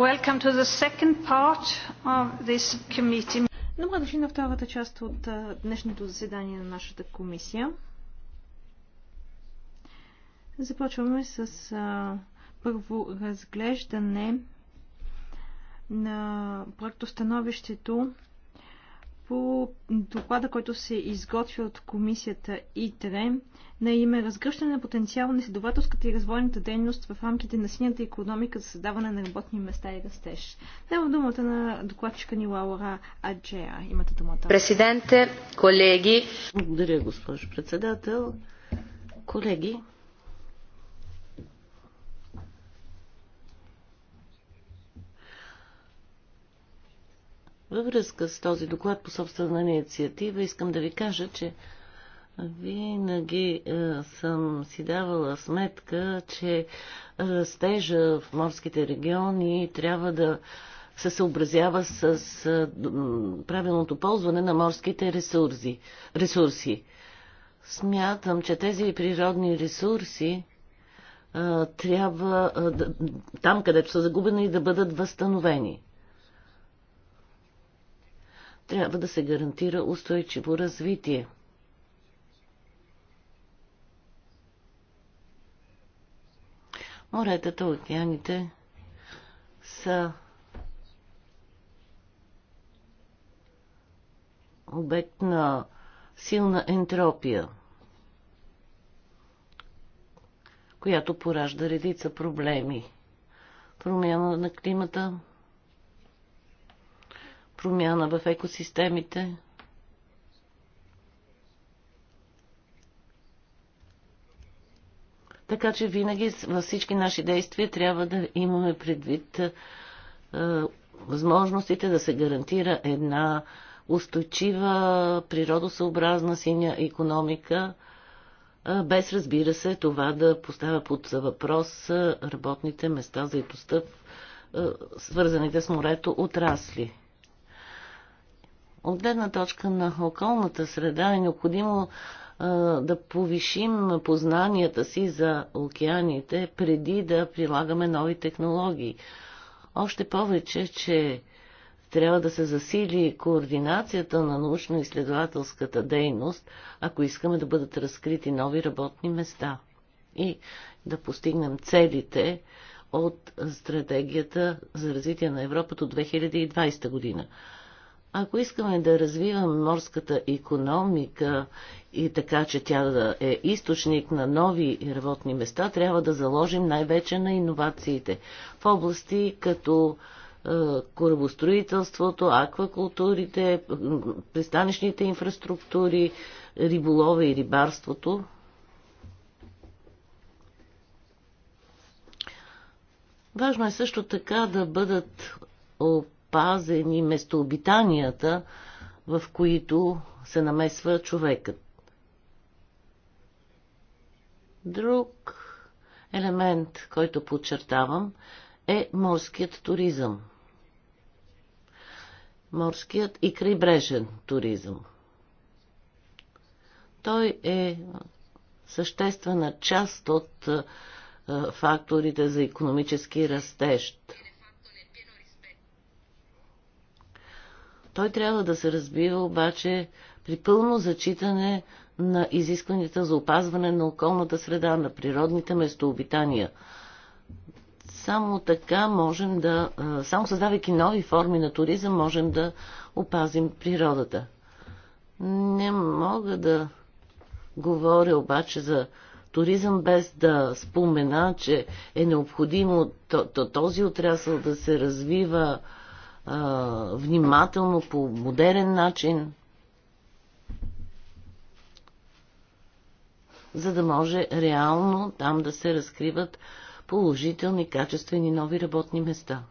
Добре дошли на втората част от днешното заседание на нашата комисия. Започваме с а, първо разглеждане на проектостановището по доклада, който се изготви от комисията ИТРЕ на име Разгръщане на потенциал на следователската и развойната дейност в рамките на синята економика за създаване на работни места и растеж. Давам думата на докладчика ни Лаура Аджея. Имате думата. Президенте, колеги. Благодаря, госпожо председател. Колеги, Във връзка с този доклад по собствена инициатива искам да ви кажа, че винаги е, съм си давала сметка, че растежа в морските региони трябва да се съобразява с е, правилното ползване на морските ресурси. ресурси. Смятам, че тези природни ресурси е, трябва е, там, където са загубени, да бъдат възстановени трябва да се гарантира устойчиво развитие. Моретата, океаните са обект на силна ентропия, която поражда редица проблеми. Промяна на климата, промяна в екосистемите. Така че винаги във всички наши действия трябва да имаме предвид е, възможностите да се гарантира една устойчива, природосъобразна синя економика, е, без разбира се това да поставя под въпрос е, работните места за етостъп, е, свързаните с морето отрасли. От гледна точка на околната среда е необходимо а, да повишим познанията си за океаните преди да прилагаме нови технологии. Още повече, че трябва да се засили координацията на научно-изследователската дейност, ако искаме да бъдат разкрити нови работни места и да постигнем целите от стратегията за развитие на Европа до 2020 година. Ако искаме да развиваме морската економика и така, че тя да е източник на нови работни места, трябва да заложим най-вече на иновациите в области като е, корабостроителството, аквакултурите, пристанищните инфраструктури, риболова и рибарството. Важно е също така да бъдат запазени местообитанията, в които се намесва човекът. Друг елемент, който подчертавам, е морският туризъм. Морският и крайбрежен туризъм. Той е съществена част от факторите за економически растеж. Той трябва да се разбива обаче при пълно зачитане на изискванията за опазване на околната среда, на природните местообитания. Само така можем да, само създавайки нови форми на туризъм, можем да опазим природата. Не мога да говоря обаче за туризъм без да спомена, че е необходимо този отрасъл да се развива внимателно, по модерен начин, за да може реално там да се разкриват положителни, качествени нови работни места.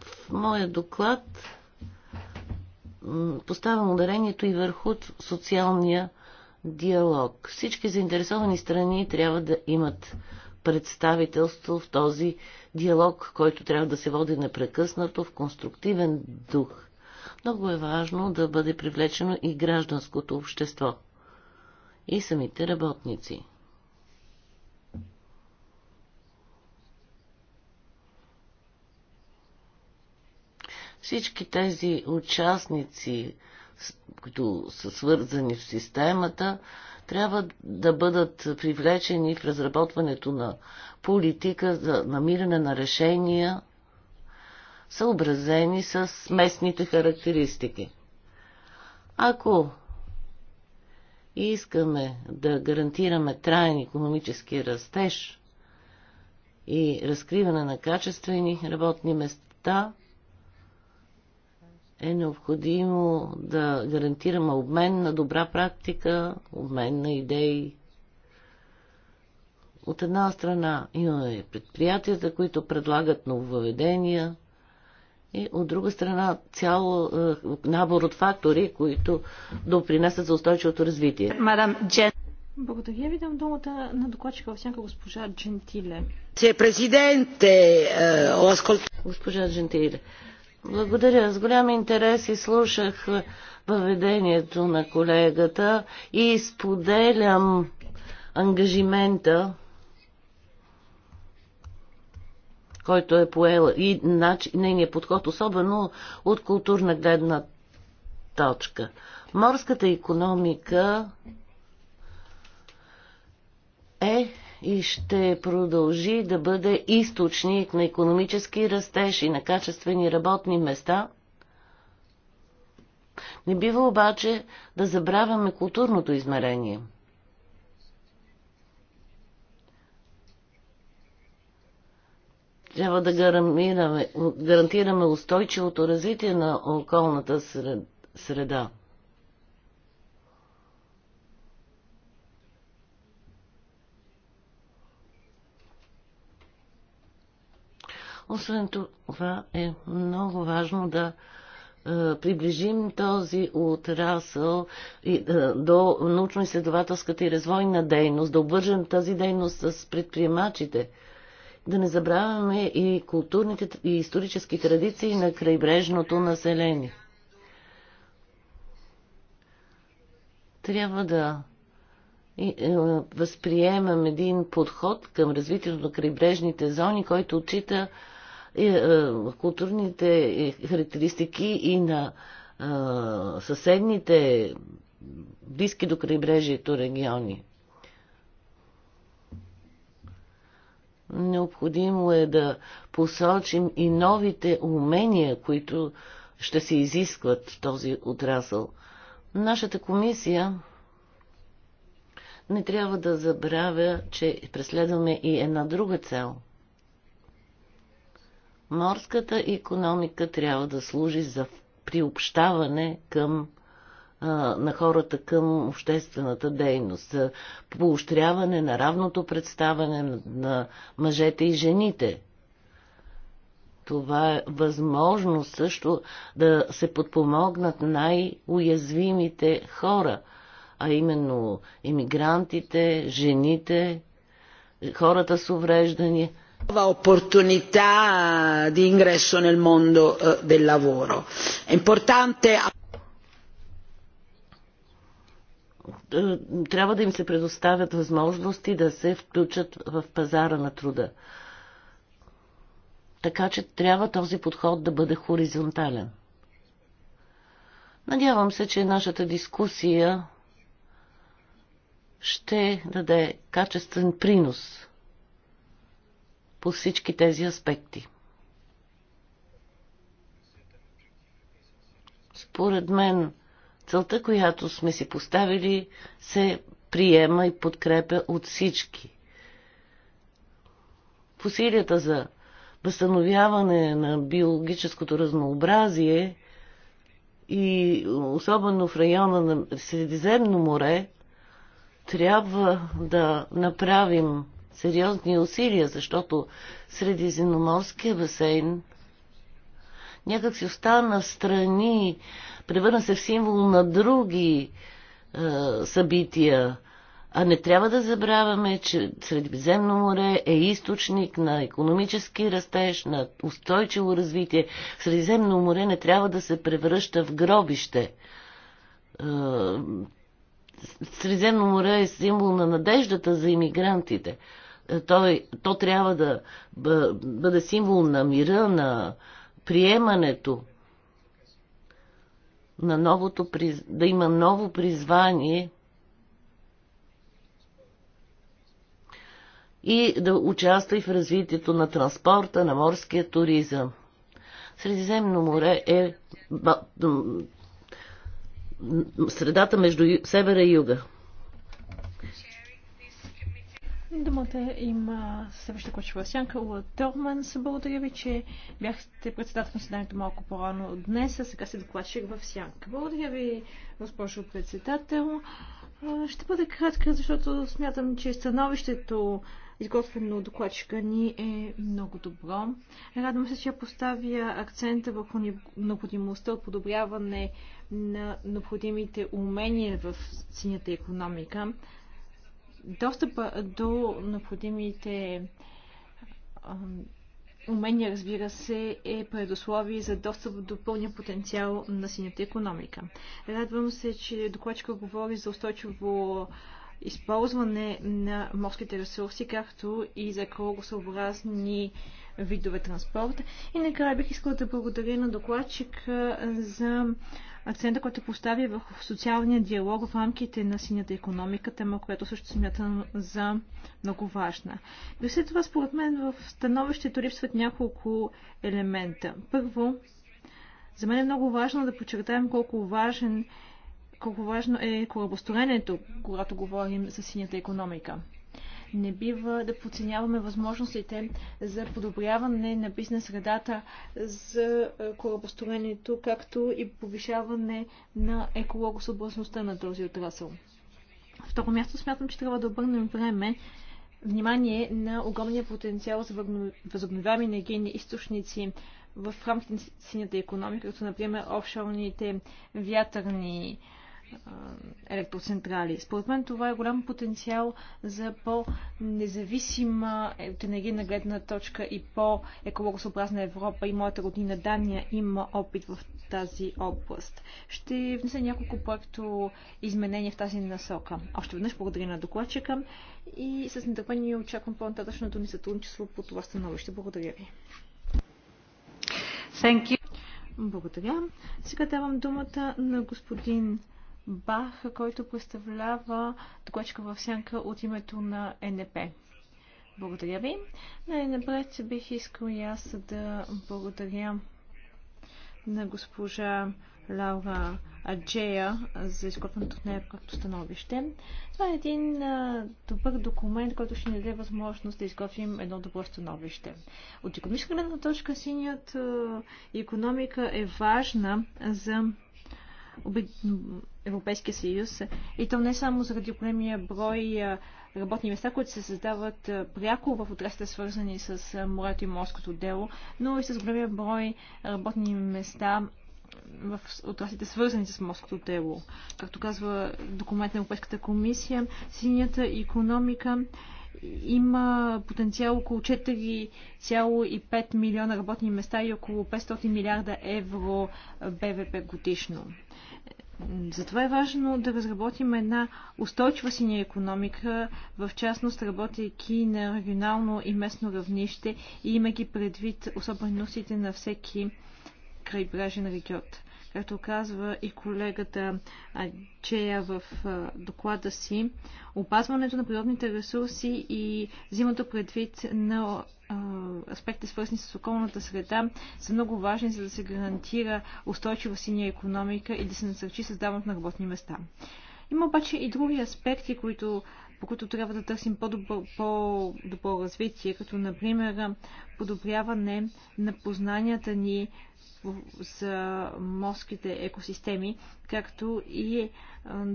В моя доклад поставям ударението и върху социалния диалог. Всички заинтересовани страни трябва да имат представителство в този диалог, който трябва да се води непрекъснато в конструктивен дух. Много е важно да бъде привлечено и гражданското общество и самите работници. Всички тези участници, които са свързани в системата, трябва да бъдат привлечени в разработването на политика за намиране на решения, съобразени с местните характеристики. Ако искаме да гарантираме траен економически растеж и разкриване на качествени работни места – е необходимо да гарантираме обмен на добра практика, обмен на идеи. От една страна имаме предприятията, които предлагат нововъведения, и от друга страна цял е, набор от фактори, които допринесат за устойчивото развитие. Мадам Джен. Благодаря ви, дам думата на докладчика всяка госпожа Джентиле. Се президенте, е, Госпожа Джентиле, благодаря. С голям интерес и слушах е, въведението на колегата и споделям ангажимента, който е поел и нейният подход, особено от културна гледна точка. Морската економика и ще продължи да бъде източник на економически растеж и на качествени работни места. Не бива обаче да забравяме културното измерение. Трябва да гарантираме, гарантираме устойчивото развитие на околната среда. Освен това е много важно да е, приближим този отрасъл е, до научно-изследователската и развойна дейност, да обвържем тази дейност с предприемачите, да не забравяме и културните и исторически традиции на крайбрежното население. Трябва да е, възприемам един подход към развитието на крайбрежните зони, който отчита е, е, културните е, характеристики и на съседните близки до крайбрежието региони. Необходимо е да посочим и новите умения, които ще се изискват в този отрасъл. Нашата комисия не трябва да забравя, че преследваме и една друга цел – Морската економика трябва да служи за приобщаване към на хората към обществената дейност, за поощряване на равното представане на мъжете и жените. Това е възможно също да се подпомогнат най-уязвимите хора, а именно иммигрантите, жените, хората с увреждания – nuova opportunità di ingresso nel mondo eh, del lavoro. È importante е, трябва да им се предоставят възможности да се включат в пазара на труда. Така че трябва този подход да бъде хоризонтален. Надявам се, че нашата дискусия ще даде качествен принос по всички тези аспекти. Според мен, целта, която сме си поставили, се приема и подкрепя от всички. В усилията за възстановяване на биологическото разнообразие и особено в района на Средиземно море, трябва да направим сериозни усилия, защото Средиземноморския басейн някак си остана страни, превърна се в символ на други е, събития. А не трябва да забравяме, че Средиземно море е източник на економически растеж, на устойчиво развитие. Средиземно море не трябва да се превръща в гробище. Е, Средиземно море е символ на надеждата за иммигрантите той, то трябва да бъде символ на мира, на приемането, на новото, да има ново призвание и да участва и в развитието на транспорта, на морския туризъм. Средиземно море е средата между севера и юга. Думата има съвеща Кочева Сянка от Торман. Благодаря ви, че бяхте председател на съданието малко по-рано днес, а сега се докладчих в Сянка. Благодаря ви, госпожо председател. Ще бъда кратка, защото смятам, че становището, изготвено от докладчика ни, е много добро. Радвам се, че я поставя акцента върху необходимостта от подобряване на необходимите умения в синята економика достъпа до необходимите умения, разбира се, е предусловие за достъп до пълния потенциал на синята економика. Радвам се, че докладчика говори за устойчиво използване на морските ресурси, както и за кръгосъобразни видове транспорт. И накрая бих искала да благодаря на докладчика за акцента, който постави в социалния диалог в рамките на синята економика, тема, която също смятам за много важна. И след това, според мен, в становището липсват няколко елемента. Първо, за мен е много важно да подчертаем колко важен колко важно е корабостроението, когато говорим за синята економика. Не бива да подценяваме възможностите за подобряване на бизнес средата за е, корабостроението, както и повишаване на екологосъобразността на този отрасъл. Второ място смятам, че трябва да обърнем време внимание на огромния потенциал за възобновяеми енергийни източници в рамките на синята економика, като например офшорните вятърни електроцентрали. Според мен това е голям потенциал за по-независима е, от енергийна гледна точка и по-екологосъобразна Европа и моята родина Дания има опит в тази област. Ще внеса няколко проекто изменения в тази насока. Още веднъж благодаря на докладчика и с нетърпение очаквам по-нататъчното ни сътрудничество по това становище. Благодаря ви. Thank you. Благодаря. Сега давам думата на господин Бах, който представлява докладчика в сянка от името на НП. Благодаря ви. Най-напред бих искал и аз да благодаря на госпожа Лаура Аджея за изкопаното от нея както становище. Това е един а, добър документ, който ще ни даде възможност да изготвим едно добро становище. От економическа гледна точка синият економика е важна за Европейския съюз. И то не само заради големия брой работни места, които се създават пряко в отраслите, свързани с морето и морското дело, но и с големия брой работни места в отраслите, свързани с морското дело. Както казва документ на Европейската комисия, синята економика има потенциал около 4,5 милиона работни места и около 500 милиарда евро БВП годишно. Затова е важно да разработим една устойчива синя економика, в частност работейки на регионално и местно равнище и имайки предвид особеностите на всеки крайбрежен регион. Както казва и колегата Чея в доклада си, опазването на природните ресурси и взимато предвид на аспекти, свързани с околната среда, са много важни, за да се гарантира устойчива синя економика и да се насърчи създаването на работни места. Има обаче и други аспекти, които по които трябва да търсим по-добро, по-добро развитие, като например подобряване на познанията ни за морските екосистеми, както и е,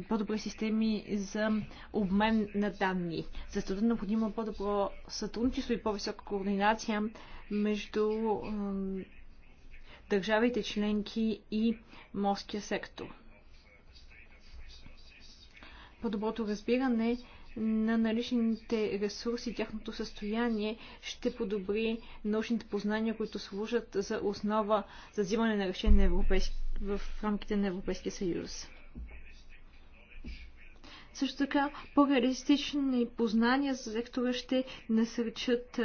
по-добри системи за обмен на данни. Защото е необходимо по-добро сътрудничество и по-висока координация между държавите членки и морския сектор. По-доброто разбиране на наличните ресурси, тяхното състояние ще подобри научните познания, които служат за основа за взимане на решение на европейски, в рамките на Европейския съюз. Също така, по-реалистични познания за сектора ще насърчат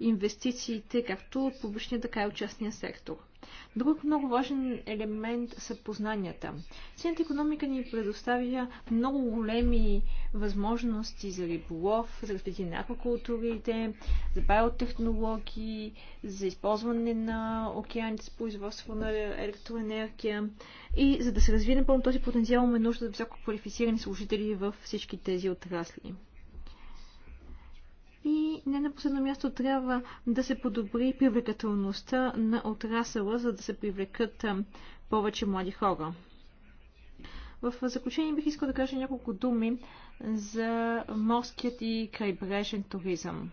инвестициите както от публичния, така и от частния сектор. Друг много важен елемент са познанията. Синята економика ни предоставя много големи възможности за риболов, за развитие на аквакултурите, за биотехнологии, за използване на океаните с производство на електроенергия. И за да се развие напълно този потенциал, ме нужда да високо квалифицирани служители в всички тези отрасли. И не на последно място трябва да се подобри привлекателността на отрасъла, за да се привлекат повече млади хора. В заключение бих искал да кажа няколко думи за морският и крайбрежен туризъм.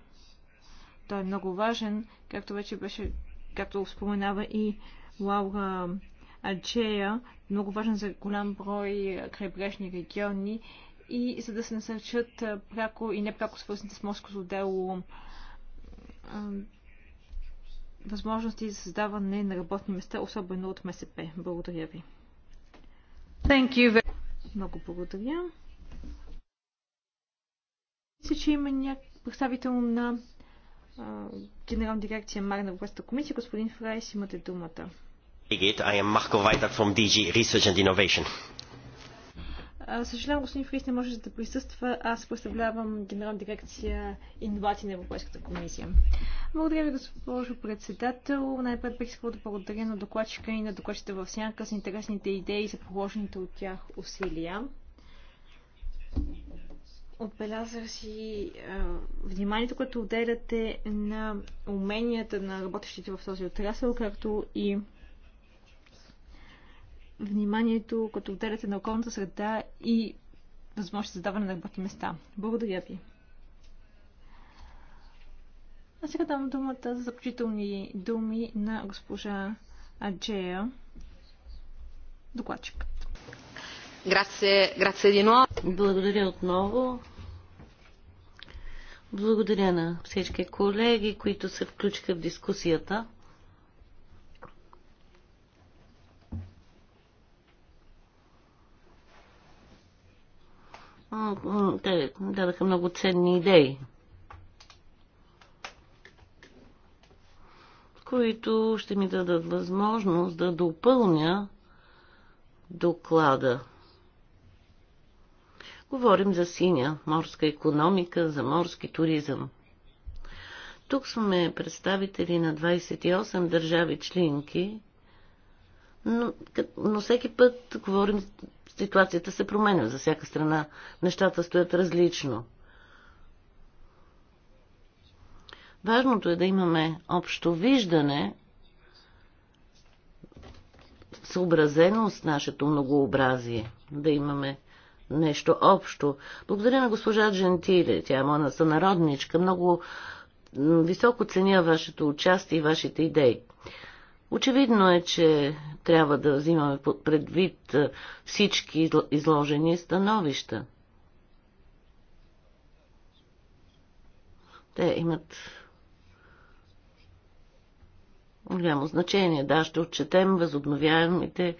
Той е много важен, както вече беше, както споменава и Лаура Аджея, много важен за голям брой крайбрежни региони и за да се насърчат пряко и непряко свързаните с морското дело възможности за създаване на работни места, особено от МСП. Благодаря ви. Thank you very... Много благодаря. Мисля, че има някакъв представител на а, Генерална дирекция МАР на Европейската комисия. Господин Фрайс, имате думата. I am Marco Weidert from DG Research and Innovation. Съжалявам, господин Фрис не може да присъства. Аз представлявам генерална дирекция инновации на Европейската комисия. Благодаря ви, госпожо председател. Най-пред бих искала да благодаря на докладчика и на докладчите в сянка с интересните идеи и за положените от тях усилия. Отбелязах си а, вниманието, което отделяте на уменията на работещите в този отрасъл, както и вниманието, като отделяте на околната среда и възможност за даване на работни места. Благодаря ви. А сега давам думата за заключителни думи на госпожа Аджея, докладчик. Благодаря отново. Благодаря на всички колеги, които се включиха в дискусията. Те дадаха много ценни идеи, които ще ми дадат възможност да допълня доклада. Говорим за синя морска економика, за морски туризъм. Тук сме представители на 28 държави членки но, но всеки път говорим, ситуацията се променя. За всяка страна нещата стоят различно. Важното е да имаме общо виждане, съобразено с нашето многообразие, да имаме нещо общо. Благодаря на госпожа Джентиле, тя е моя сънародничка. Много високо ценя вашето участие и вашите идеи. Очевидно е, че трябва да взимаме предвид всички изложени становища. Те имат голямо значение. Да, ще отчетем възобновяемите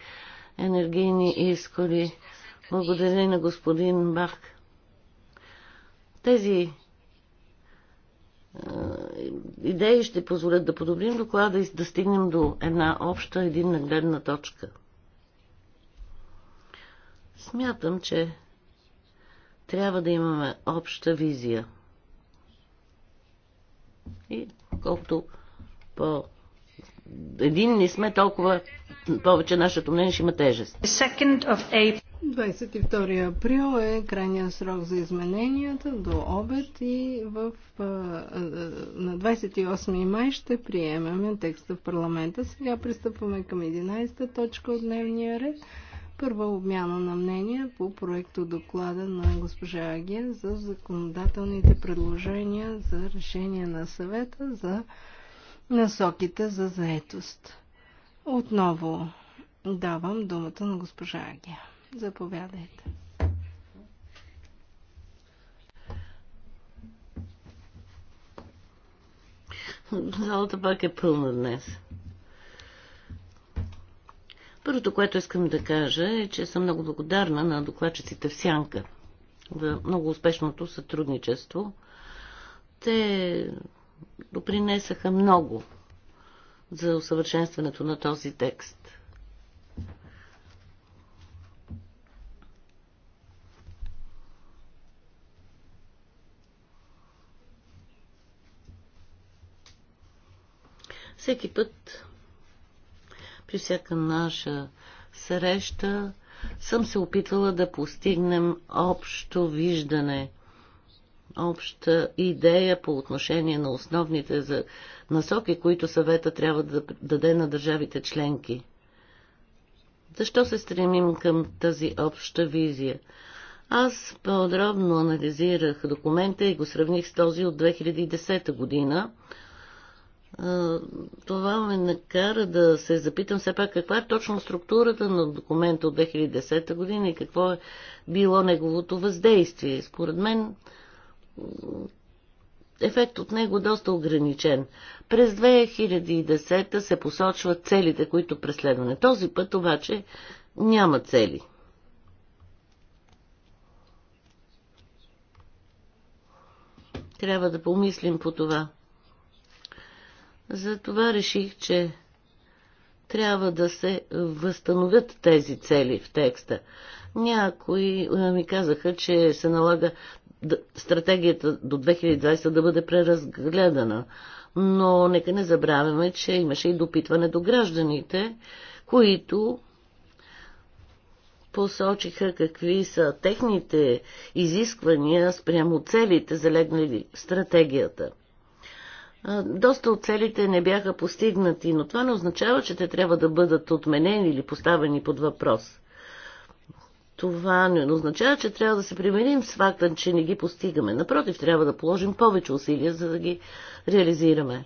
енергийни изходи. Благодаря на господин Бах. Тези е, идеи ще позволят да подобрим доклада и да стигнем до една обща един нагледна точка. Смятам, че трябва да имаме обща визия. И колкото по не сме, толкова повече нашето мнение ще има тежест. 22 април е крайния срок за измененията до обед и в, на 28 май ще приемеме текста в парламента. Сега пристъпваме към 11 та точка от дневния ред. Първа обмяна на мнения по проекто доклада на госпожа Агия за законодателните предложения за решение на съвета за насоките за заетост. Отново давам думата на госпожа Агия. Заповядайте. Залата пак е пълна днес. Първото, което искам да кажа е, че съм много благодарна на докладчиците в Сянка за много успешното сътрудничество. Те допринесаха много за усъвършенстването на този текст. Всеки път, при всяка наша среща, съм се опитвала да постигнем общо виждане, обща идея по отношение на основните за насоки, които съвета трябва да даде на държавите членки. Защо се стремим към тази обща визия? Аз подробно анализирах документа и го сравних с този от 2010 година – това ме накара да се запитам все пак каква е точно структурата на документа от 2010 година и какво е било неговото въздействие. Според мен ефект от него е доста ограничен. През 2010 се посочват целите, които преследване. Този път обаче няма цели. Трябва да помислим по това. Затова реших, че трябва да се възстановят тези цели в текста. Някои ми казаха, че се налага стратегията до 2020 да бъде преразгледана. Но нека не забравяме, че имаше и допитване до гражданите, които посочиха какви са техните изисквания спрямо целите, залегнали в стратегията. Доста от целите не бяха постигнати, но това не означава, че те трябва да бъдат отменени или поставени под въпрос. Това не означава, че трябва да се примирим с факта, че не ги постигаме. Напротив, трябва да положим повече усилия, за да ги реализираме.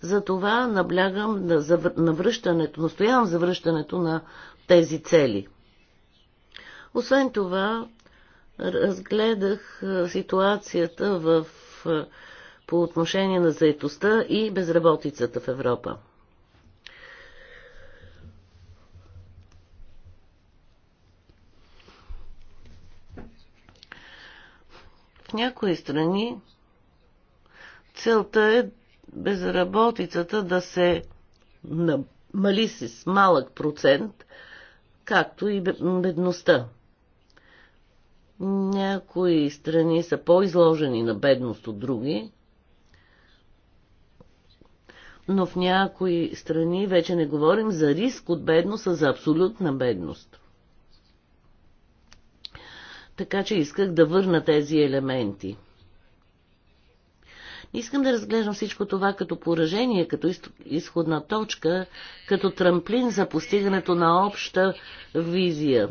Затова наблягам на, на връщането, настоявам за връщането на тези цели. Освен това, разгледах ситуацията в по отношение на заетостта и безработицата в Европа. В някои страни целта е безработицата да се намали с малък процент, както и бедността. Някои страни са по-изложени на бедност от други, но в някои страни вече не говорим за риск от бедност, а за абсолютна бедност. Така че исках да върна тези елементи. искам да разглеждам всичко това като поражение, като изходна точка, като трамплин за постигането на обща визия.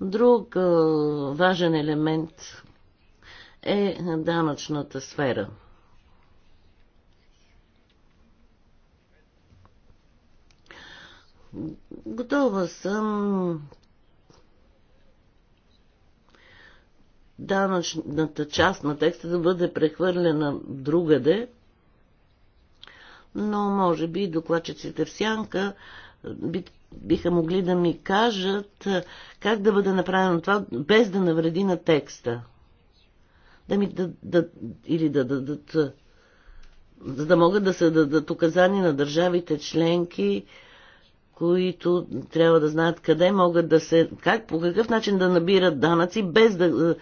Друг важен елемент е данъчната сфера – Готова съм данъчната част на текста да бъде прехвърлена другаде, но може би докладчиците в сянка би, биха могли да ми кажат как да бъде направено това, без да навреди на текста. Да ми да, да, или да дадат, за да, да могат да се дадат указания на държавите членки, които трябва да знаят къде могат да се, как, по какъв начин да набират данъци, без да е,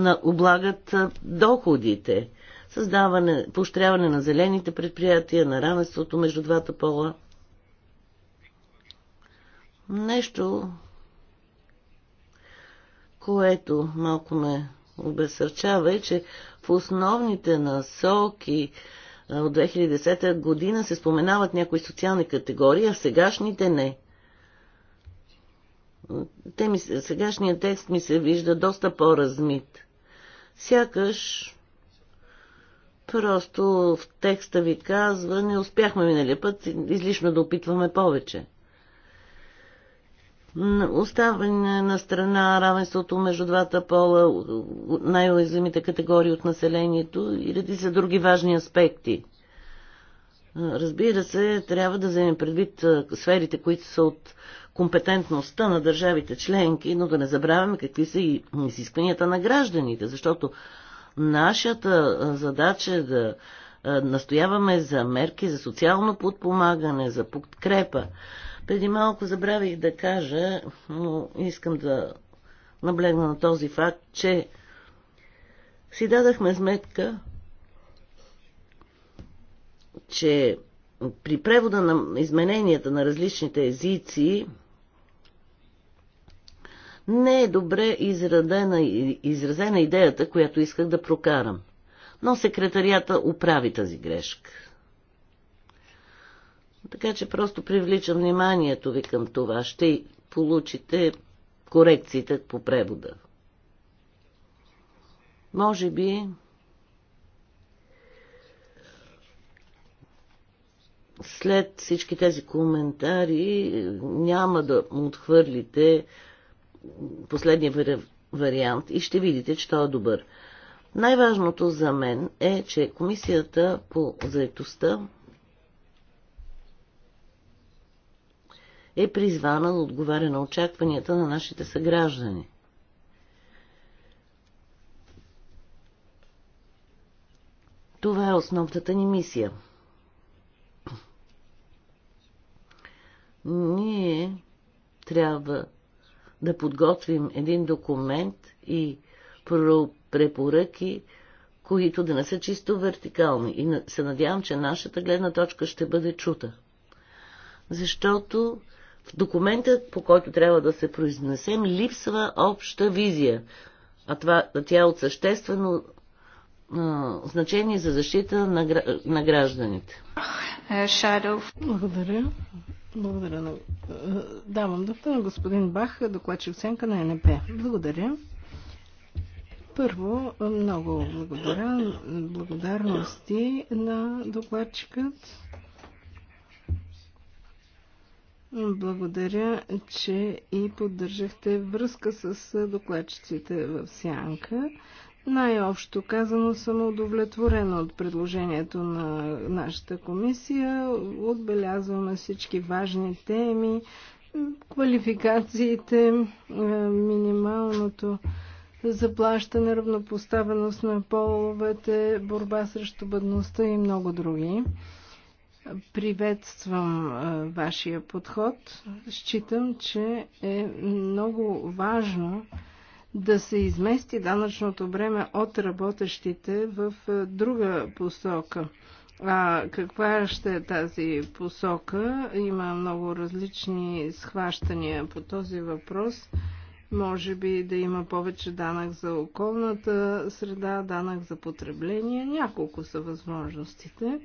на, облагат е, доходите. Създаване, поощряване на зелените предприятия, на равенството между двата пола. Нещо, което малко ме обесърчава е, че в основните насоки от 2010 година се споменават някои социални категории, а сегашните не. Те ми, сегашният текст ми се вижда доста по-размит. Сякаш просто в текста ви казва, не успяхме миналия път, излишно да опитваме повече оставане на страна равенството между двата пола, най-уязвимите категории от населението и ради са други важни аспекти. Разбира се, трябва да вземем предвид сферите, които са от компетентността на държавите членки, но да не забравяме какви са и изискванията на гражданите, защото нашата задача е да настояваме за мерки за социално подпомагане, за подкрепа, преди малко забравих да кажа, но искам да наблегна на този факт, че си дадахме сметка, че при превода на измененията на различните езици не е добре изразена, изразена идеята, която исках да прокарам. Но секретарията оправи тази грешка. Така че просто привличам вниманието ви към това. Ще получите корекциите по превода. Може би след всички тези коментари няма да отхвърлите последния вариант и ще видите, че той е добър. Най-важното за мен е, че комисията по заедостта е призвана да отговаря на очакванията на нашите съграждани. Това е основната ни мисия. Ние трябва да подготвим един документ и препоръки, които да не са чисто вертикални. И се надявам, че нашата гледна точка ще бъде чута. Защото в документа, по който трябва да се произнесем, липсва обща визия. А това, тя е от съществено а, значение за защита на, на гражданите. Е, Шадов. Благодаря. Благодаря. На... Е, давам дъвта на господин Бах, докладчик оценка на НП. Благодаря. Първо, е, много благодаря, благодарности на докладчикът. Благодаря, че и поддържахте връзка с докладчиците в Сянка. Най-общо казано съм удовлетворена от предложението на нашата комисия. Отбелязваме всички важни теми, квалификациите, минималното заплащане, равнопоставеност на половете, борба срещу бъдността и много други. Приветствам а, вашия подход. Считам, че е много важно да се измести данъчното бреме от работещите в друга посока. А каква ще е тази посока? Има много различни схващания по този въпрос. Може би да има повече данък за околната среда, данък за потребление. Няколко са възможностите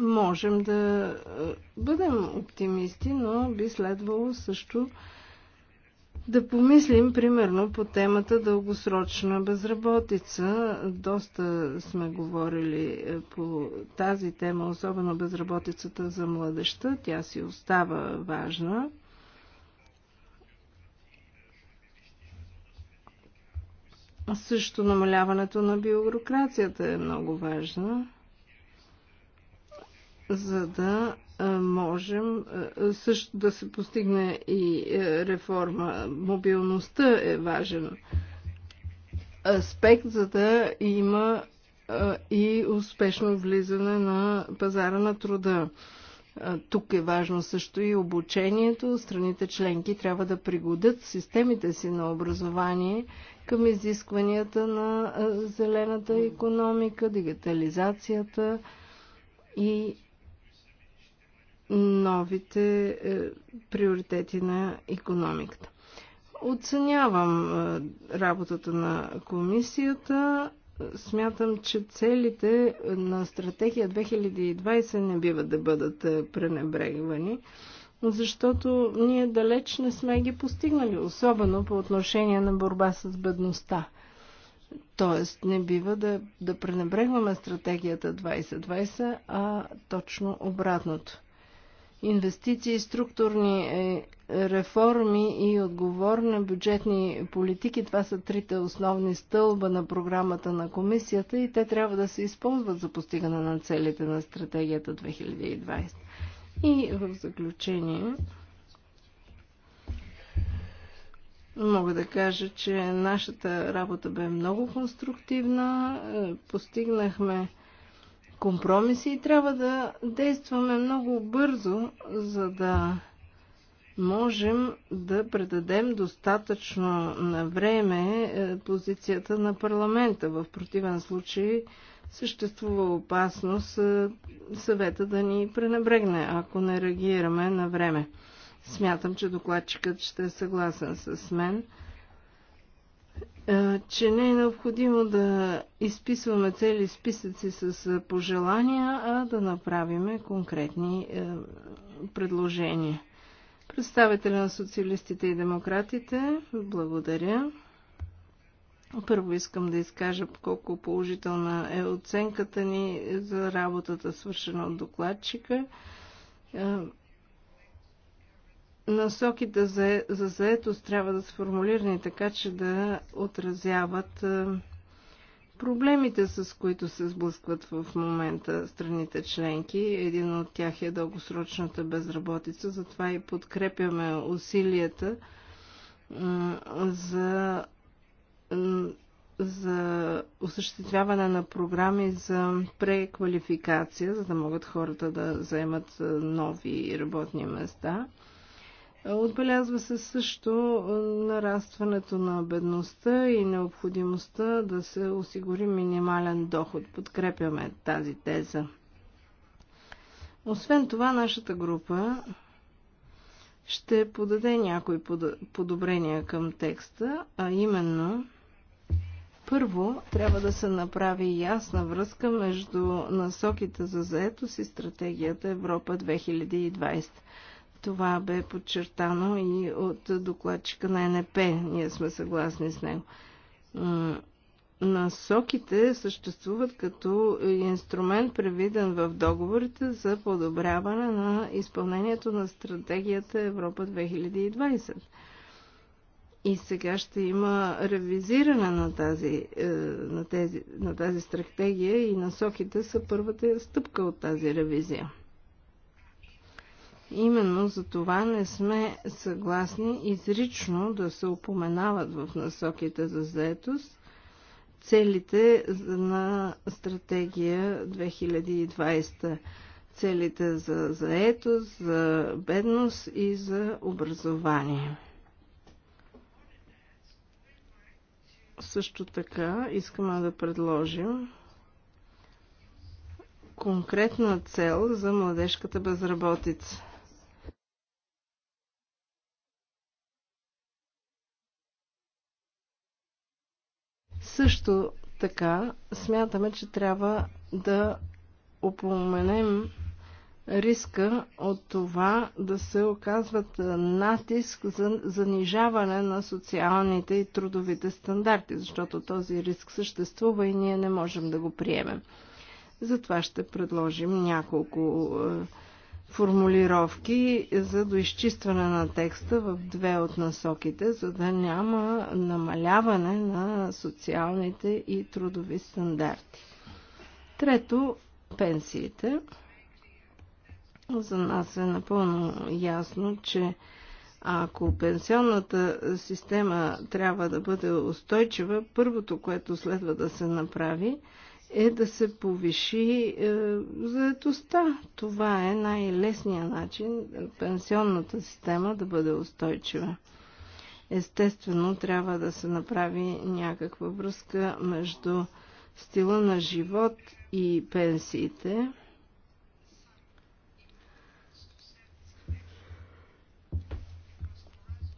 можем да бъдем оптимисти, но би следвало също да помислим, примерно, по темата дългосрочна безработица. Доста сме говорили е, по тази тема, особено безработицата за младеща. Тя си остава важна. Също намаляването на бюрокрацията е много важно за да можем също да се постигне и реформа. Мобилността е важен аспект, за да има и успешно влизане на пазара на труда. Тук е важно също и обучението. Страните членки трябва да пригодят системите си на образование към изискванията на зелената економика, дигитализацията и новите е, приоритети на економиката. Оценявам е, работата на комисията. Смятам, че целите на стратегия 2020 не биват да бъдат е, пренебрегвани, защото ние далеч не сме ги постигнали, особено по отношение на борба с бедността. Тоест, не бива да, да пренебрегваме стратегията 2020, а точно обратното инвестиции, структурни е, реформи и отговорни бюджетни политики. Това са трите основни стълба на програмата на комисията и те трябва да се използват за постигане на целите на стратегията 2020. И в заключение мога да кажа, че нашата работа бе много конструктивна. Е, постигнахме компромиси и трябва да действаме много бързо, за да можем да предадем достатъчно на време е, позицията на парламента. В противен случай съществува опасност е, съвета да ни пренебрегне, ако не реагираме на време. Смятам, че докладчикът ще е съгласен с мен. Е, че не е необходимо да изписваме цели списъци с е, пожелания, а да направиме конкретни е, предложения. Представителя на социалистите и демократите, благодаря. Първо искам да изкажа колко положителна е оценката ни за работата, свършена от докладчика насоките за, за заетост трябва да са формулирани така, че да отразяват е, проблемите, с които се сблъскват в момента страните членки. Един от тях е дългосрочната безработица, затова и подкрепяме усилията е, за, е, за осъществяване на програми за преквалификация, за да могат хората да заемат нови работни места – Отбелязва се също нарастването на бедността и необходимостта да се осигури минимален доход. Подкрепяме тази теза. Освен това, нашата група ще подаде някои подобрения към текста, а именно първо трябва да се направи ясна връзка между насоките за заетост и стратегията Европа 2020. Това бе подчертано и от докладчика на НП. Ние сме съгласни с него. Насоките съществуват като инструмент, превиден в договорите за подобряване на изпълнението на стратегията Европа 2020. И сега ще има ревизиране на тази, е, на тези, на тази стратегия и насоките са първата стъпка от тази ревизия. Именно за това не сме съгласни изрично да се упоменават в насоките за заетост целите на стратегия 2020 целите за заетост, за бедност и за образование. Също така искаме да предложим конкретна цел за младежката безработица. Също така смятаме, че трябва да опоменем риска от това да се оказват натиск за занижаване на социалните и трудовите стандарти, защото този риск съществува и ние не можем да го приемем. Затова ще предложим няколко е, формулировки за доизчистване на текста в две от насоките, за да няма намаляване на социалните и трудови стандарти. Трето, пенсиите. За нас е напълно ясно, че ако пенсионната система трябва да бъде устойчива, първото, което следва да се направи, е е да се повиши е, заедостта. Това е най-лесният начин пенсионната система да бъде устойчива. Естествено, трябва да се направи някаква връзка между стила на живот и пенсиите.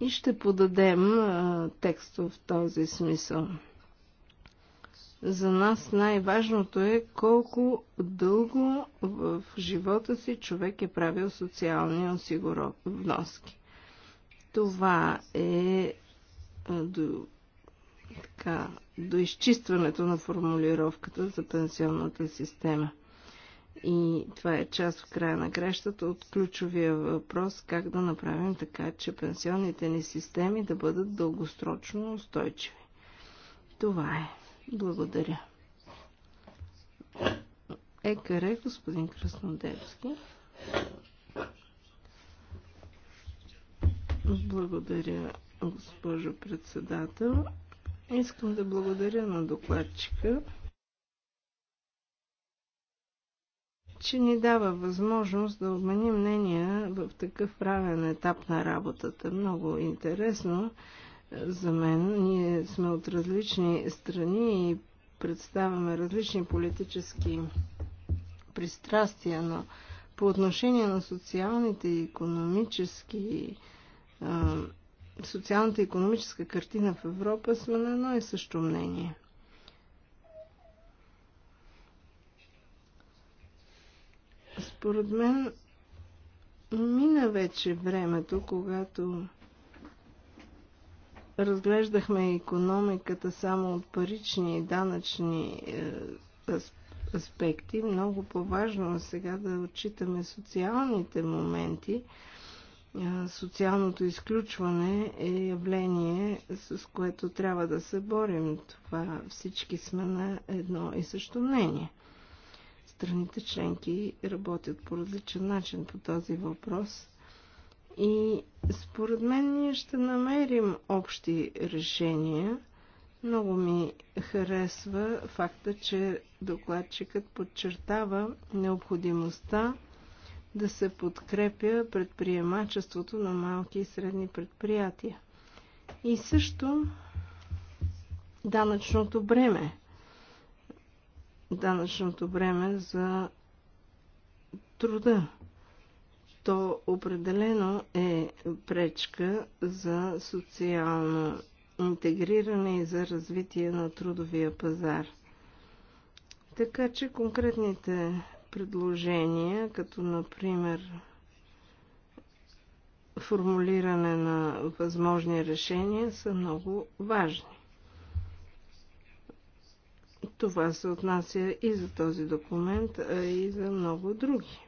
И ще подадем е, текстов в този смисъл. За нас най-важното е колко дълго в живота си човек е правил социални вноски. Това е до, така, до изчистването на формулировката за пенсионната система. И това е част в края на кращата от ключовия въпрос как да направим така, че пенсионните ни системи да бъдат дългосрочно устойчиви. Това е. Благодаря. Екаре, господин Краснодевски. Благодаря, госпожо председател. Искам да благодаря на докладчика, че ни дава възможност да обменим мнения в такъв правен етап на работата. Много интересно за мен. Ние сме от различни страни и представяме различни политически пристрастия, но по отношение на социалните и економически социалната и економическа картина в Европа сме на едно и също мнение. Според мен мина вече времето, когато разглеждахме економиката само от парични и данъчни е, аспекти, много по-важно е сега да отчитаме социалните моменти. Е, социалното изключване е явление, с което трябва да се борим. Това всички сме на едно и също мнение. Страните членки работят по различен начин по този въпрос – и според мен ние ще намерим общи решения. Много ми харесва факта, че докладчикът подчертава необходимостта да се подкрепя предприемачеството на малки и средни предприятия. И също данъчното бреме. Данъчното бреме за труда то определено е пречка за социално интегриране и за развитие на трудовия пазар. Така че конкретните предложения, като например формулиране на възможни решения, са много важни. Това се отнася и за този документ, а и за много други.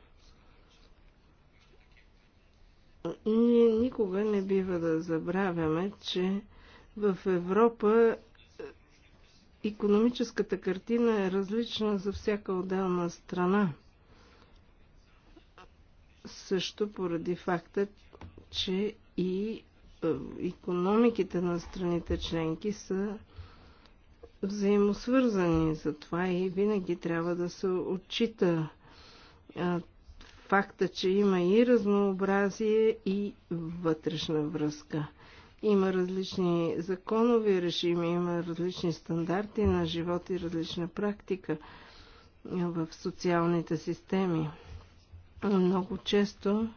Ние никога не бива да забравяме, че в Европа економическата картина е различна за всяка отделна страна. Също поради факта, че и економиките на страните членки са взаимосвързани. Затова и винаги трябва да се отчита е, факта, че има и разнообразие и вътрешна връзка. Има различни законови режими, има различни стандарти на живот и различна практика в социалните системи. Много често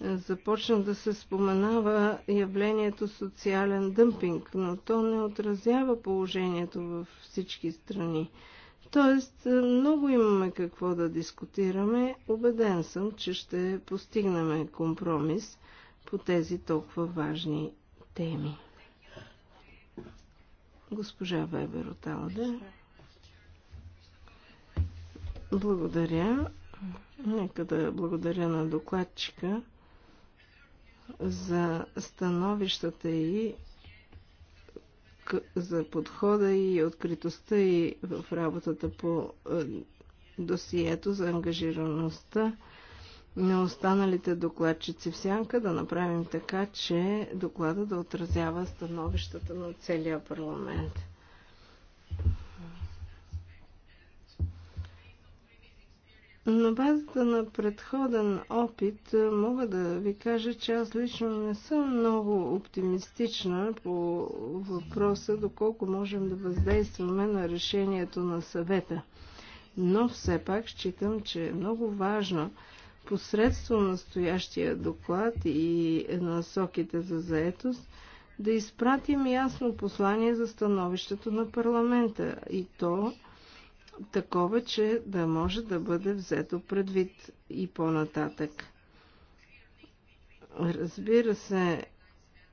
е, започна да се споменава явлението социален дъмпинг, но то не отразява положението във всички страни. Тоест, е, много имаме какво да дискутираме. Обеден съм, че ще постигнем компромис по тези толкова важни теми. Госпожа Вебер от Алда. Благодаря. Нека да благодаря на докладчика за становищата и за подхода и откритостта и в работата по е, досието за ангажираността на останалите докладчици в сянка, да направим така, че доклада да отразява становищата на целия парламент. На базата на предходен опит е, мога да ви кажа, че аз лично не съм много оптимистична по въпроса доколко можем да въздействаме на решението на съвета. Но все пак считам, че е много важно посредством настоящия доклад и насоките за заетост да изпратим ясно послание за становището на парламента и то такова, че да може да бъде взето предвид и по-нататък. Разбира се,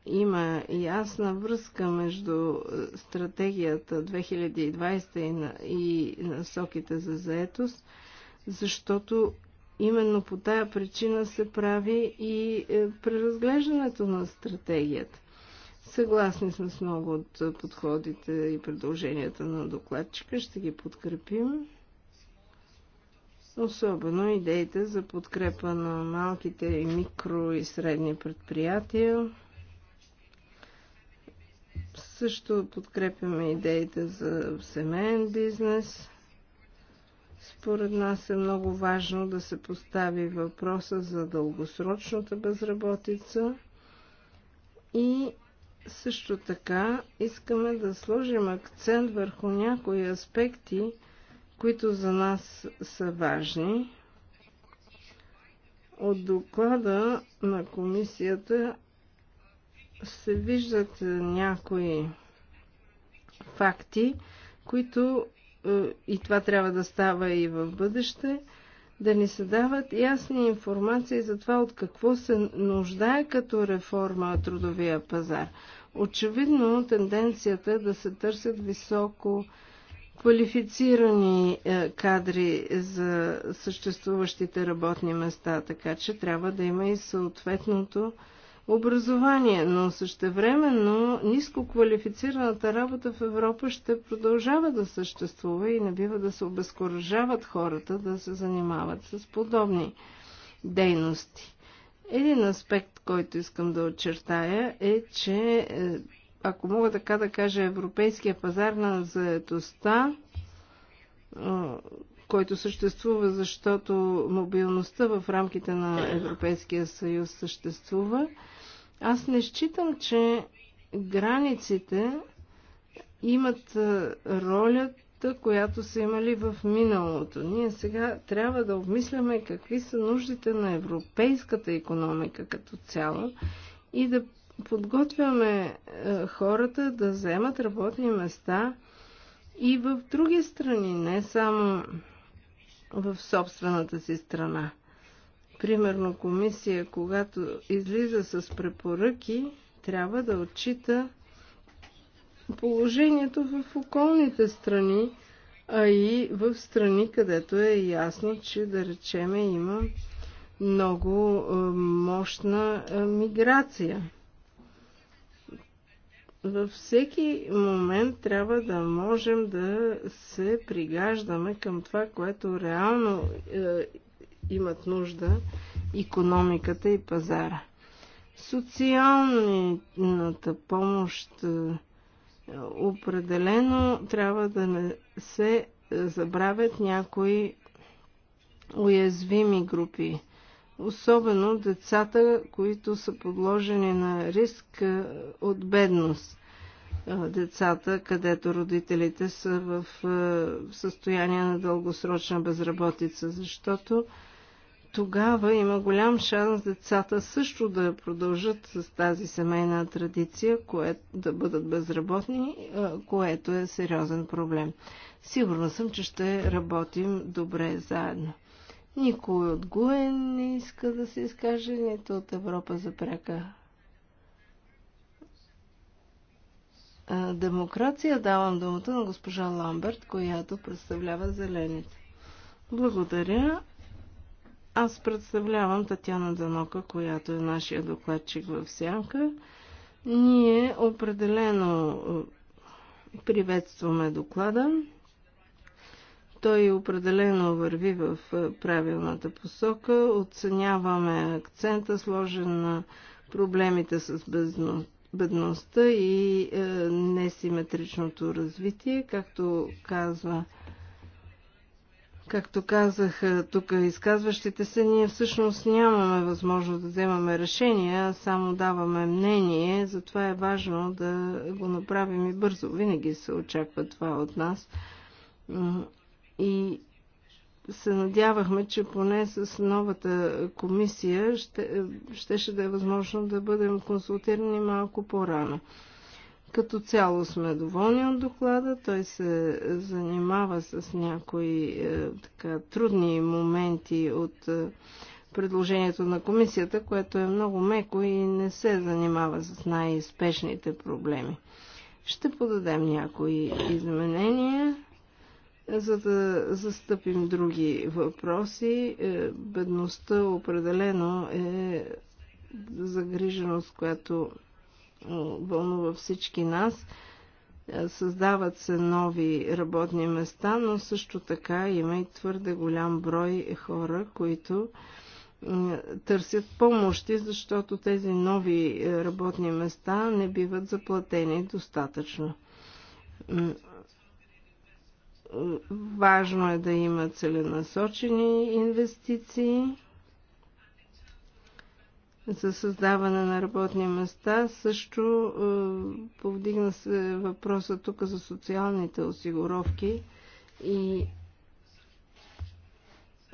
има ясна връзка между стратегията 2020 и, насоките за заетост, защото именно по тая причина се прави и е, преразглеждането на стратегията. Съгласни сме с много от подходите и предложенията на докладчика. Ще ги подкрепим. Особено идеите за подкрепа на малките и микро и средни предприятия. Също подкрепяме идеите за семейен бизнес. Според нас е много важно да се постави въпроса за дългосрочната безработица и също така искаме да сложим акцент върху някои аспекти, които за нас са важни. От доклада на комисията се виждат някои факти, които е, и това трябва да става и в бъдеще – да ни се дават ясни информации за това от какво се нуждае като реформа трудовия пазар. Очевидно тенденцията е да се търсят високо квалифицирани е, кадри за съществуващите работни места, така че трябва да има и съответното образование, но същевременно ниско квалифицираната работа в Европа ще продължава да съществува и не бива да се обезкуражават хората да се занимават с подобни дейности. Един аспект, който искам да очертая е, че е, ако мога така да кажа, европейския пазар на заедостта е, който съществува, защото мобилността в рамките на Европейския съюз съществува. Аз не считам, че границите имат ролята, която са имали в миналото. Ние сега трябва да обмисляме какви са нуждите на европейската економика като цяло и да подготвяме хората да вземат работни места и в други страни, не само в собствената си страна. Примерно комисия, когато излиза с препоръки, трябва да отчита положението в околните страни, а и в страни, където е ясно, че да речеме има много е, мощна е, миграция. Във всеки момент трябва да можем да се пригаждаме към това, което реално е, имат нужда економиката и пазара. Социалната помощ е, определено трябва да не се забравят някои уязвими групи особено децата, които са подложени на риск от бедност. Децата, където родителите са в състояние на дългосрочна безработица, защото тогава има голям шанс децата също да продължат с тази семейна традиция, което да бъдат безработни, което е сериозен проблем. Сигурна съм, че ще работим добре заедно. Никой от Гуен не иска да се изкаже, нито от Европа за пряка демокрация. Давам думата на госпожа Ламберт, която представлява зелените. Благодаря. Аз представлявам Татьяна Данока, която е нашия докладчик в Сянка. Ние определено приветстваме доклада. Той определено върви в правилната посока. Оценяваме акцента, сложен на проблемите с бедността и несиметричното развитие, както казва Както казах тук изказващите се, ние всъщност нямаме възможност да вземаме решения, само даваме мнение, затова е важно да го направим и бързо. Винаги се очаква това от нас. И се надявахме, че поне с новата комисия ще, ще да е възможно да бъдем консултирани малко по-рано. Като цяло сме доволни от доклада. Той се занимава с някои е, така, трудни моменти от е, предложението на комисията, което е много меко и не се занимава с най-спешните проблеми. Ще подадем някои изменения за да застъпим други въпроси. Е, бедността определено е загриженост, която е, вълнува всички нас. Е, създават се нови работни места, но също така има и твърде голям брой хора, които търсят помощи, защото тези нови работни места не биват заплатени достатъчно. Важно е да има целенасочени инвестиции за създаване на работни места. Също е, повдигна се въпроса тук за социалните осигуровки и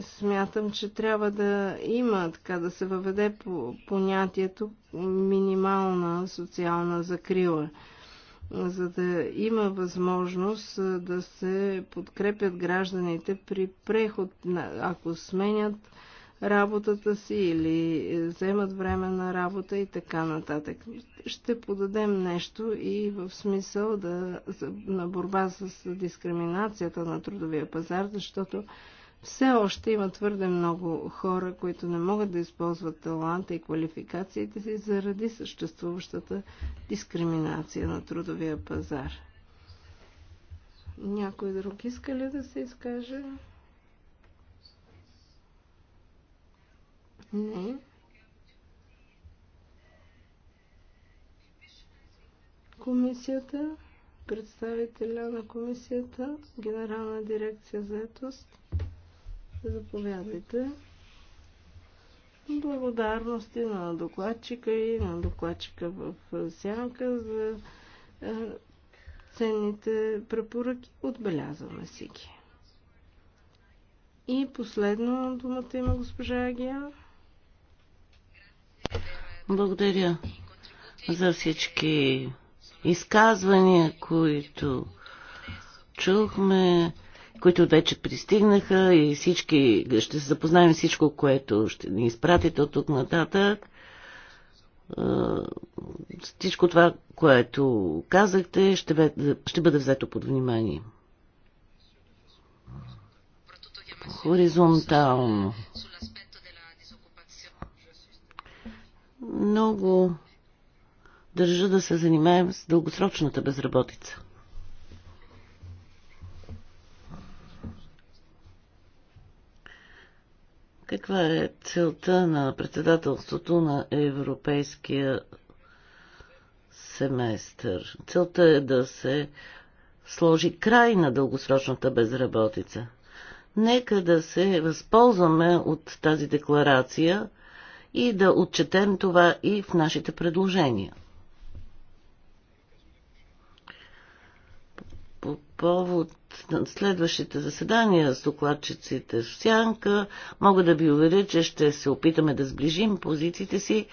смятам, че трябва да има, така да се въведе понятието минимална социална закрила за да има възможност да се подкрепят гражданите при преход, ако сменят работата си или е, вземат време на работа и така нататък. Ще подадем нещо и в смисъл да, на борба с дискриминацията на трудовия пазар, защото все още има твърде много хора, които не могат да използват таланта и квалификациите си заради съществуващата дискриминация на трудовия пазар. Някой друг иска ли да се изкаже? Не. Комисията, представителя на комисията, генерална дирекция за етост. Заповядайте. Благодарности на докладчика и на докладчика в сянка за е, ценните препоръки. Отбелязваме си ги. И последно думата има госпожа Агия. Благодаря за всички изказвания, които чухме които вече пристигнаха и всички, ще се запознаем всичко, което ще ни изпратите от тук нататък. Всичко това, което казахте, ще бъде, ще бъде взето под внимание. Хоризонтално. Много държа да се занимаем с дългосрочната безработица. Каква е целта на председателството на Европейския семестър? Целта е да се сложи край на дългосрочната безработица. Нека да се възползваме от тази декларация и да отчетем това и в нашите предложения. По повод следващите заседания с докладчиците в Сянка мога да ви уверя, че ще се опитаме да сближим позициите си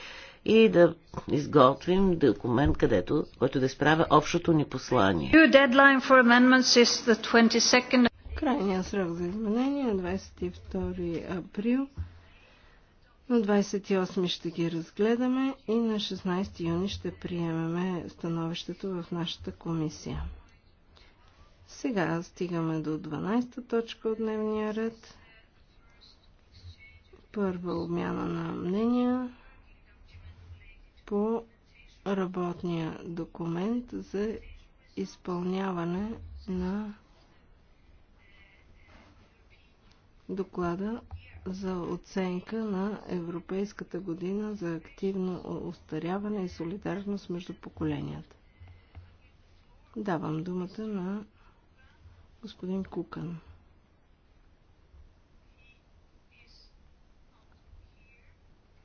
и да изготвим документ, където, който да изправя общото ни послание. Крайния срок за изменение е 22 април. На 28 ще ги разгледаме и на 16 юни ще приемеме становището в нашата комисия. Сега стигаме до 12-та точка от дневния ред. Първа обмяна на мнения по работния документ за изпълняване на доклада за оценка на Европейската година за активно устаряване и солидарност между поколенията. Давам думата на Господин Кукан.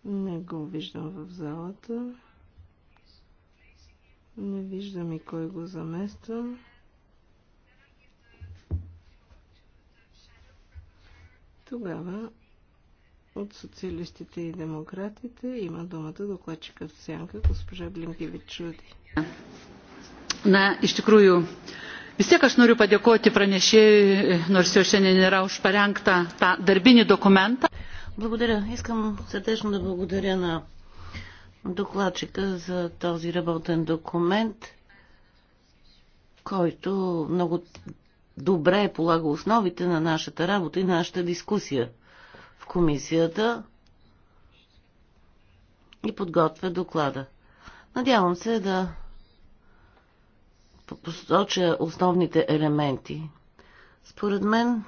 Не го виждам в залата. Не виждам и кой го замества. Тогава от социалистите и демократите има думата докладчика в сянка госпожа Блинкевич Чуди. На Ищекрую vis tiek aš noriu padėkoti pranešėjui nors jo šiandien nėra už parengtą tą darbinį dokumentą. Благодаря. Искам сърдечно да благодаря на докладчика за този работен документ, който много добре полага основите на нашата работа и нашата дискусия в комисията и подготвя доклада. Надявам се да посоча основните елементи. Според мен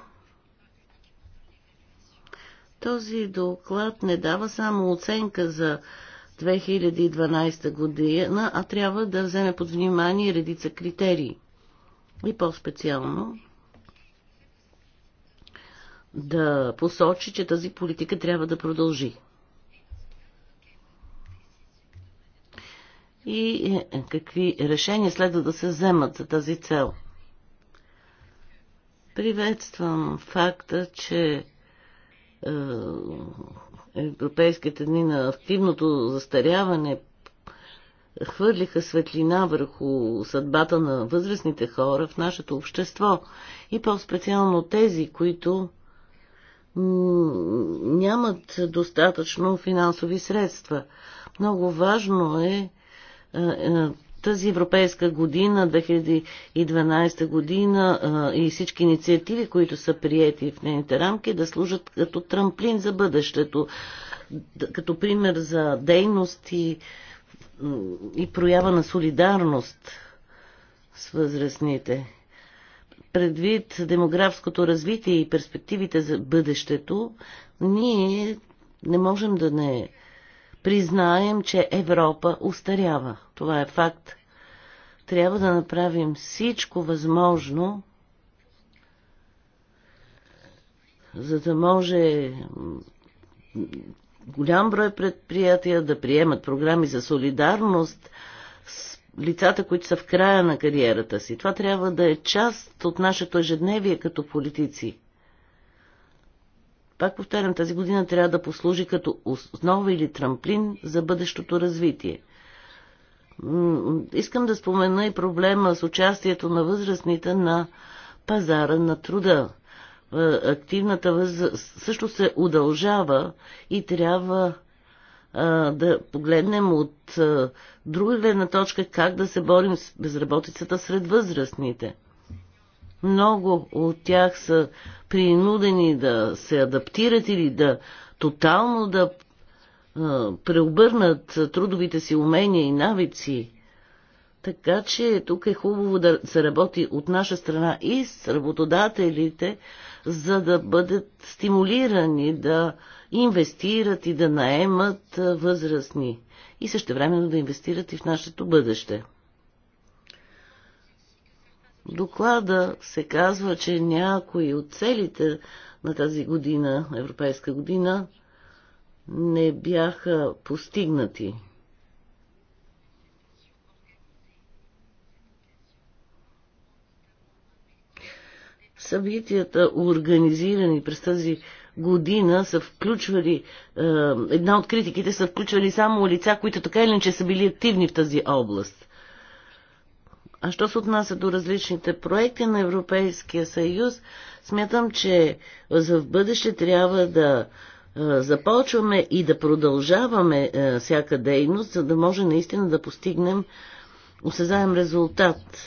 този доклад не дава само оценка за 2012 година, а трябва да вземе под внимание редица критерии. И по-специално да посочи, че тази политика трябва да продължи. и е, какви решения следва да се вземат за тази цел. Приветствам факта, че е, Европейските дни на активното застаряване хвърлиха светлина върху съдбата на възрастните хора в нашето общество и по-специално тези, които нямат достатъчно финансови средства. Много важно е е, е, тази европейска година, 2012 година е, и всички инициативи, които са приети в нейните рамки, да служат като трамплин за бъдещето, като пример за дейност и, и проява на солидарност с възрастните. Предвид демографското развитие и перспективите за бъдещето, ние не можем да не признаем, че Европа устарява. Това е факт. Трябва да направим всичко възможно, за да може голям брой предприятия да приемат програми за солидарност с лицата, които са в края на кариерата си. Това трябва да е част от нашето ежедневие като политици. Пак повтарям, тази година трябва да послужи като основа или трамплин за бъдещото развитие. Искам да спомена и проблема с участието на възрастните на пазара на труда. Е, активната възраст също се удължава и трябва да погледнем от друга гледна точка как да се борим с безработицата сред възрастните. Много от тях са принудени да се адаптират или да тотално да преобърнат трудовите си умения и навици. Така че тук е хубаво да се работи от наша страна и с работодателите, за да бъдат стимулирани да инвестират и да наемат възрастни и също времено да инвестират и в нашето бъдеще доклада се казва, че някои от целите на тази година, Европейска година, не бяха постигнати. Събитията, организирани през тази година, са включвали, е, една от критиките са включвали само лица, които така или иначе са били активни в тази област. А що се отнася до различните проекти на Европейския съюз, смятам, че за в бъдеще трябва да започваме и да продължаваме всяка дейност, за да може наистина да постигнем осезаем резултат.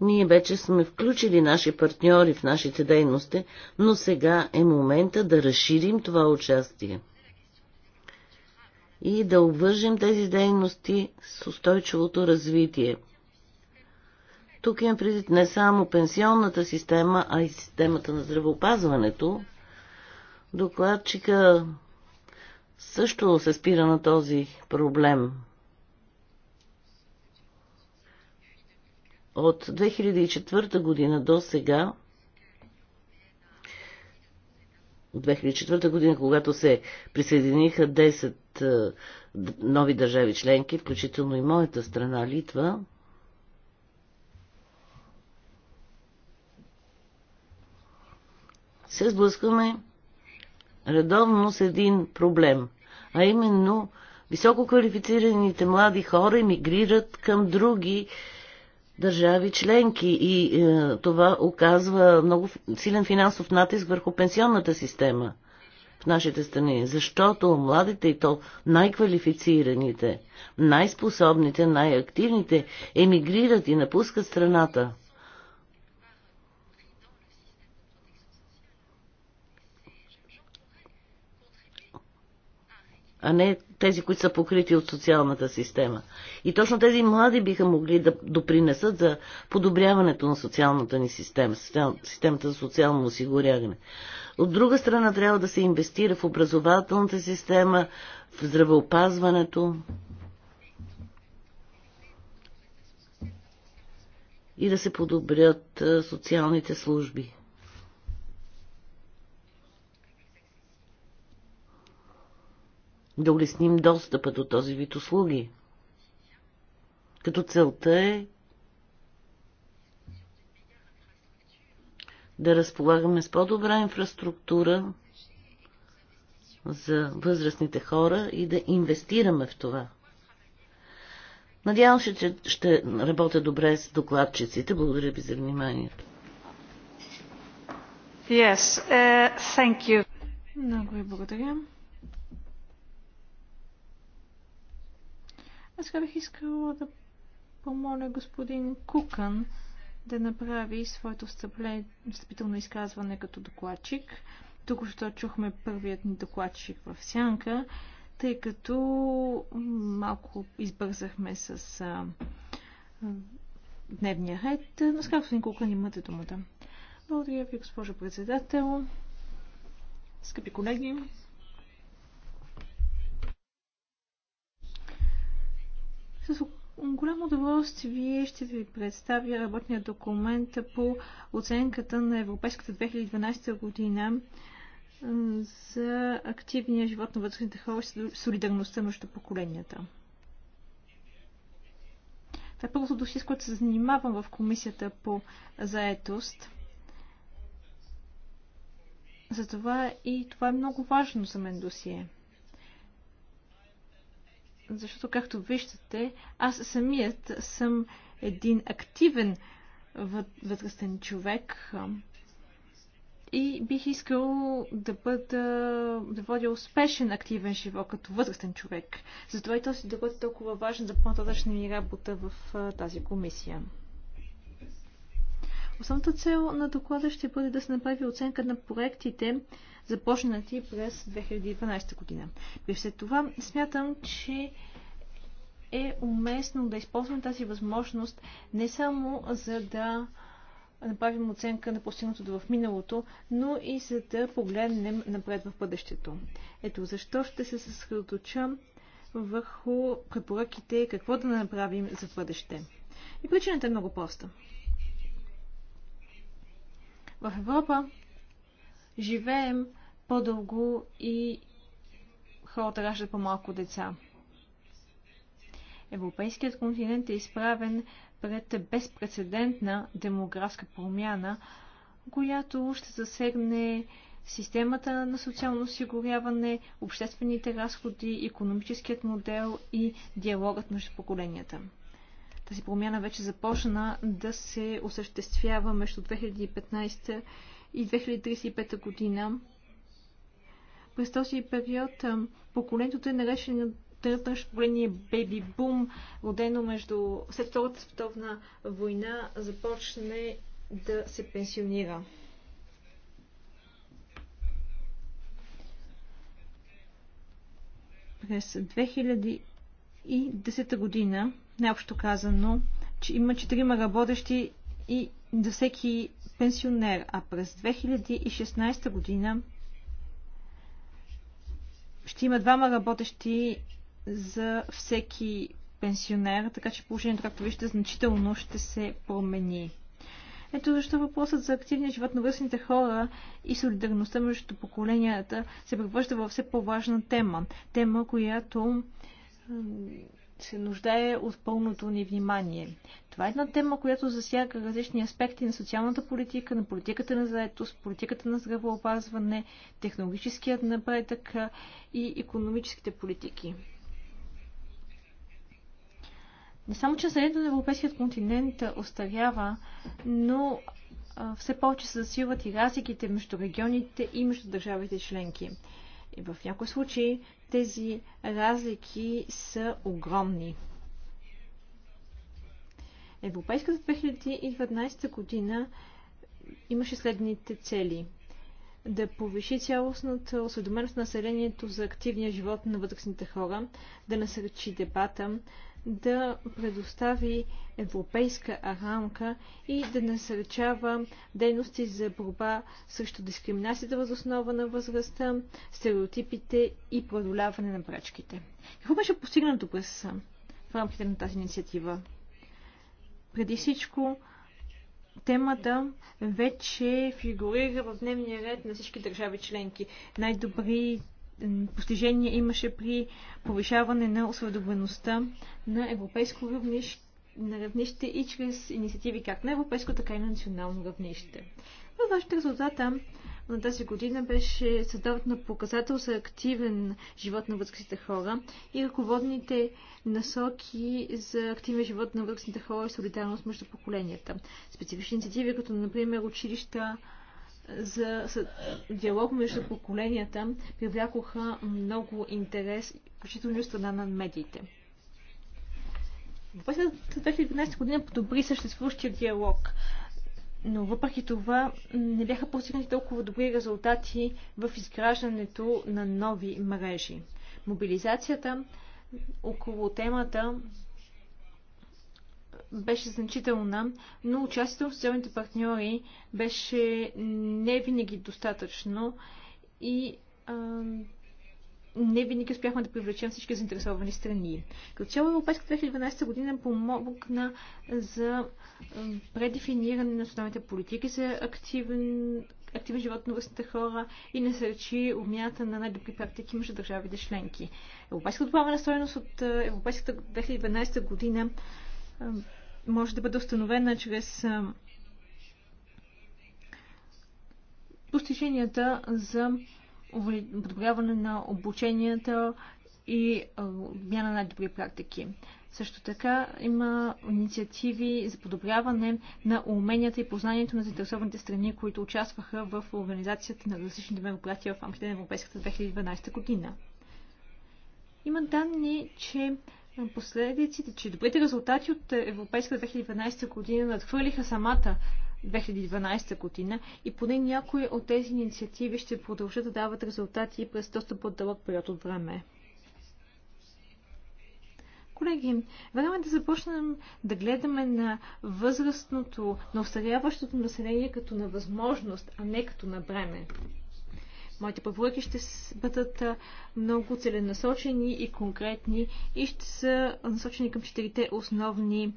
Ние вече сме включили наши партньори в нашите дейности, но сега е момента да разширим това участие и да обвържем тези дейности с устойчивото развитие. Тук имам предвид не само пенсионната система, а и системата на здравеопазването. Докладчика също се спира на този проблем. От 2004 година до сега от 2004 година, когато се присъединиха 10 е, нови държави членки, включително и моята страна Литва, се сблъскваме редовно с един проблем, а именно високо квалифицираните млади хора емигрират към други държави членки и е, това оказва много силен финансов натиск върху пенсионната система в нашите страни, защото младите и то най-квалифицираните, най-способните, най-активните емигрират и напускат страната. а не тези, които са покрити от социалната система. И точно тези млади биха могли да допринесат за подобряването на социалната ни система, системата за социално осигуряване. От друга страна трябва да се инвестира в образователната система, в здравеопазването и да се подобрят социалните служби. да улесним достъпа до този вид услуги. Като целта е да разполагаме с по-добра инфраструктура за възрастните хора и да инвестираме в това. Надявам се, че ще работя добре с докладчиците. Благодаря ви за вниманието. Yes, uh, thank you. Много ви благодаря. Аз сега бих искала да помоля господин Кукан да направи своето встъпително изказване като докладчик. Тук що чухме първият ни докладчик в сянка, тъй като малко избързахме с а, дневния ред, но сега господин Кукан имате думата. Благодаря ви, госпожо председател. Скъпи колеги, С голямо удоволствие вие ще ви представя работния документ по оценката на Европейската 2012 година за активния живот на възрастните хора и солидарността между поколенията. Това е първото досие, с което се занимавам в комисията по заетост. Затова и това е много важно за мен досие защото, както виждате, аз самият съм един активен възрастен човек и бих искал да бъда, да водя успешен активен живот като възрастен човек. Затова и този да е толкова важен за по-нататъчна ми работа в тази комисия. Основната цел на доклада ще бъде да се направи оценка на проектите, започнати през 2012 година. При все това смятам, че е уместно да използваме тази възможност не само за да направим оценка на постигнатото в миналото, но и за да погледнем напред в бъдещето. Ето защо ще се съсредоточа върху препоръките какво да направим за бъдеще. И причината е много проста. В Европа живеем по-дълго и хората раждат по-малко деца. Европейският континент е изправен пред безпредседентна демографска промяна, която ще засегне системата на социално осигуряване, обществените разходи, економическият модел и диалогът между поколенията. Тази промяна вече започна да се осъществява между 2015 и 2035 година. През този период поколението е наречено Търтнаш поколение Беби Бум, родено между след Втората световна война, започне да се пенсионира. През 2000 2010 година, най-общо казано, че има четирима работещи и за всеки пенсионер, а през 2016 година ще има двама работещи за всеки пенсионер, така че положението, както виждате, значително ще се промени. Ето защо въпросът за активния живот на възрастните хора и солидарността между поколенията се превръща в все по-важна тема. Тема, която се нуждае от пълното ни внимание. Това е една тема, която засяга различни аспекти на социалната политика, на политиката на заедност, политиката на здравеопазване, технологическият напредък и економическите политики. Не само, че средно на европейският континент оставява, но все повече се засилват и разликите между регионите и между държавите членки. И в някои случаи тези разлики са огромни. Европейската 2012 година имаше следните цели. Да повиши цялостната осведоменост на населението за активния живот на възрастните хора, да насърчи дебата, да предостави европейска рамка и да насърчава дейности за борба срещу дискриминацията въз основа на възрастта, стереотипите и преодоляване на пречките. Какво беше постигнато през в рамките на тази инициатива? Преди всичко, темата вече фигурира в дневния ред на всички държави членки. Най-добри постижения имаше при повишаване на осведомеността на европейско равнище, на равнище и чрез инициативи как на европейско, така и на национално равнище. Във вашите резултата на тази година беше създаването на показател за активен живот на възрастните хора и ръководните насоки за активен живот на възрастните хора и солидарност между поколенията. Специфични инициативи, като например училища, за диалог между поколенията привлякоха много интерес, включително и от страна на медиите. В 2012 година подобри съществуващия диалог, но въпреки това не бяха постигнати толкова добри резултати в изграждането на нови мрежи. Мобилизацията около темата беше значителна, но участието в социалните партньори беше не винаги достатъчно и а, не винаги успяхме да привлечем всички заинтересовани страни. Като цяло Европейска 2012 година помогна за предефиниране на основните политики за активен, активен живот на възрастните хора и насърчи обмяната на най-добри практики между държавите членки. Европейската добавена стоеност от Европейската 2012 година може да бъде установена чрез постиженията за подобряване на обученията и обмяна на добри практики. Също така има инициативи за подобряване на уменията и познанието на заинтересованите страни, които участваха в организацията на различните мероприятия в рамките на Европейската 2012 година. Има данни, че последиците, че добрите резултати от Европейска 2012 година надхвърлиха самата 2012 година и поне някои от тези инициативи ще продължат да дават резултати през доста по-дълъг период от време. Колеги, време е да започнем да гледаме на възрастното, на устаряващото население като на възможност, а не като на бреме. Моите препоръки ще бъдат много целенасочени и конкретни и ще са насочени към четирите основни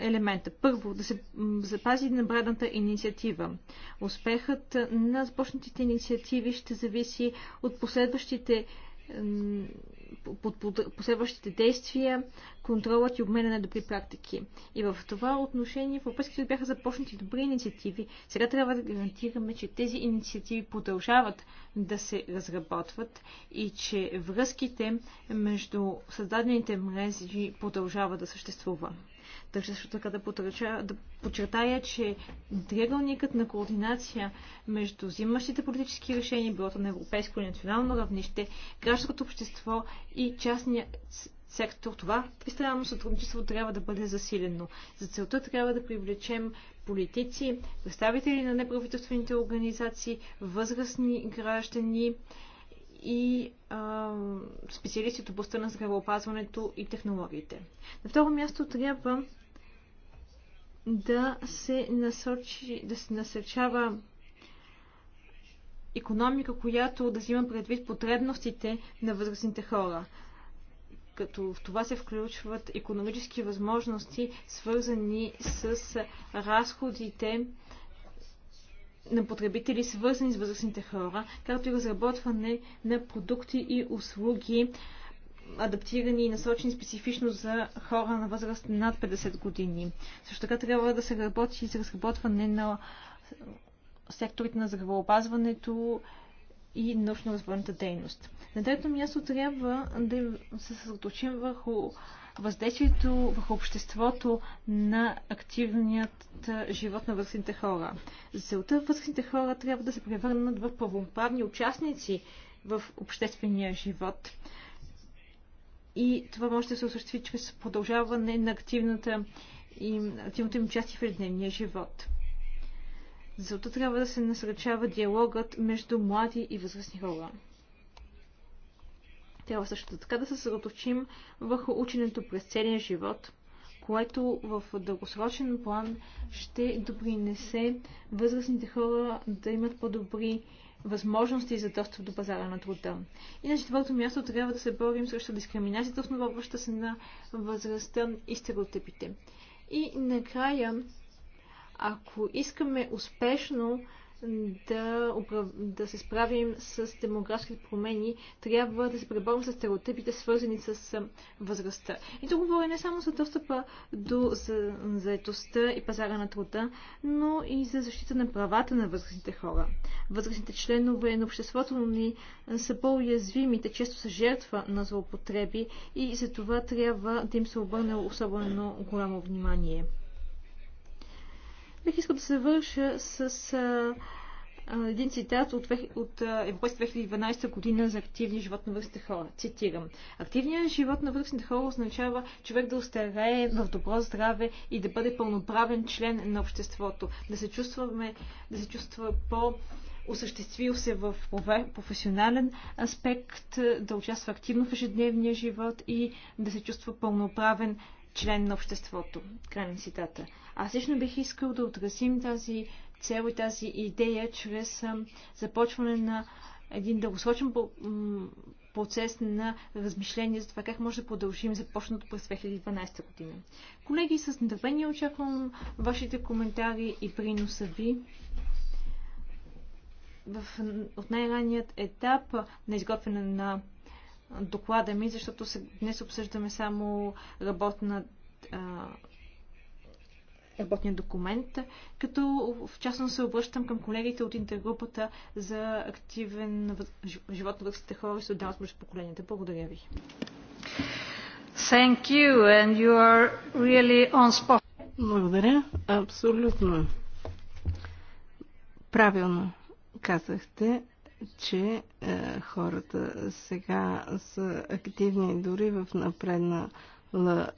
елемента. Първо, да се запази набраната инициатива. Успехът на започнатите инициативи ще зависи от последващите под, под последващите действия, контролът и обмена на добри практики. И в това отношение в Европейския съюз бяха започнати добри инициативи. Сега трябва да гарантираме, че тези инициативи продължават да се разработват и че връзките между създадените мрежи продължават да съществуват. Държа също така да, потръча, да подчертая, че триъгълникът на координация между взимащите политически решения, било на европейско и национално равнище, гражданското общество и частния сектор. Това тристранно сътрудничество трябва да бъде засилено. За целта трябва да привлечем политици, представители на неправителствените организации, възрастни граждани, и а, специалисти от областта на здравеопазването и технологиите. На второ място трябва да се, насочи, да се насърчава економика, която да взима предвид потребностите на възрастните хора. Като в това се включват економически възможности, свързани с разходите на потребители, свързани с възрастните хора, както и разработване на продукти и услуги, адаптирани и насочени специфично за хора на възраст над 50 години. Също така трябва да се работи и за разработване на секторите на здравеопазването и научно-развойната дейност. На трето място трябва да се съсредоточим върху въздействието върху обществото на активният живот на възрастните хора. За целта възрастните хора трябва да се превърнат в правоправни участници в обществения живот. И това може да се осъществи чрез продължаване на активната им, активното им участие в ежедневния живот. Зато трябва да се насръчава диалогът между млади и възрастни хора. Трябва е също така да се съсредоточим върху ученето през целия живот, което в дългосрочен план ще допринесе възрастните хора да имат по-добри възможности за достъп до пазара на труда. И на четвърто място трябва да се борим срещу дискриминацията, основаваща се на възрастта и стереотипите. И накрая, ако искаме успешно да, да се справим с демографските промени, трябва да се преборим с стереотипите, свързани с възрастта. И тук говоря не само за достъпа до заетостта и пазара на труда, но и за защита на правата на възрастните хора. Възрастните членове на обществото ни са по-уязвими, те често са жертва на злоупотреби и за това трябва да им се обърне особено голямо внимание. Бих искал да се върша с а, един цитат от, от Европейска 2012 година за активния живот на възрастните хора. Цитирам. Активният живот на възрастните хора означава човек да остарее в добро здраве и да бъде пълноправен член на обществото. Да се, чувстваме, да се чувства по осъществил се в професионален аспект, да участва активно в ежедневния живот и да се чувства пълноправен член на обществото. Край на цитата. Аз лично бих искал да отгасим тази цел и тази идея чрез започване на един дългосрочен процес на размишление за това как може да продължим започнато през 2012 година. Колеги, с нетърпение очаквам вашите коментари и приноса ви в, от най-ранният етап на изготвяне на доклада ми, защото днес обсъждаме само работна а, работния документ, като в частност се обръщам към колегите от интергрупата за активен живот на възрастните хора и солидарност между поколенията. Благодаря ви. Thank you, and you are really on spot. Благодаря. Абсолютно. Правилно казахте, че е, хората сега са активни дори в напредна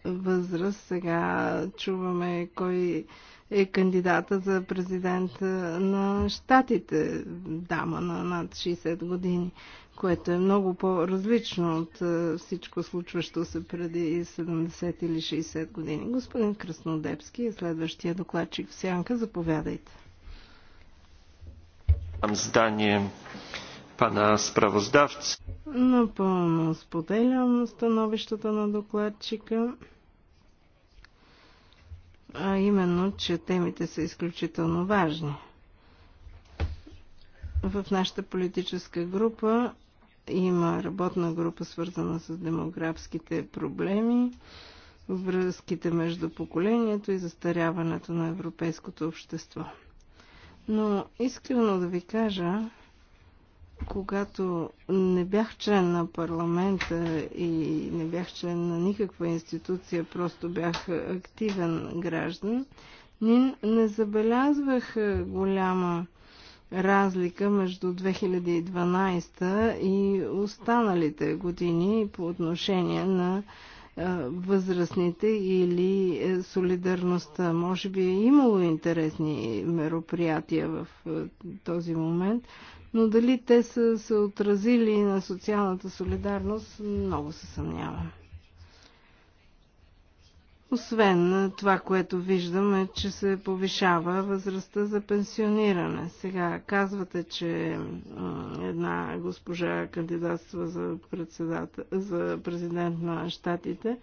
възраст. Сега чуваме кой е кандидата за президент на щатите, дама на над 60 години, което е много по-различно от е, всичко случващо се преди 70 или 60 години. Господин Краснодепски е следващия докладчик в Сянка. Заповядайте. Здание pana sprawozdawcy. Напълно споделям становищата на докладчика, а именно, че темите са изключително важни. В нашата политическа група има работна група, свързана с демографските проблеми, връзките между поколението и застаряването на европейското общество. Но искрено да ви кажа, когато не бях член на парламента и не бях член на никаква институция, просто бях активен граждан, не забелязвах голяма разлика между 2012 и останалите години по отношение на възрастните или е, солидарността. Може би е имало интересни мероприятия в е, този момент, но дали те са се отразили на социалната солидарност, много се съмнявам. Освен това, което виждаме, че се повишава възрастта за пенсиониране. Сега казвате, че една госпожа кандидатства за, за президент на щатите,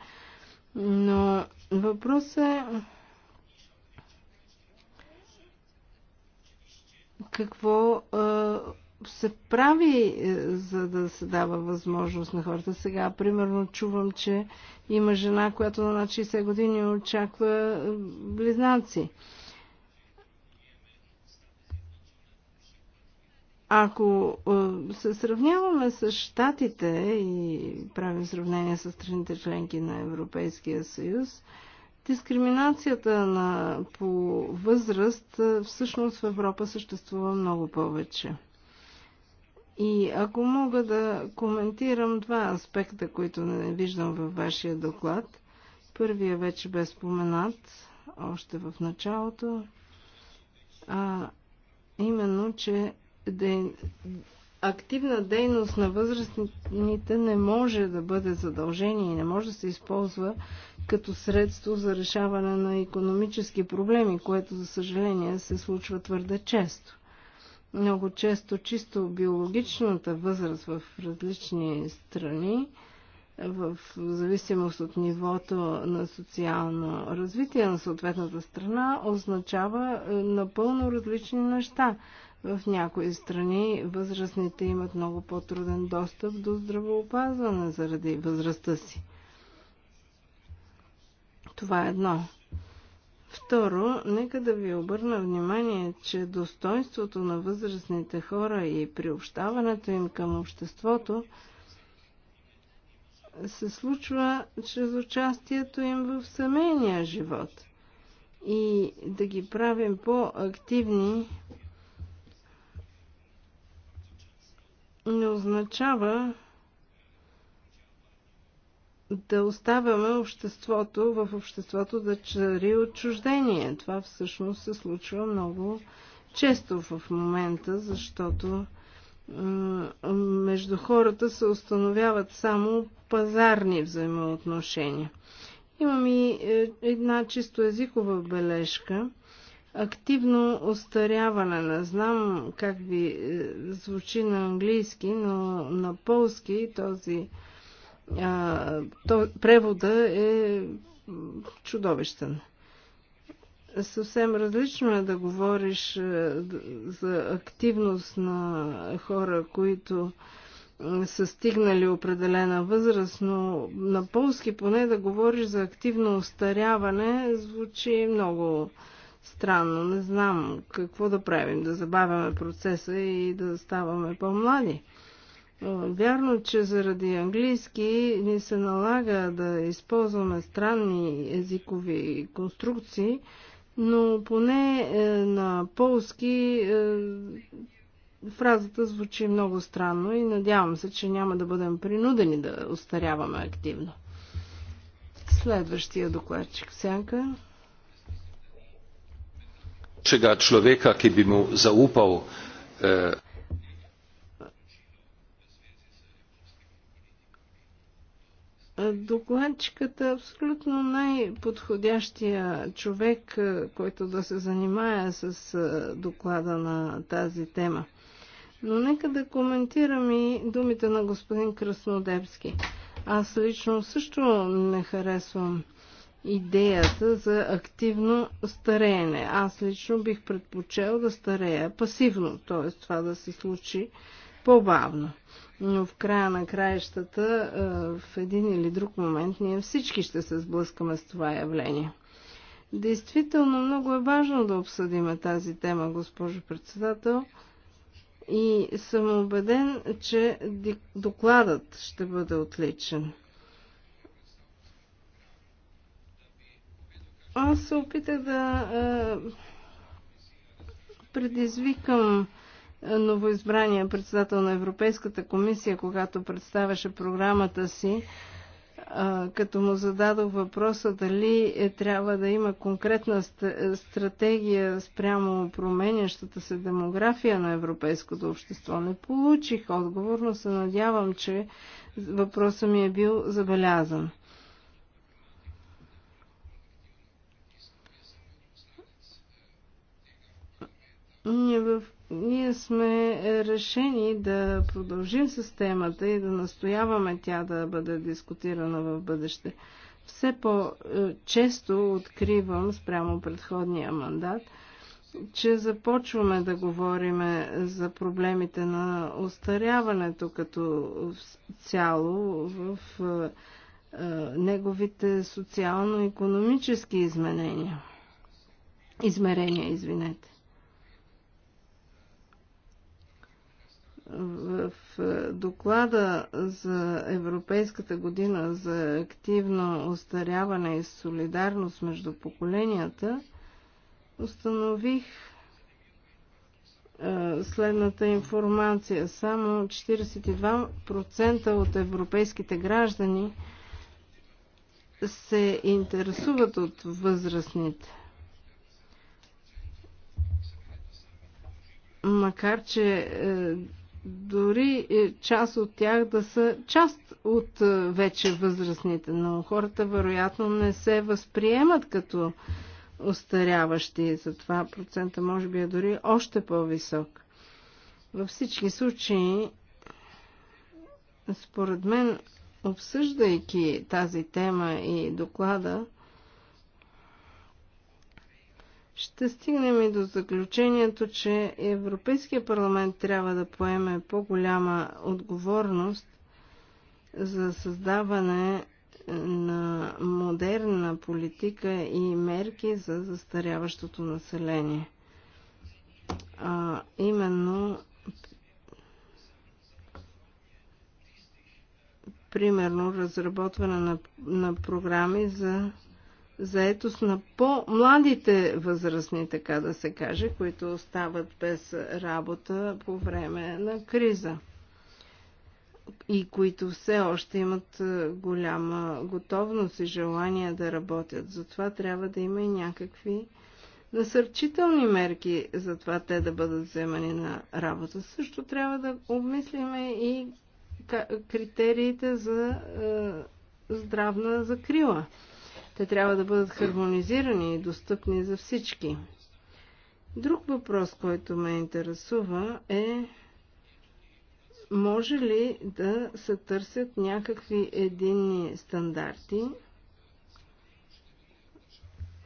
но въпрос е какво се прави, е, за да се дава възможност на хората. Сега, примерно, чувам, че има жена, която на 60 години очаква е, близнаци. Ако е, се сравняваме с щатите и правим сравнение с страните членки на Европейския съюз, Дискриминацията на, по възраст всъщност в Европа съществува много повече. И ако мога да коментирам два аспекта, които не виждам във вашия доклад. Първия вече бе споменат още в началото, а именно, че активна дейност на възрастните не може да бъде задължение и не може да се използва като средство за решаване на економически проблеми, което за съжаление се случва твърде често. Много често чисто биологичната възраст в различни страни в зависимост от нивото на социално развитие на съответната страна, означава е, напълно различни неща. В някои страни възрастните имат много по-труден достъп до здравоопазване заради възрастта си. Това е едно. Второ, нека да ви обърна внимание, че достоинството на възрастните хора и приобщаването им към обществото се случва чрез участието им в семейния живот. И да ги правим по-активни, не означава да оставяме обществото в обществото да чари отчуждение. Това всъщност се случва много често в момента, защото между хората се установяват само пазарни взаимоотношения. Имам и е, една чисто езикова бележка – активно остаряване. Не знам как ви е, звучи на английски, но на полски този а, то, превода е чудовищен. Съвсем различно е да говориш е, за активност на хора, които е, са стигнали определена възраст, но на полски поне да говориш за активно остаряване звучи много странно. Не знам какво да правим, да забавяме процеса и да ставаме по-млади. Вярно, че заради английски ни се налага да използваме странни езикови конструкции, но поне е, на полски е, фразата звучи много странно и надявам се, че няма да бъдем принудени да устаряваме активно. Следващия докладчик Сянка. Čega človeka, ki bi mu zaupal. Eh, Докладчиката е абсолютно най-подходящия човек, е, който да се занимае с е, доклада на тази тема. Но нека да коментирам и думите на господин Краснодебски. Аз лично също не харесвам идеята за активно стареене. Аз лично бих предпочел да старея пасивно, т.е. това да се случи по-бавно. Но в края на краищата, е, в един или друг момент, ние всички ще се сблъскаме с това явление. Действително много е важно да обсъдиме тази тема, госпожо председател, и съм убеден, че докладът ще бъде отличен. Аз се опитах да е, предизвикам новоизбрания председател на Европейската комисия, когато представяше програмата си, като му зададох въпроса дали е, трябва да има конкретна стратегия спрямо променящата се демография на европейското общество. Не получих отговор, но се надявам, че въпросът ми е бил забелязан. Ние, в... Ние сме решени да продължим с темата и да настояваме тя да бъде дискутирана в бъдеще. Все по-често откривам спрямо предходния мандат, че започваме да говорим за проблемите на остаряването като цяло в неговите социално-економически изменения. Измерения, извинете. в доклада за Европейската година за активно остаряване и солидарност между поколенията установих следната информация. Само 42% от европейските граждани се интересуват от възрастните. Макар, че е, дори е, част от тях да са част от е, вече възрастните, но хората вероятно не се възприемат като устаряващи, затова процента може би е дори още по-висок. Във всички случаи, според мен, обсъждайки тази тема и доклада, ще стигнем и до заключението, че Европейския парламент трябва да поеме по-голяма отговорност за създаване на модерна политика и мерки за застаряващото население. А, именно примерно разработване на, на програми за заетост на по-младите възрастни, така да се каже, които остават без работа по време на криза и които все още имат е, голяма готовност и желание да работят. Затова трябва да има и някакви насърчителни мерки за това те да бъдат вземани на работа. Също трябва да обмислиме и критериите за е, здравна закрила. Те трябва да бъдат хармонизирани и достъпни за всички. Друг въпрос, който ме интересува е може ли да се търсят някакви единни стандарти?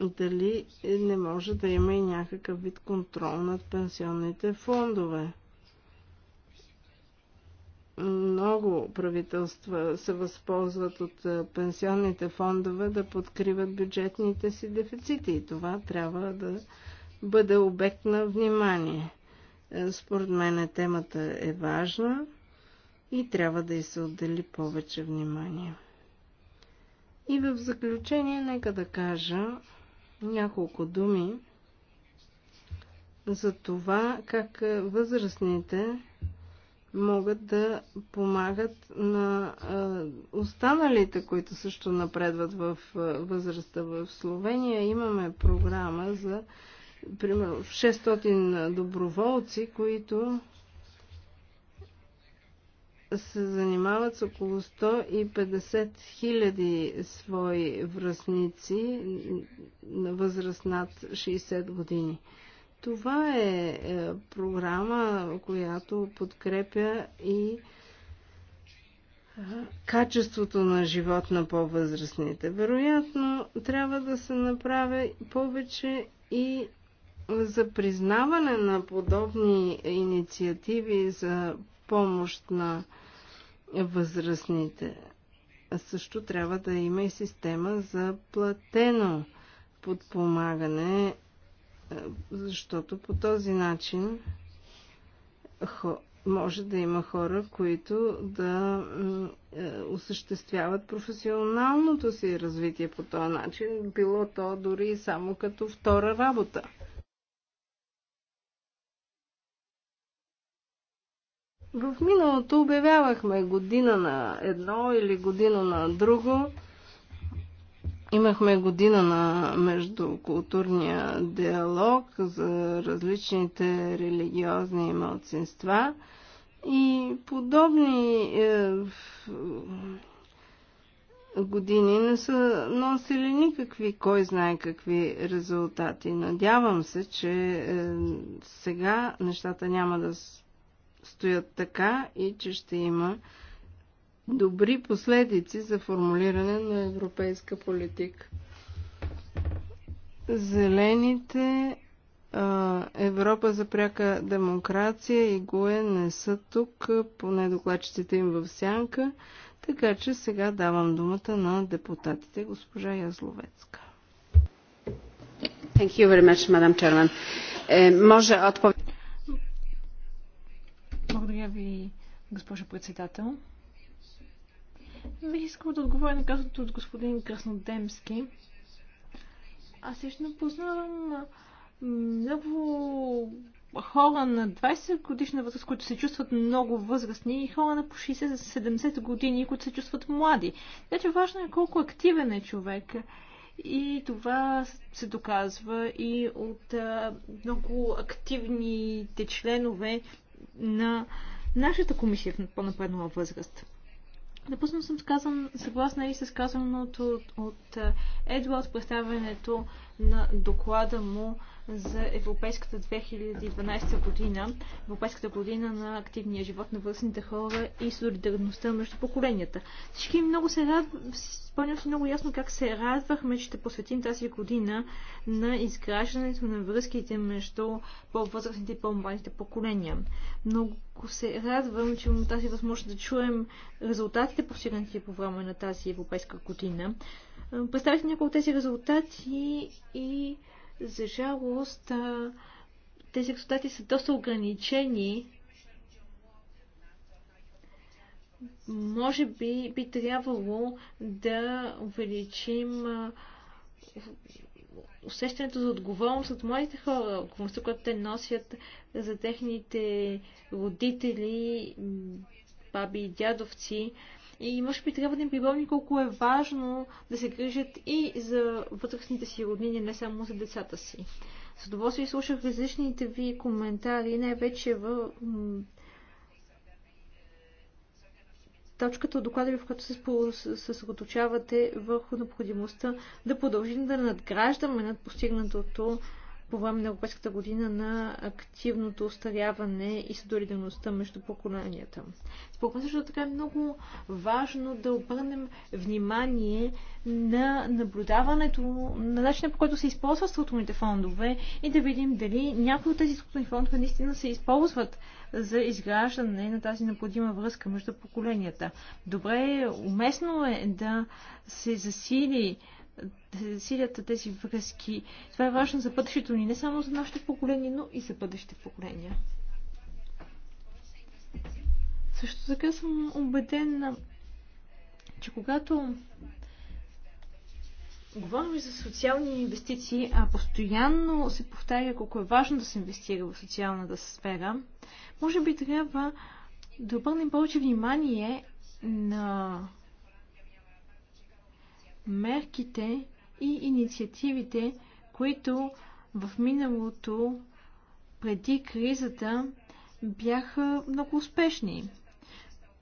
Дали не може да има и някакъв вид контрол над пенсионните фондове? много правителства се възползват от пенсионните фондове да подкриват бюджетните си дефицити и това трябва да бъде обект на внимание. Е, според мен е темата е важна и трябва да й се отдели повече внимание. И в заключение нека да кажа няколко думи за това как възрастните могат да помагат на останалите, които също напредват в възрастта в Словения. Имаме програма за примерно 600 доброволци, които се занимават с около 150 хиляди свои връзници на възраст над 60 години. Това е, е програма, която подкрепя и е, качеството на живот на по-възрастните. Вероятно, трябва да се направи повече и за признаване на подобни инициативи за помощ на възрастните. Също трябва да има и система за платено подпомагане е, защото по този начин може да има хора, които да е, осъществяват професионалното си развитие по този начин, било то дори само като втора работа. В миналото обявявахме година на едно или година на друго. Имахме година на междукултурния диалог за различните религиозни малцинства и подобни е, години не са носили никакви, кой знае какви резултати. Надявам се, че е, сега нещата няма да стоят така и че ще има добри последици за формулиране на европейска политика. Зелените, Европа за пряка демокрация и ГУЕ не са тук, поне докладчиците им в сянка, така че сега давам думата на депутатите, госпожа Язловецка. Thank you very much, Madam Chairman. Е, може отпов... Благодаря ви, госпожо председател. Бих искам да отговоря на казаното от господин Краснодемски. Аз също познавам много хора на 20 годишна възраст, които се чувстват много възрастни и хора на по 60-70 години, които се чувстват млади. Така че важно е колко активен е човек. И това се доказва и от а, много активните членове на нашата комисия в по-напреднала възраст. Напълно съм сказан, съгласна и с казаното от, от е, Едуард, представянето на доклада му за Европейската 2012 година, Европейската година на активния живот на възрастните хора и солидарността между поколенията. Всички много се радвам, спомням си много ясно как се радвахме, че ще посветим тази година на изграждането на връзките между по-възрастните и по-младите поколения. Много се радвам, че имам тази възможност да чуем резултатите постигнати по време на тази Европейска година. Представих няколко от тези резултати и за жалост, тези резултати са доста ограничени. Може би би трябвало да увеличим усещането за отговорност от младите хора, отговорността, която те носят за техните родители, баби и дядовци, и може би трябва да им припомни колко е важно да се грижат и за вътрешните си роднини, не само за децата си. С удоволствие слушах различните ви коментари, най-вече в точката от доклада ви, в която се съсредоточавате върху необходимостта да продължим да надграждаме над постигнатото по време на Европейската година на активното устаряване и солидарността между поколенията. Според мен също така е много важно да обърнем внимание на наблюдаването, на начина по който се използват структурните фондове и да видим дали някои от тези структурни фондове наистина се използват за изграждане на тази необходима връзка между поколенията. Добре, уместно е да се засили силята тези връзки. Това е важно за бъдещето ни, не само за нашите поколения, но и за бъдещите поколения. Също така съм убедена, че когато говорим за социални инвестиции, а постоянно се повтаря колко е важно да се инвестира в социалната сфера, може би трябва да обърнем повече внимание на мерките и инициативите, които в миналото преди кризата бяха много успешни.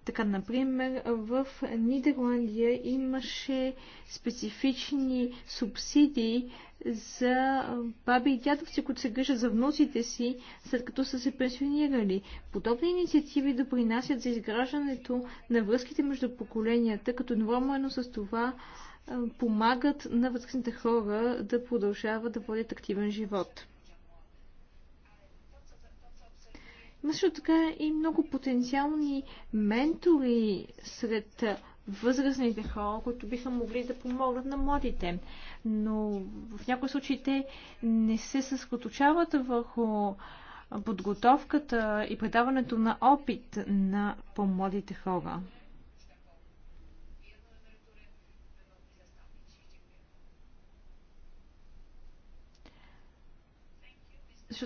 Така, например, в Нидерландия имаше специфични субсидии за баби и дядовци, които се грижат за внуците си, след като са се пенсионирали. Подобни инициативи допринасят за изграждането на връзките между поколенията, като едновременно с това помагат на възрастните хора да продължават да водят активен живот. също така и много потенциални ментори сред възрастните хора, които биха могли да помогнат на младите. Но в някои случаи те не се съсредоточават върху подготовката и предаването на опит на по-младите хора.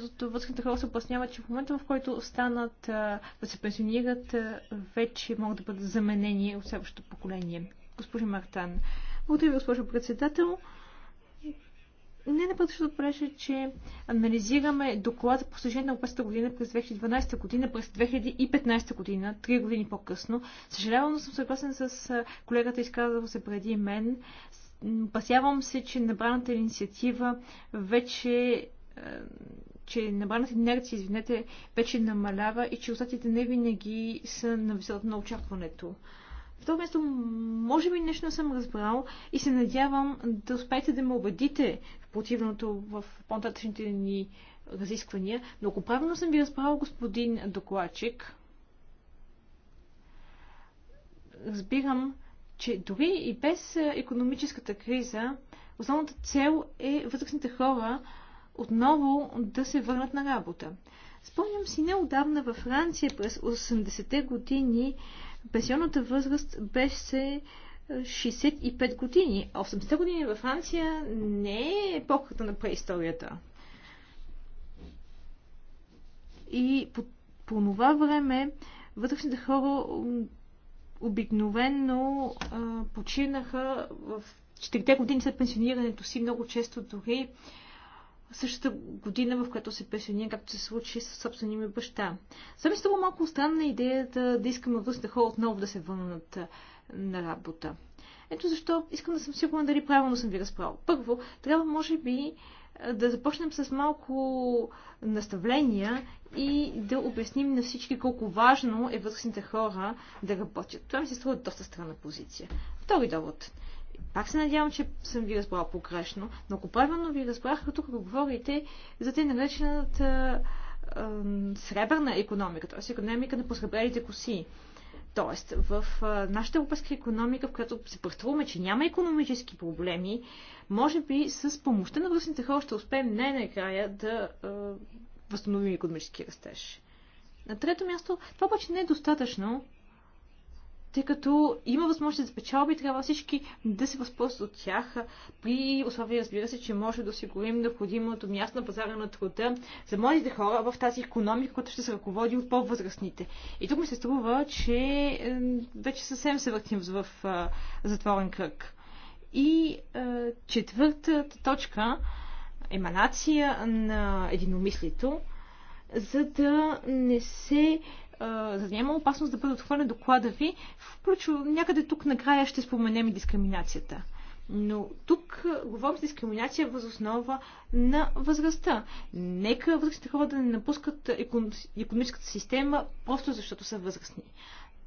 защото възрастните хора се опасняват, че в момента, в който останат да се пенсионират, вече могат да бъдат заменени от следващото поколение. Госпожа Мартан. Благодаря ви, госпожо председател. Не на ще преше, че анализираме доклад за постижение на Европейската година през 2012 година, през 2015 година, три години по-късно. Съжалявам, но съм съгласен с колегата, изказал се преди мен. Опасявам се, че набраната инициатива вече че набраната инерция, извинете, вече намалява и че резултатите не винаги са на висотата на очакването. В това место, може би нещо не съм разбрал и се надявам да успеете да ме убедите в противното в по-нататъчните ни разисквания. Но ако правилно съм ви разбрал, господин докладчик, разбирам, че дори и без е, економическата криза, основната цел е възрастните хора отново да се върнат на работа. Спомням си неодавна във Франция през 80-те години пенсионната възраст беше 65 години. 80-те години във Франция не е епохата на преисторията. И по, по това време вътрешните хора обикновенно а, починаха в 4 те години след пенсионирането си, много често дори същата година, в която се пенсионира, както се случи с собствения ми баща. Сами става малко странна идеята да искаме възрастни хора отново да се върнат на работа. Ето защо искам да съм сигурна дали правилно съм ви разправил. Първо, трябва може би да започнем с малко наставления и да обясним на всички колко важно е възрастните хора да работят. Това ми се струва доста странна позиция. Втори довод. Пак се надявам, че съм ви разбрал погрешно, но ако правилно ви разбрах, тук говорите за те наречената сребърна економика, т.е. економика на посребрените коси. Тоест, в нашата европейска економика, в която се преструваме, че няма економически проблеми, може би с помощта на връзните хора ще успеем най-накрая да е, възстановим економически растеж. На трето място, това обаче не е достатъчно, тъй като има възможност за печалби, трябва всички да се възползват от тях, при условие, разбира се, че може да осигурим необходимото място на пазара на труда за младите хора в тази економика, която ще се ръководи от по-възрастните. И тук ми се струва, че е, вече съвсем се въртим в затворен кръг. И четвъртата точка еманация на единомислието, за да не се за да няма опасност да бъде отхвърлен доклада ви, включва някъде тук накрая ще споменем и дискриминацията. Но тук говорим с дискриминация въз основа на възрастта. Нека възрастните хора да не напускат економическата система просто защото са възрастни.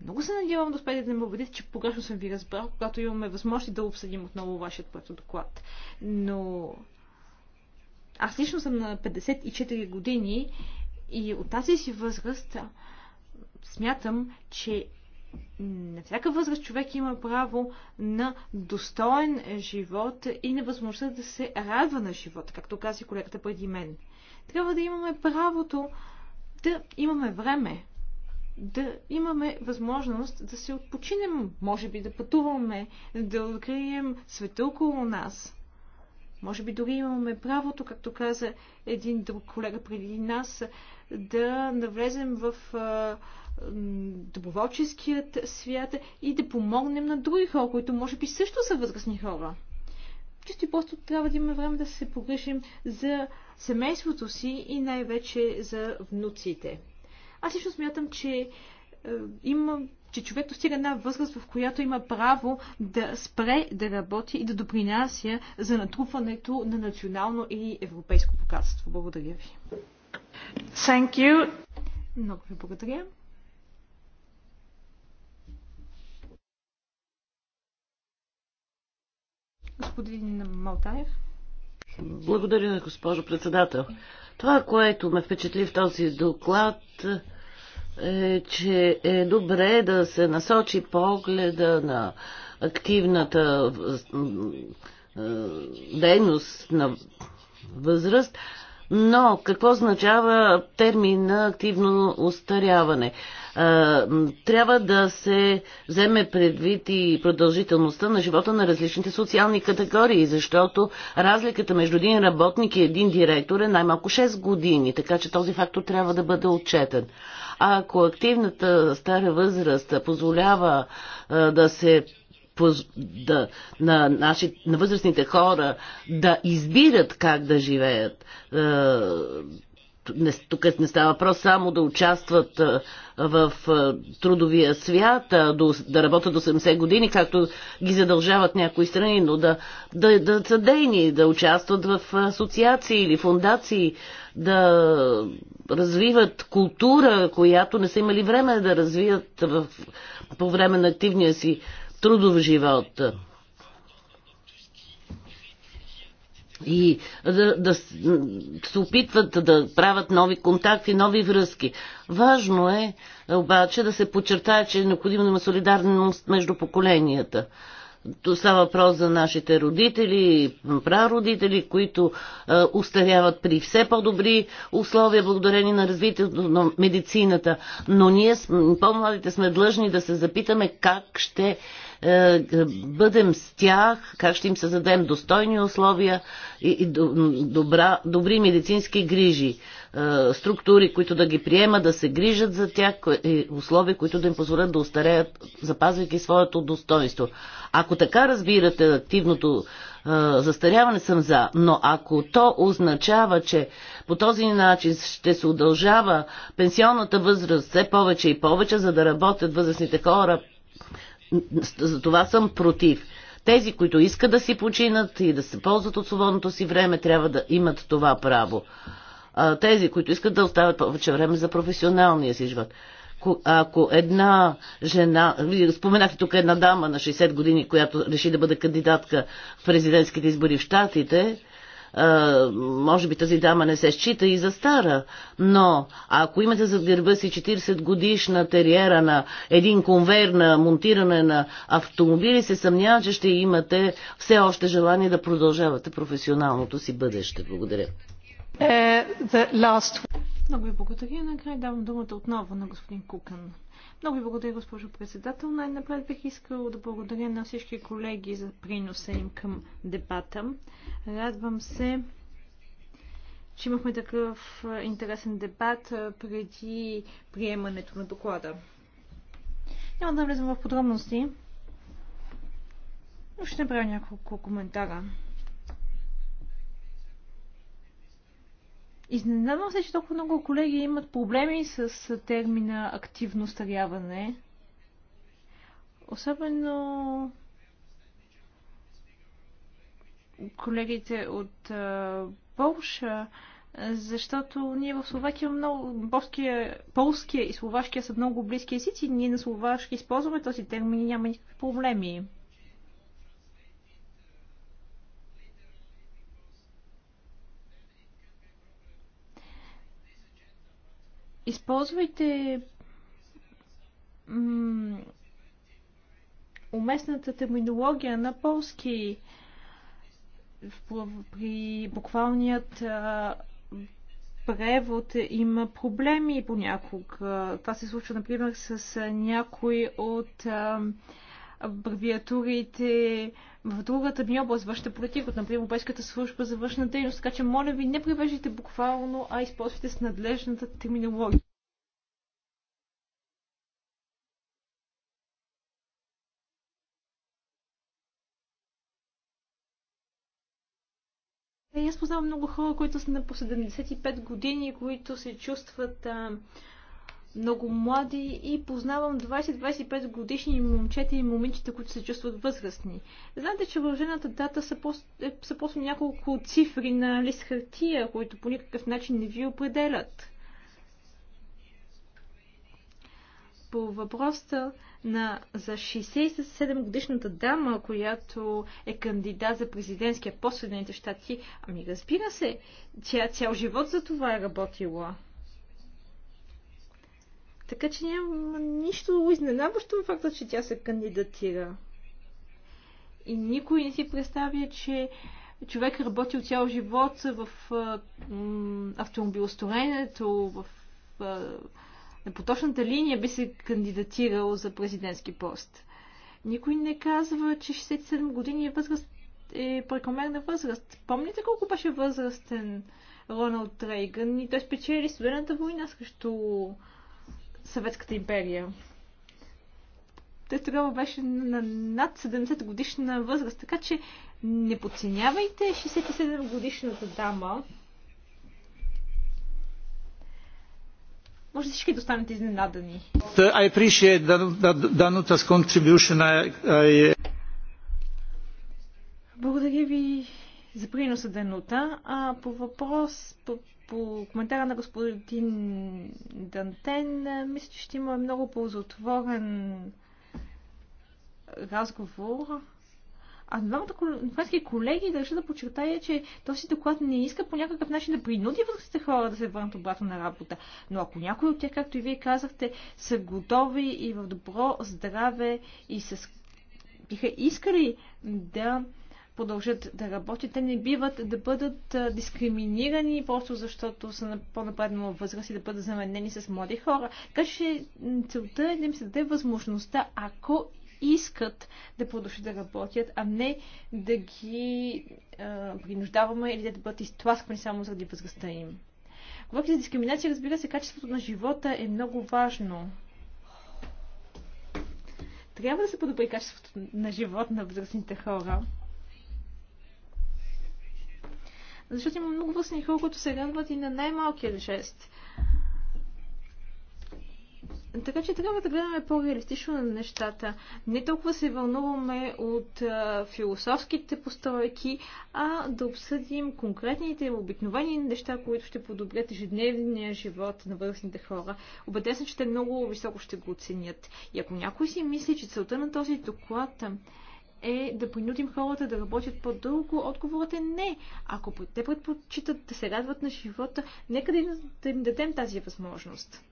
Много се надявам да успеете да ме убедите, че погрешно съм ви разбрал, когато имаме възможност да обсъдим отново вашият проект доклад. Но аз лично съм на 54 години и от тази си възраст смятам, че на всяка възраст човек има право на достоен живот и на възможността да се радва на живота, както каза колегата преди мен. Трябва да имаме правото да имаме време, да имаме възможност да се отпочинем, може би да пътуваме, да открием света около нас. Може би дори имаме правото, както каза един друг колега преди нас, да навлезем в доброволческият свят и да помогнем на други хора, които може би също са възрастни хора. Чисто и просто трябва да имаме време да се погрешим за семейството си и най-вече за внуците. Аз лично смятам, че е, има че човек достига една възраст, в която има право да спре да работи и да допринася за натрупването на национално и европейско богатство. Благодаря ви. Thank you. Много ви благодаря. Господин Малтаев. Благодаря, госпожо председател. Това, което ме впечатли в този доклад, е, че е добре да се насочи погледа на активната дейност на възраст но какво означава термина активно устаряване? Трябва да се вземе предвид и продължителността на живота на различните социални категории, защото разликата между един работник и един директор е най-малко 6 години, така че този фактор трябва да бъде отчетен. А ако активната стара възраст позволява да се да, на, наши, на възрастните хора да избират как да живеят. Е, тук не става въпрос само да участват е, в е, трудовия свят, да работят до 70 години, както ги задължават някои страни, но да, да, да са дейни, да участват в асоциации или фундации, да развиват култура, която не са имали време да развият в, по време на активния си трудов живот. И да, да се опитват да правят нови контакти, нови връзки. Важно е обаче да се подчертая, че е необходимо да има солидарност между поколенията. То става въпрос за нашите родители, прародители, които е, устаряват при все по-добри условия, благодарение на развитието на медицината. Но ние, по-младите, сме длъжни да се запитаме как ще е, е, бъдем с тях, как ще им създадем достойни условия и добра, добри медицински грижи, е, структури, които да ги приемат, да се грижат за тях, условия, които да им позволят да устареят, запазвайки своето достоинство. Ако така разбирате активното застаряване съм за, но ако то означава, че по този начин ще се удължава пенсионната възраст все повече и повече, за да работят възрастните хора за това съм против. Тези, които искат да си починат и да се ползват от свободното си време, трябва да имат това право. А, тези, които искат да оставят повече време за професионалния си живот. Ако една жена, споменахте тук една дама на 60 години, която реши да бъде кандидатка в президентските избори в Штатите, е, може би тази дама не се счита и за стара, но ако имате зад гърба си 40 годишна териера на един конвейер на монтиране на автомобили, се съмнявам, че ще имате все още желание да продължавате професионалното си бъдеще. Благодаря. Е, Много ви благодаря. Накрая давам думата отново на господин Кукан. Много ви благодаря, госпожо председател. Най-напред бих искал да благодаря на всички колеги за приноса им към дебата. Радвам се, че имахме такъв интересен дебат преди приемането на доклада. Няма да влезам в подробности, но ще направя няколко коментара. Изненадвам се, че толкова много колеги имат проблеми с термина активно старяване. Особено колегите от Полша, защото ние в Словакия много, полския, полския и словашкия са много близки езици. Ние на словашки използваме този термин и няма никакви проблеми. използвайте уместната терминология на полски при буквалният превод има проблеми понякога. Това се случва, например, с някой от абревиатурите в другата ми област, вашата политика, от, например, Европейската служба за външна дейност. Така че, моля ви, не привеждайте буквално, а използвайте с надлежната терминология. Е, аз познавам много хора, които са на по 75 години, които се чувстват а, много млади и познавам 20-25 годишни момчета и момичета, които се чувстват възрастни. Знаете, че вължената дата са просто, е, са просто няколко цифри на лист хартия, които по никакъв начин не ви определят. по въпроса на за 67 годишната дама, която е кандидат за президентския пост в Съединените щати. Ами разбира се, тя цял живот за това е работила. Така че няма нищо изненадващо в факта, че тя се кандидатира. И никой не си представя, че човек работил цял живот в автомобилостроенето, в на поточната линия би се кандидатирал за президентски пост. Никой не казва, че 67 години е възраст е прекомерна възраст. Помните колко беше възрастен Роналд Рейган и той спечели студената война срещу Съветската империя. Той тогава беше на над 70 годишна възраст, така че не подценявайте 67 годишната дама. Може всички да останете изненадани. I appreciate contribution. I... Благодаря ви за приноса Данута. А по въпрос, по по коментара на господин Дантен, мисля, че ще има много ползотворен разговор. А двамата френски колеги държа да подчертая, че този доклад не иска по някакъв начин да принуди възрастните хора да се върнат обратно на работа. Но ако някои от тях, както и вие казахте, са готови и в добро здраве и с... биха искали да продължат да работят. Те не биват да бъдат дискриминирани просто защото са на по-напреднала възраст и да бъдат заменени с млади хора. Така че целта е да им се даде възможността, ако искат да продължат да работят, а не да ги а, принуждаваме или да бъдат изтласквани само заради възрастта им. Говорки за дискриминация, разбира се, качеството на живота е много важно. Трябва да се подобри качеството на живот на възрастните хора. Защото има много възрастни хора, които се радват и на най-малкия жест. Така че трябва да гледаме по-реалистично на нещата. Не толкова се вълнуваме от а, философските постройки, а да обсъдим конкретните обикновени неща, които ще подобрят ежедневния живот на възрастните хора. Обеден съм, че те много високо ще го оценят. И ако някой си мисли, че целта на този доклад е да принудим хората да работят по-дълго? Отговорът е не. Ако те предпочитат да се радват на живота, нека да им, да им дадем тази възможност.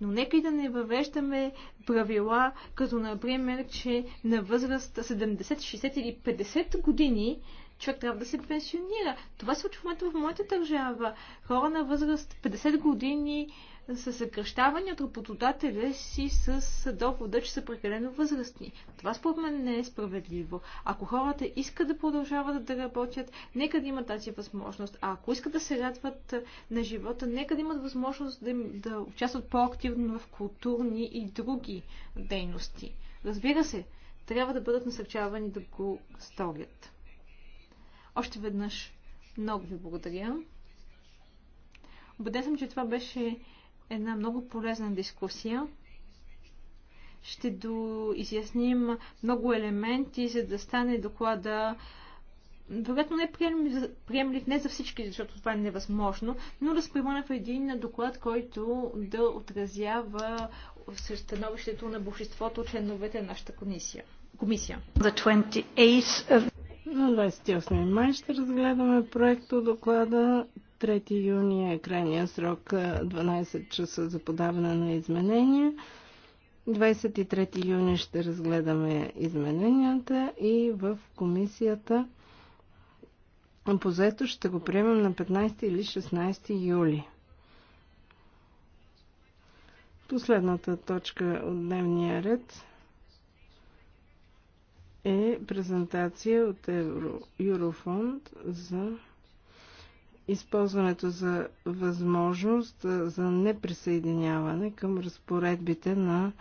Но нека и да не въвеждаме правила, като например, че на възраст 70, 60 или 50 години човек трябва да се пенсионира. Това се случва в в моята държава. Хора на възраст 50 години за съкръщаване от работодателя си с довода, че са прекалено възрастни. Това според мен не е справедливо. Ако хората искат да продължават да работят, нека да имат тази възможност. А ако искат да се радват на живота, нека да имат възможност да, да участват по-активно в културни и други дейности. Разбира се, трябва да бъдат насърчавани да го сторят. Още веднъж много ви благодаря. Убеден съм, че това беше една много полезна дискусия. Ще доизясним много елементи, за да стане доклада вероятно не е приемлив, приемлив не за всички, защото това е невъзможно, но да в един доклад, който да отразява становището на от членовете на нашата комисия. комисия. Of... На 28 май ще разгледаме проекто доклада. 3 юни е крайния срок 12 часа за подаване на изменения. 23 юни ще разгледаме измененията и в комисията по заето ще го приемем на 15 или 16 юли. Последната точка от дневния ред е презентация от Евро, за използването за възможност за неприсъединяване към разпоредбите на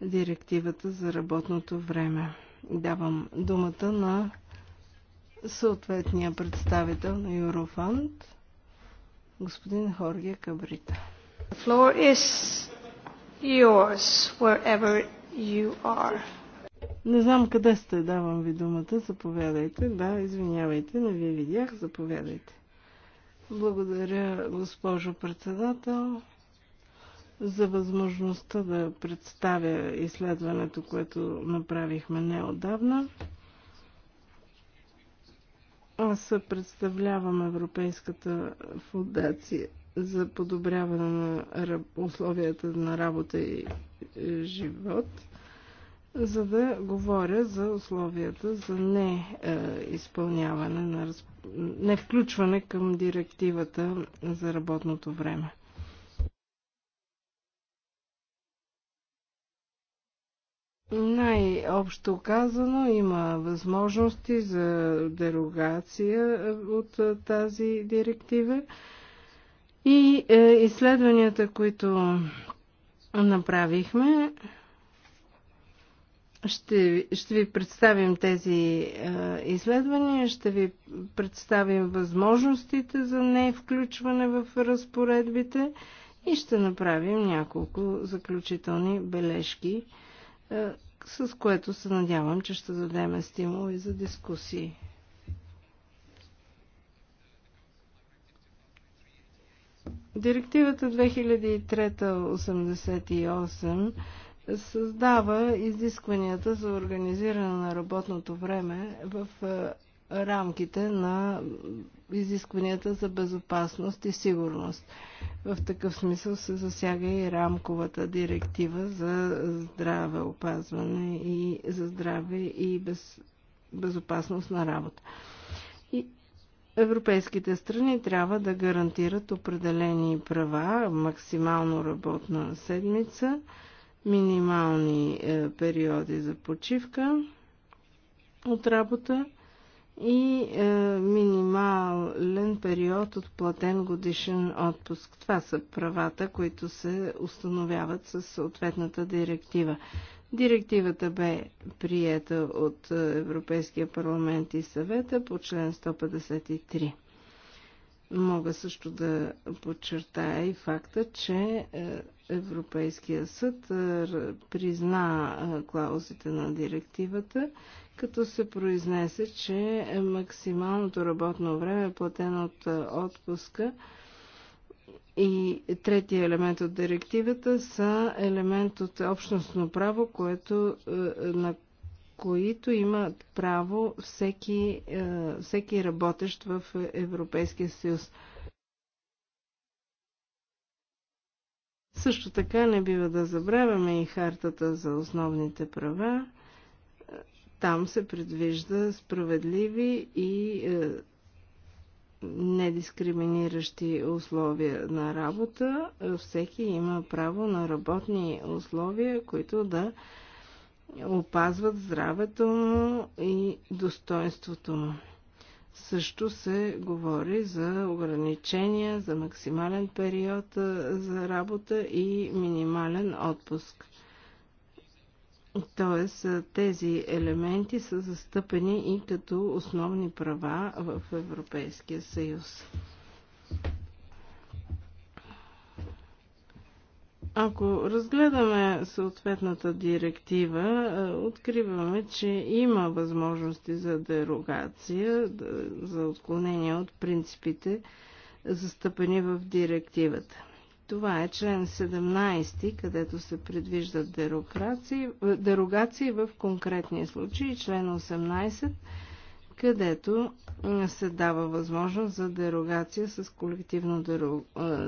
директивата за работното време. Давам думата на съответния представител на Еврофанд, господин Хоргия Кабрита. The floor is yours, wherever you are. Не знам къде сте, давам ви думата, заповядайте. Да, извинявайте, не ви видях, заповядайте. Благодаря, госпожо председател, за възможността да представя изследването, което направихме неодавна. Аз представлявам Европейската фундация за подобряване на условията на работа и живот – за да говоря за условията за не е, изпълняване на не включване към директивата за работното време. Най-общо казано има възможности за дерогация е, от е, тази директива и е, изследванията, които направихме, ще, ще ви представим тези а, изследвания, ще ви представим възможностите за не включване в разпоредбите и ще направим няколко заключителни бележки, а, с което се надявам, че ще дадем стимул и за дискусии. Директивата 2003-88 създава изискванията за организиране на работното време в е, рамките на изискванията за безопасност и сигурност. В такъв смисъл се засяга и рамковата директива за здраве, опазване и за здраве и без, безопасност на работа. И европейските страни трябва да гарантират определени права, максимално работна седмица – минимални е, периоди за почивка от работа и е, минимален период от платен годишен отпуск. Това са правата, които се установяват със съответната директива. Директивата бе приета от е, Европейския парламент и съвета по член 153. Мога също да подчертая и факта, че е, Европейския съд е, призна е, клаузите на директивата, като се произнесе, че максималното работно време е платено от отпуска и третия елемент от директивата са елемент от общностно право, което на които имат право всеки, е, всеки работещ в Европейския съюз. Също така не бива да забравяме и хартата за основните права. Там се предвижда справедливи и е, недискриминиращи условия на работа. Всеки има право на работни условия, които да е, опазват здравето му и достоинството му. Също се говори за ограничения, за максимален период за работа и минимален отпуск. Тоест, тези елементи са застъпени и като основни права в Европейския съюз. Ако разгледаме съответната директива, е, откриваме, че има възможности за дерогация, за отклонение от принципите, застъпени в директивата. Това е член 17, където се предвиждат дерогации, е, дерогации в конкретни случаи, член 18 където се дава възможност за дерогация с колективно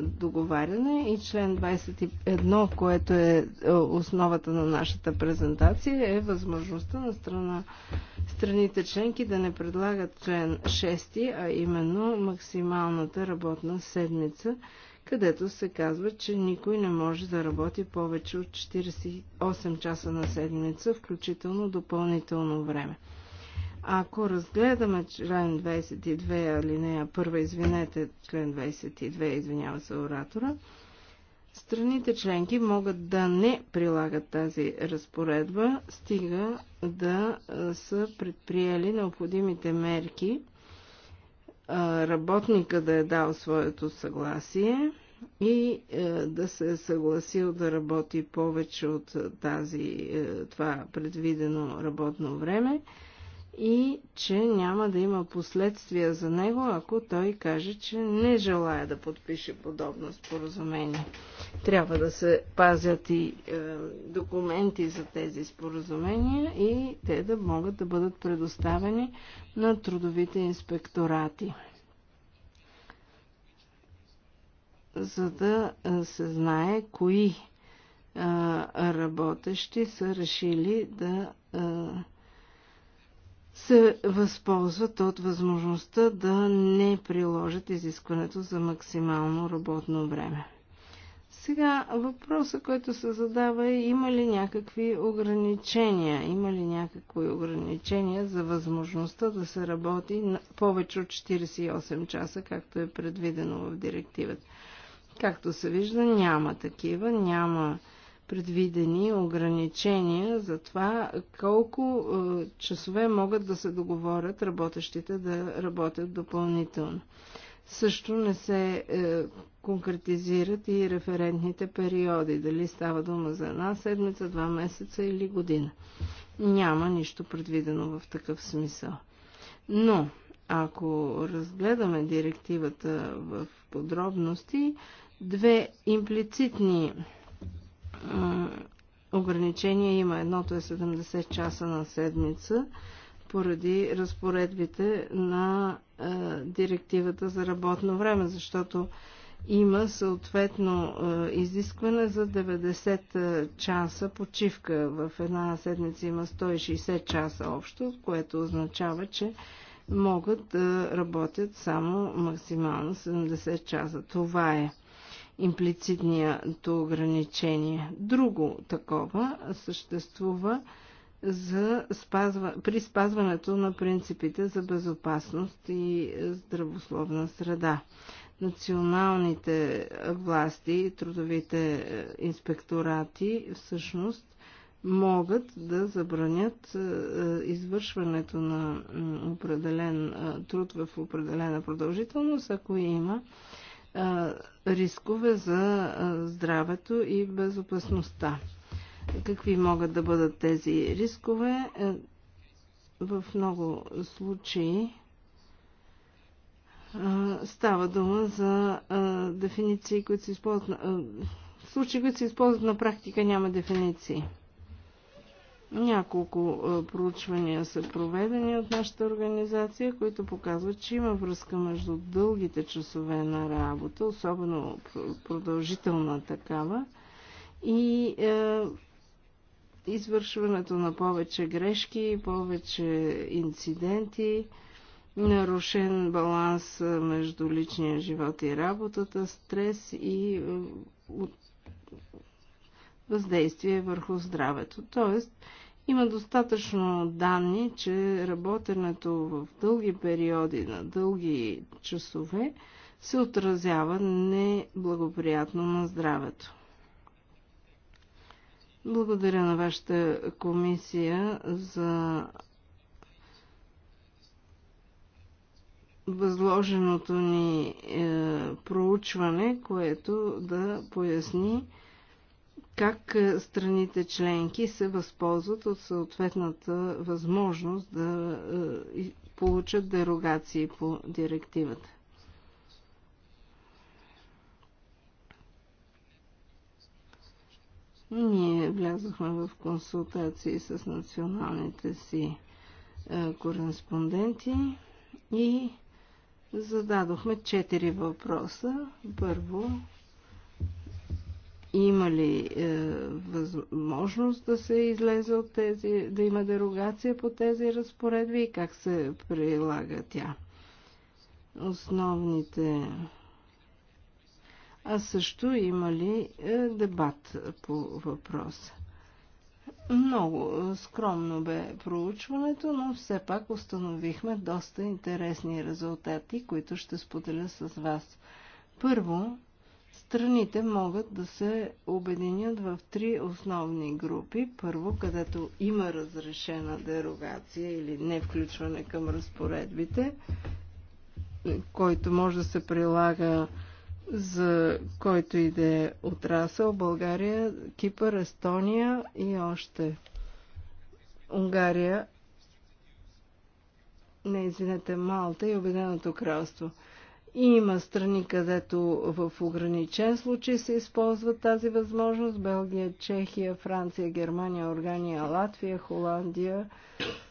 договаряне и член 21, което е, е основата на нашата презентация, е възможността на страна, страните членки да не предлагат член 6, а именно максималната работна седмица, където се казва, че никой не може да работи повече от 48 часа на седмица, включително допълнително време. Ако разгледаме член 22, алинея 1, извинете, член 22, извинява се оратора, страните членки могат да не прилагат тази разпоредба, стига да са предприели необходимите мерки, работника да е дал своето съгласие и да се е съгласил да работи повече от тази, това предвидено работно време, и че няма да има последствия за него, ако той каже, че не желая да подпише подобно споразумение. Трябва да се пазят и е, документи за тези споразумения и те да могат да бъдат предоставени на трудовите инспекторати. За да е, се знае кои е, работещи са решили да. Е, се възползват от възможността да не приложат изискването за максимално работно време. Сега въпроса, който се задава е има ли някакви ограничения? Има ли някакви ограничения за възможността да се работи повече от 48 часа, както е предвидено в директивата? Както се вижда, няма такива, няма предвидени ограничения за това колко е, часове могат да се договорят работещите да работят допълнително. Също не се е, конкретизират и референтните периоди, дали става дума за една седмица, два месеца или година. Няма нищо предвидено в такъв смисъл. Но, ако разгледаме директивата в подробности, две имплицитни ограничение има. Едното е 70 часа на седмица поради разпоредбите на директивата за работно време, защото има съответно изискване за 90 часа почивка. В една седмица има 160 часа общо, което означава, че могат да работят само максимално 70 часа. Това е имплицитното ограничение. Друго такова съществува за спазва, при спазването на принципите за безопасност и здравословна среда. Националните власти и трудовите е, инспекторати всъщност могат да забранят е, извършването на определен е, труд в определена продължителност, ако има рискове за здравето и безопасността. Какви могат да бъдат тези рискове? Е, в много случаи става дума за дефиниции, които се използват. Случаи, които се използват на практика, няма дефиниции. Няколко проучвания са проведени от нашата организация, които показват, че има връзка между дългите часове на работа, особено продължителна такава, и е, извършването на повече грешки, повече инциденти, нарушен баланс между личния живот и работата, стрес и е, въздействие върху здравето. Тоест, има достатъчно данни, че работенето в дълги периоди, на дълги часове, се отразява неблагоприятно на здравето. Благодаря на вашата комисия за възложеното ни е, проучване, което да поясни как е, страните членки се възползват от съответната възможност да е, получат дерогации по директивата. Ние влязохме в консултации с националните си е, кореспонденти и зададохме четири въпроса. Първо, ли е, възможност да се излезе от тези, да има дерогация по тези разпоредби и как се прилага тя. Основните. А също има ли е, дебат по въпроса? Много скромно бе проучването, но все пак установихме доста интересни резултати, които ще споделя с вас. Първо, страните могат да се обединят в три основни групи. Първо, където има разрешена дерогация или не включване към разпоредбите, който може да се прилага за който и да е отрасъл България, Кипър, Естония и още Унгария, не извинете, Малта и Обединеното кралство – има страни, където в ограничен случай се използва тази възможност. Белгия, Чехия, Франция, Германия, Органия, Латвия, Холандия,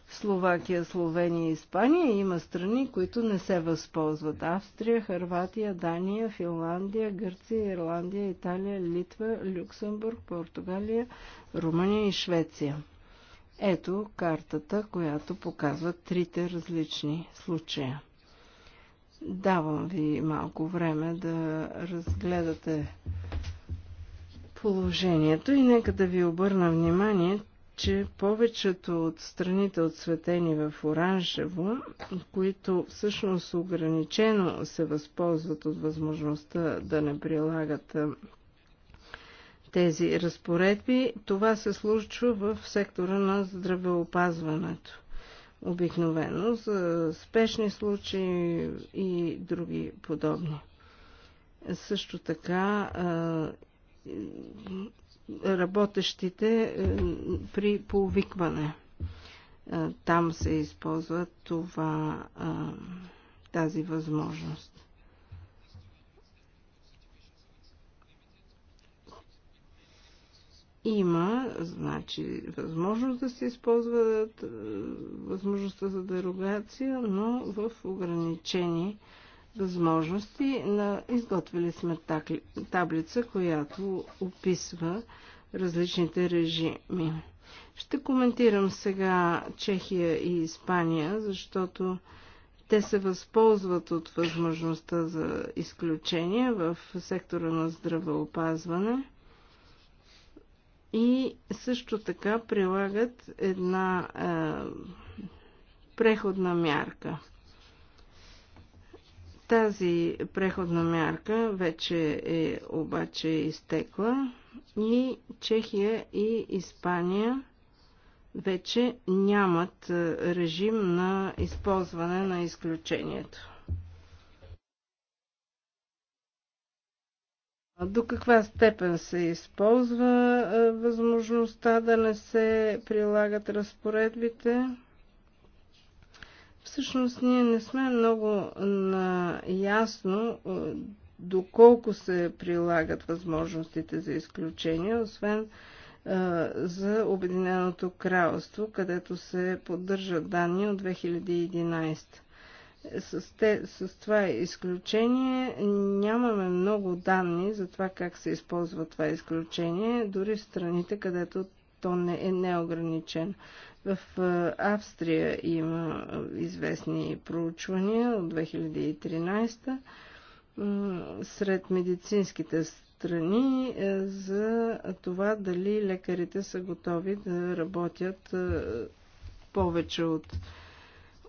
Словакия, Словения и Испания. Има страни, които не се възползват. Австрия, Харватия, Дания, Финландия, Гърция, Ирландия, Италия, Литва, Люксембург, Португалия, Румъния и Швеция. Ето картата, която показва трите различни случая. Давам ви малко време да разгледате положението и нека да ви обърна внимание, че повечето от страните отсветени в оранжево, които всъщност ограничено се възползват от възможността да не прилагат тези разпоредби, това се случва в сектора на здравеопазването обикновено за спешни случаи и други подобни. Също така работещите е, при повикване. Там се използва това, тази възможност. има значи, възможност да се използват е, възможността за дерогация, но в ограничени възможности. На, изготвили сме таблица, която описва различните режими. Ще коментирам сега Чехия и Испания, защото те се възползват от възможността за изключение в сектора на здравеопазване – и също така прилагат една е, преходна мярка. Тази преходна мярка вече е обаче изтекла и Чехия и Испания вече нямат режим на използване на изключението. До каква степен се използва възможността да не се прилагат разпоредбите? Всъщност ние не сме много наясно доколко се прилагат възможностите за изключение, освен за Обединеното кралство, където се поддържат данни от 2011. С, те, с това изключение нямаме много данни за това как се използва това изключение, дори в страните, където то не е неограничен. В Австрия има известни проучвания от 2013 сред медицинските страни е, за това дали лекарите са готови да работят е, повече от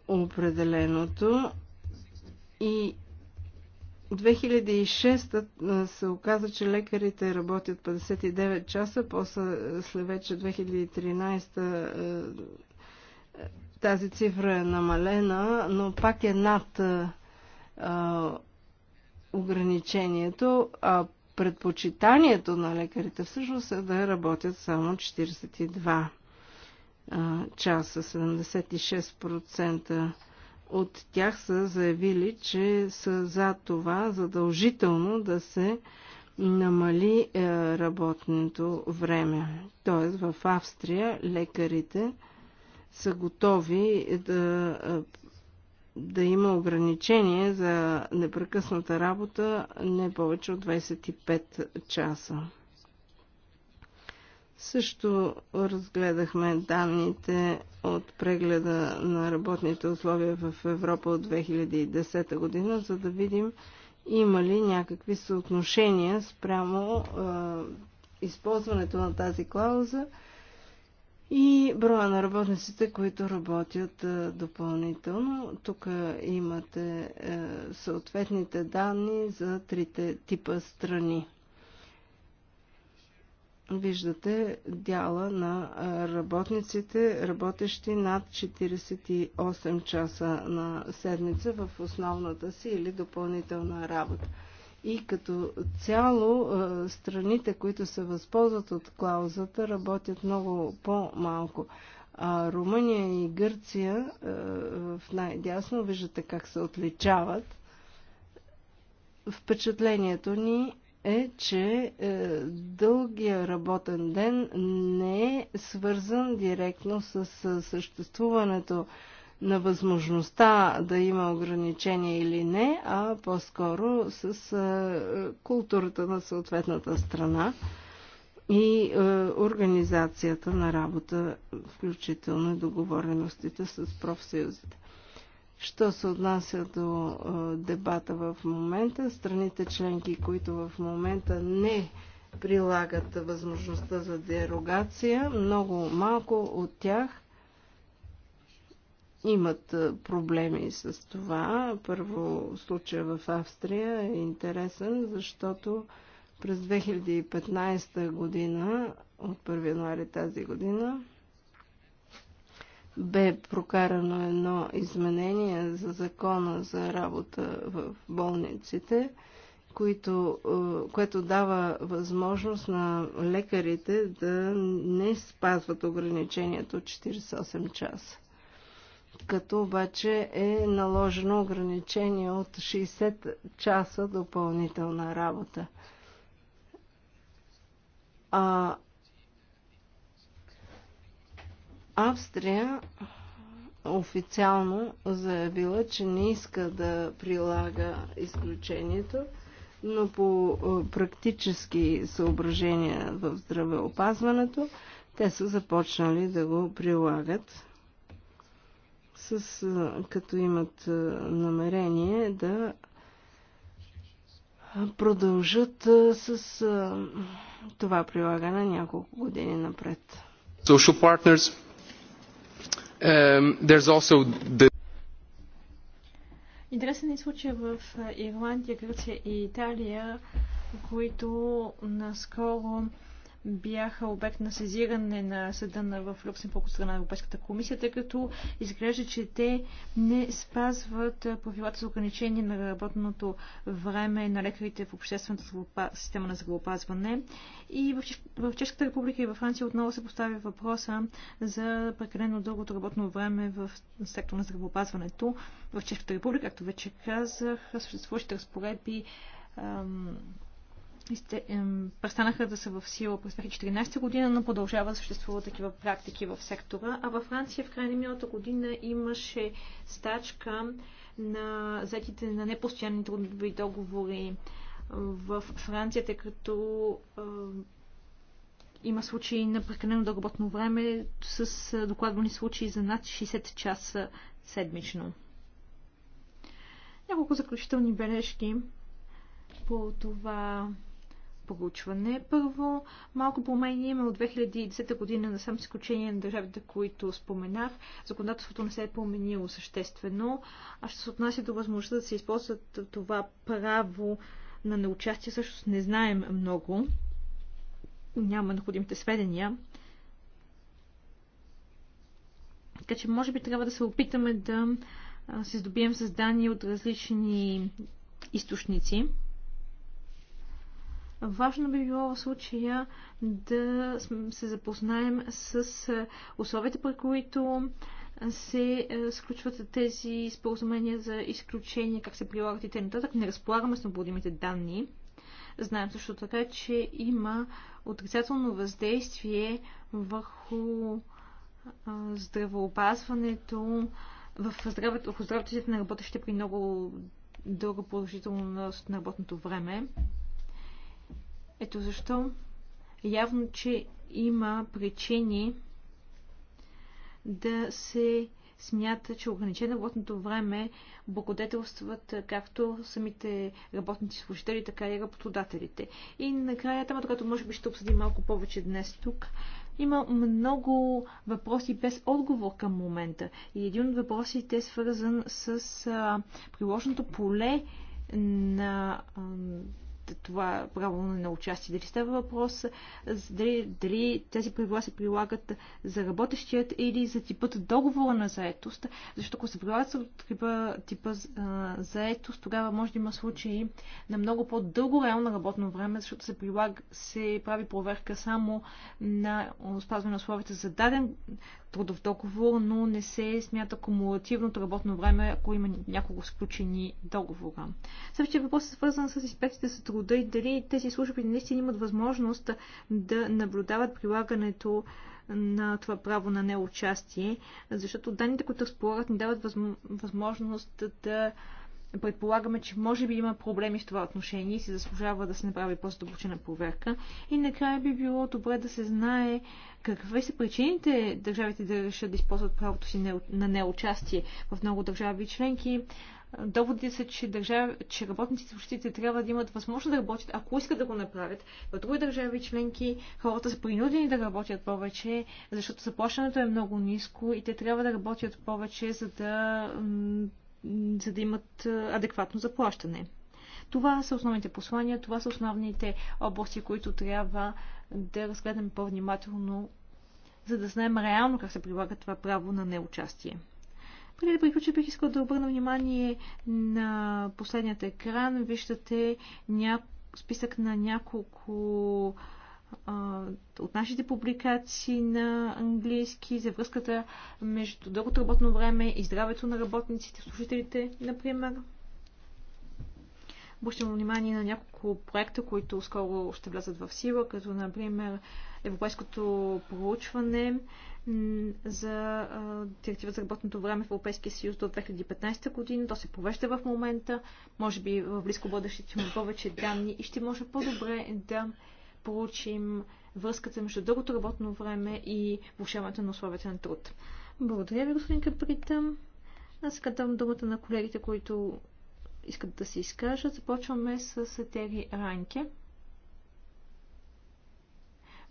определеното и 2006 се оказа, че лекарите работят 59 часа, после след вече 2013 тази цифра е намалена, но пак е над а, ограничението, а предпочитанието на лекарите всъщност е да работят само 42 часа. 76% от тях са заявили, че са за това задължително да се намали е, работното време. Тоест в Австрия лекарите са готови да, е, да има ограничение за непрекъсната работа не повече от 25 часа. Също разгледахме данните от прегледа на работните условия в Европа от 2010 година, за да видим има ли някакви съотношения спрямо е, използването на тази клауза и броя на работниците, които работят е, допълнително. Тук имате е, съответните данни за трите типа страни виждате дяла на работниците, работещи над 48 часа на седмица в основната си или допълнителна работа. И като цяло страните, които се възползват от клаузата, работят много по-малко. А Румъния и Гърция в най-дясно виждате как се отличават. Впечатлението ни е, че е, дългия работен ден не е свързан директно с, с съществуването на възможността да има ограничения или не, а по-скоро с е, културата на съответната страна и е, организацията на работа, включително договореностите с профсъюзите. Що се отнася до дебата в момента, страните членки, които в момента не прилагат възможността за дерогация, много малко от тях имат проблеми с това. Първо случая в Австрия е интересен, защото през 2015 година, от 1 януари тази година, бе прокарано едно изменение за закона за работа в болниците, които, е, което дава възможност на лекарите да не спазват ограничението 48 часа. Като обаче е наложено ограничение от 60 часа допълнителна работа. А Австрия официално заявила, че не иска да прилага изключението, но по практически съображения в здравеопазването те са започнали да го прилагат с, като имат намерение да продължат с това прилагане няколко години напред. Social partners there's also the Интересен е случая в е, Ирландия, Гърция и Италия, които наскоро бяха обект на сезиране на съда на в Люксембург от страна на Европейската комисия, тъй като изглежда, че те не спазват правилата за ограничение на работното време на лекарите в обществената система на здравеопазване. И в Чешката република и във Франция отново се поставя въпроса за прекалено дългото работно време в сектора на здравеопазването. В Чешката република, както вече казах, съществуващите разпоредби престанаха да са в сила през 2014 година, но продължава да съществуват такива практики в сектора. А във Франция в края на миналата година имаше стачка на заетите на непостоянни трудови договори в Франция, тъй като е, има случаи на прекалено дълго работно време с е, докладвани случаи за над 60 часа седмично. Няколко заключителни бележки по това проучване. Първо, малко промени има от 2010 година на сам изключение на държавите, които споменах. Законодателството не се е променило съществено, а ще се отнася до възможността да се използват това право на неучастие, също не знаем много. Няма необходимите сведения. Така че може би трябва да се опитаме да се здобием създания от различни източници. Важно би било в случая да се запознаем с е, условията, при които се е, сключват тези споразумения за изключение, как се прилагат и т.н. Не разполагаме с необходимите данни. Знаем също така, че има отрицателно въздействие върху здравеопазването, в здравето, в здравето на работещите при много дълго продължителност на работното време. Ето защо явно, че има причини да се смята, че ограничено работното време благодетелстват както самите работници служители, така и работодателите. И накрая темата, която може би ще обсъдим малко повече днес тук, има много въпроси без отговор към момента. И един от въпросите е свързан с а, приложното поле на а, това право на участие. Дали става въпрос дали, дали тези правила се прилагат за работещият или за типът договора на заетост, защото ако се прилагат за типа, типа а, заетост, тогава може да има случаи на много по-дълго реално работно време, защото се, прилага, се прави проверка само на спазване на условията за даден трудов договор, но не се смята кумулативното работно време, ако има няколко сключени договора. Същия въпрос е свързан с инспекциите за труда и дали тези служби наистина имат възможност да наблюдават прилагането на това право на неучастие, защото данните, които разполагат, ни дават възможност да предполагаме, че може би има проблеми в това отношение и се заслужава да се направи по-задълбочена проверка. И накрая би било добре да се знае какви са причините държавите да решат да използват правото си на неучастие. В много държави членки Доводи са, че, държав... че работниците и служителите трябва да имат възможност да работят, ако искат да го направят. В други държави членки хората са принудени да работят повече, защото заплащането е много ниско и те трябва да работят повече, за да, за да имат адекватно заплащане. Това са основните послания, това са основните области, които трябва да разгледаме по-внимателно, за да знаем реално как се прилага това право на неучастие. Преди да приключа, бих искал да обърна внимание на последният екран. Виждате ня... списък на няколко от нашите публикации на английски за връзката между дългото работно време и здравето на работниците, служителите, например. Обръщам внимание на няколко проекта, които скоро ще влязат в сила, като например Европейското проучване за директива за работното време в Европейския съюз до 2015 година. То се повежда в момента. Може би в близко бъдеще ще има повече данни и ще може по-добре да получим връзката между дългото работно време и влушаването на условията на труд. Благодаря ви, господин Каприта. Аз сега давам думата на колегите, които искат да се изкажат. Започваме с Тери Ранке.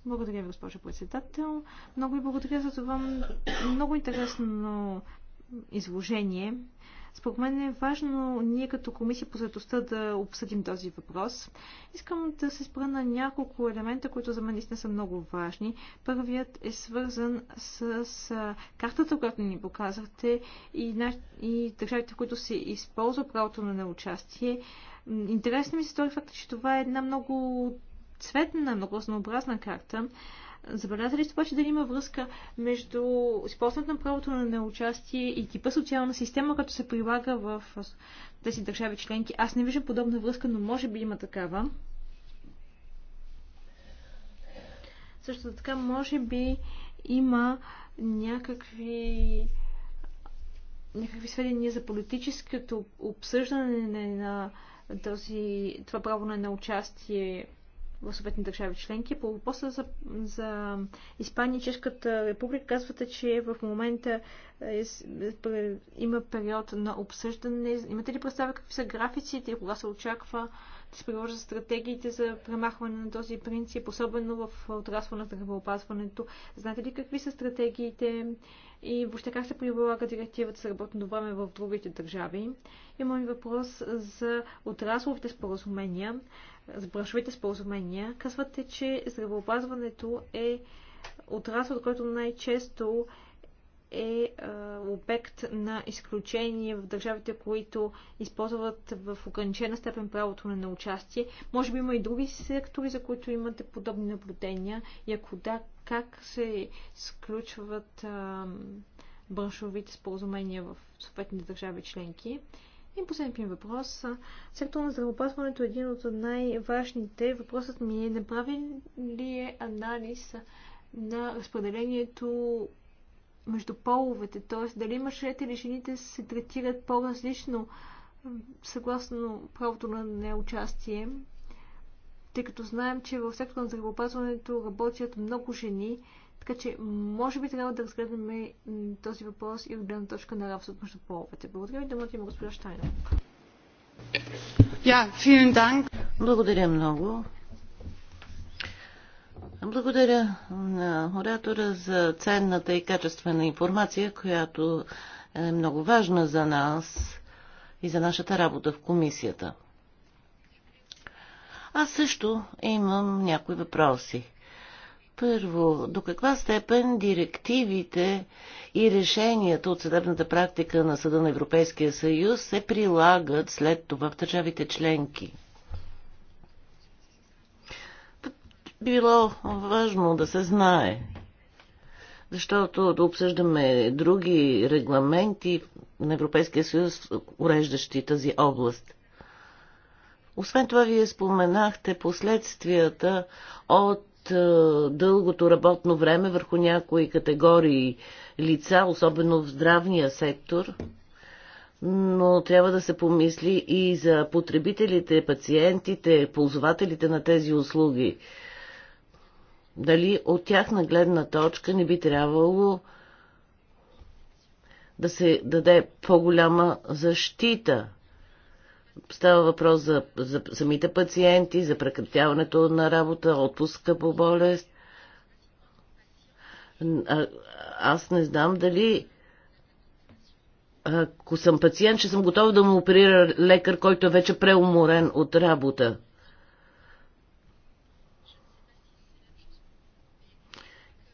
Благодаря ви, госпожо председател. Много ви благодаря за това много интересно изложение. Според мен е важно ние като комисия по заедостта да обсъдим този въпрос. Искам да се спра на няколко елемента, които за мен наистина са много важни. Първият е свързан с, с картата, която ни показахте и, и държавите, които се използва правото на неучастие. Интересно ми се стори факта, че това е една много цветна, много разнообразна карта. Забелязали сте обаче дали има връзка между използването на правото на неучастие и типа социална система, като се прилага в тези държави членки? Аз не виждам подобна връзка, но може би има такава. Също така, може би има някакви някакви сведения за политическото обсъждане на този, това право на неучастие в съответните държави членки. По въпроса за, за Испания и Чешката република казвате, че в момента е, е, има период на обсъждане. Имате ли представа какви са графиците и кога се очаква да се приложат стратегиите за премахване на този принцип, особено в отрасла на здравеопазването? Знаете ли какви са стратегиите и въобще как се прилага директивата за работно време в другите държави? Имам и въпрос за отрасловите споразумения за браншовите споразумения, казвате, че здравеопазването е отрасъл, от който най-често е обект на изключение в държавите, които използват в ограничена степен правото на участие. Може би има и други сектори, за които имате подобни наблюдения. И ако да, как се сключват браншовите споразумения в съответните държави членки? И последният въпрос. Сектор на здравеопазването е един от най-важните. Въпросът ми е направен ли е анализ на разпределението между половете, т.е. дали мъжете или жените се третират по-различно съгласно правото на неучастие, тъй като знаем, че в сектора на здравеопазването работят много жени така че, може би трябва да разгледаме този въпрос и от гледна точка на работа между половете. Благодаря ви, думата има госпожа Штайна. Yeah, Благодаря много. Благодаря на оратора за ценната и качествена информация, която е много важна за нас и за нашата работа в комисията. Аз също имам някои въпроси. Първо, до каква степен директивите и решенията от съдебната практика на Съда на Европейския съюз се прилагат след това в държавите членки? Било важно да се знае, защото да обсъждаме други регламенти на Европейския съюз, уреждащи тази област. Освен това, вие споменахте последствията от е, дългото работно време върху някои категории лица, особено в здравния сектор, но трябва да се помисли и за потребителите, пациентите, ползвателите на тези услуги. Дали от тяхна гледна точка не би трябвало да се даде по-голяма защита – Става въпрос за, за самите пациенти, за прекратяването на работа, отпуска по болест. А, аз не знам дали ако съм пациент, ще съм готов да му оперира лекар, който е вече преуморен от работа.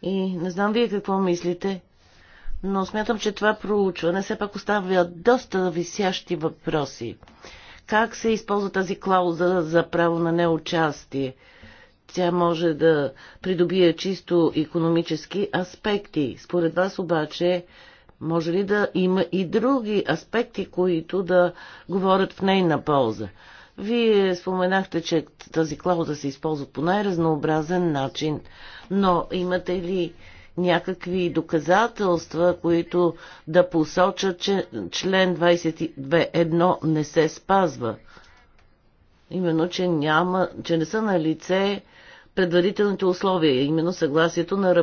И не знам вие какво мислите, но смятам, че това проучване все пак оставя доста висящи въпроси как се използва тази клауза за право на неучастие? Тя може да придобие чисто економически аспекти. Според вас обаче, може ли да има и други аспекти, които да говорят в нейна полза? Вие споменахте, че тази клауза се използва по най-разнообразен начин, но имате ли някакви доказателства, които да посочат, че член 22.1 не се спазва. Именно, че, няма, че не са на лице предварителните условия, именно съгласието на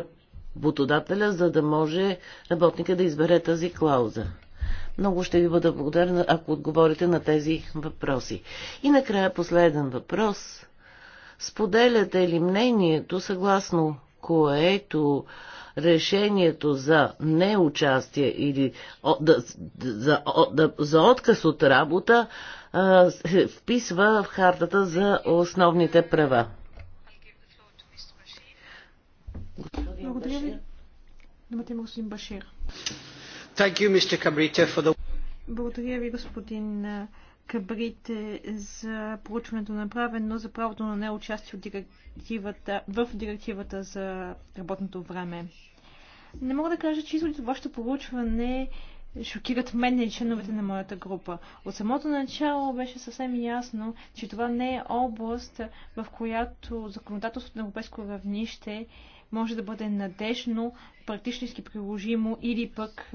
работодателя, за да може работника да избере тази клауза. Много ще ви бъда благодарна, ако отговорите на тези въпроси. И накрая последен въпрос. Споделяте ли мнението, съгласно което решението за неучастие или да, за, да, за отказ от работа се вписва в хартата за основните права. Благодаря ви. Думата има господин Башир. Благодаря ви, господин Кабрите за проучването направено за правото на неучастие директивата, в директивата за работното време. Не мога да кажа, че изводите от вашето проучване шокират мен и членовете на моята група. От самото начало беше съвсем ясно, че това не е област, в която законодателството на европейско равнище може да бъде надежно, практически приложимо или пък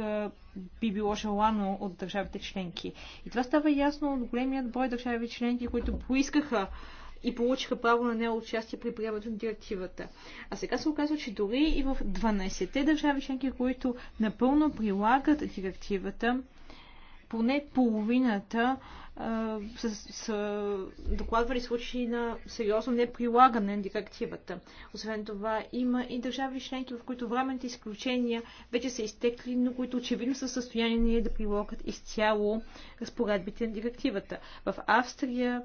би било желано от държавите членки. И това става ясно от големият брой държави членки, които поискаха и получиха право на нея участие при приемането на директивата. А сега се оказва, че дори и в 12-те държави членки, които напълно прилагат директивата, поне половината са, са докладвали случаи на сериозно неприлагане на директивата. Освен това, има и държави членки, в които времените изключения вече са изтекли, но които очевидно са в състояние да прилагат изцяло разпоредбите на директивата. В Австрия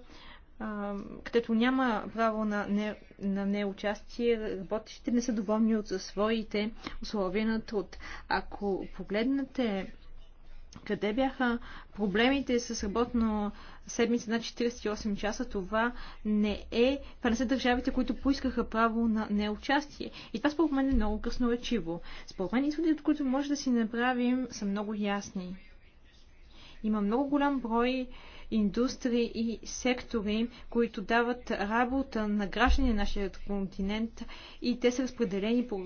където няма право на, не, на неучастие, работещите не са доволни от своите условия на труд. Ако погледнете къде бяха проблемите с работно седмица на 48 часа, това не е, това не са държавите, които поискаха право на неучастие. И това според мен е много красноречиво. Според мен изводите, които може да си направим, са много ясни. Има много голям брой индустрии и сектори, които дават работа на граждани на нашия континент и те са разпределени по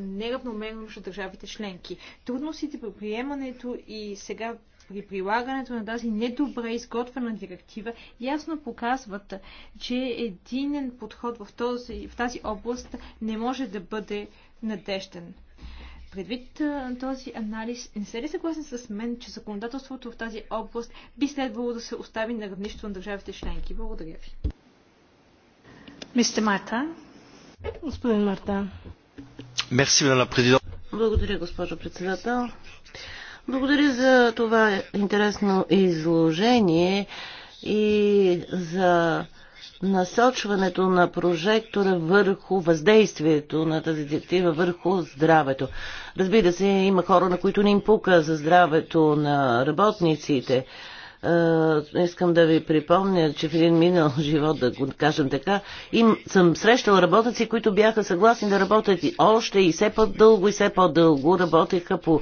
неравномерно между държавите членки. Трудностите при приемането и сега при прилагането на тази недобре изготвена директива ясно показват, че единен подход в, този, в тази област не може да бъде надежден. Предвид този анализ, не сте ли съгласен с мен, че законодателството в тази област би следвало да се остави на равнището на държавите членки? Благодаря ви. Мистер Марта. Господин Марта. Мерси, на президент. Благодаря, госпожо председател. Благодаря за това интересно изложение и за насочването на прожектора върху въздействието на тази директива върху здравето. Разбира се, има хора, на които не им пука за здравето на работниците, е, искам да ви припомня, че в един минал живот, да го кажем така, им, съм срещал работници, които бяха съгласни да работят и още и все по-дълго и все по-дълго. Работеха по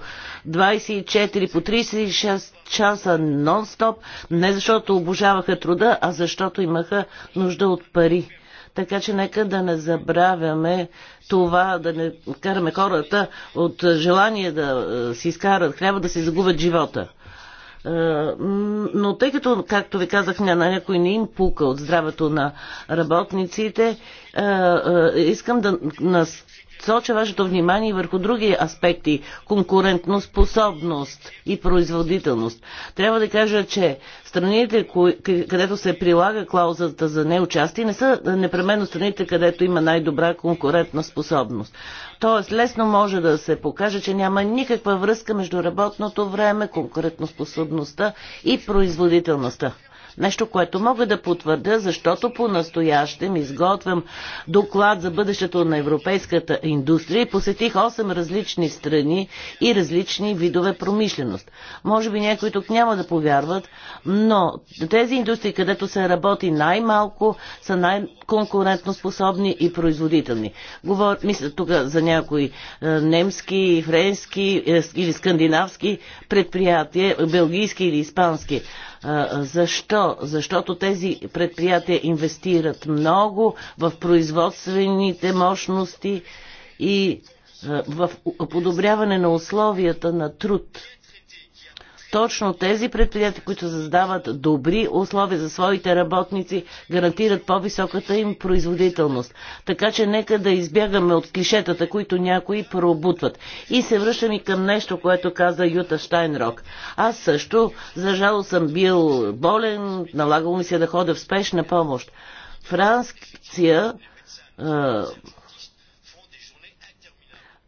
24, по 36 часа нон-стоп, не защото обожаваха труда, а защото имаха нужда от пари. Така че нека да не забравяме това, да не караме хората от желание да е, си изкарат хляба, да си загубят живота. Е, но тъй като, както ви казах, на някой не им пука от здравето на работниците, е, е, искам да Соча вашето внимание върху други аспекти конкурентно способност и производителност. Трябва да кажа, че страните, където се прилага клаузата за неучастие, не са непременно страните, където има най-добра конкурентна способност. Тоест, лесно може да се покаже, че няма никаква връзка между работното време, конкурентоспособността и производителността. Нещо, което мога да потвърдя, защото по-настоящем изготвям доклад за бъдещето на европейската индустрия и посетих 8 различни страни и различни видове промишленост. Може би някои тук няма да повярват, но тези индустрии, където се работи най-малко, са най-конкурентно способни и производителни. Говор... Мисля тук за някои е, немски, френски е, или скандинавски предприятия, белгийски или испански. Защо? Защото тези предприятия инвестират много в производствените мощности и в подобряване на условията на труд точно тези предприятия, които създават добри условия за своите работници, гарантират по-високата им производителност. Така че нека да избягаме от клишетата, които някои пробутват. И се връщам и към нещо, което каза Юта Штайнрок. Аз също, за жало съм бил болен, налагало ми се да хода в спешна помощ. Франция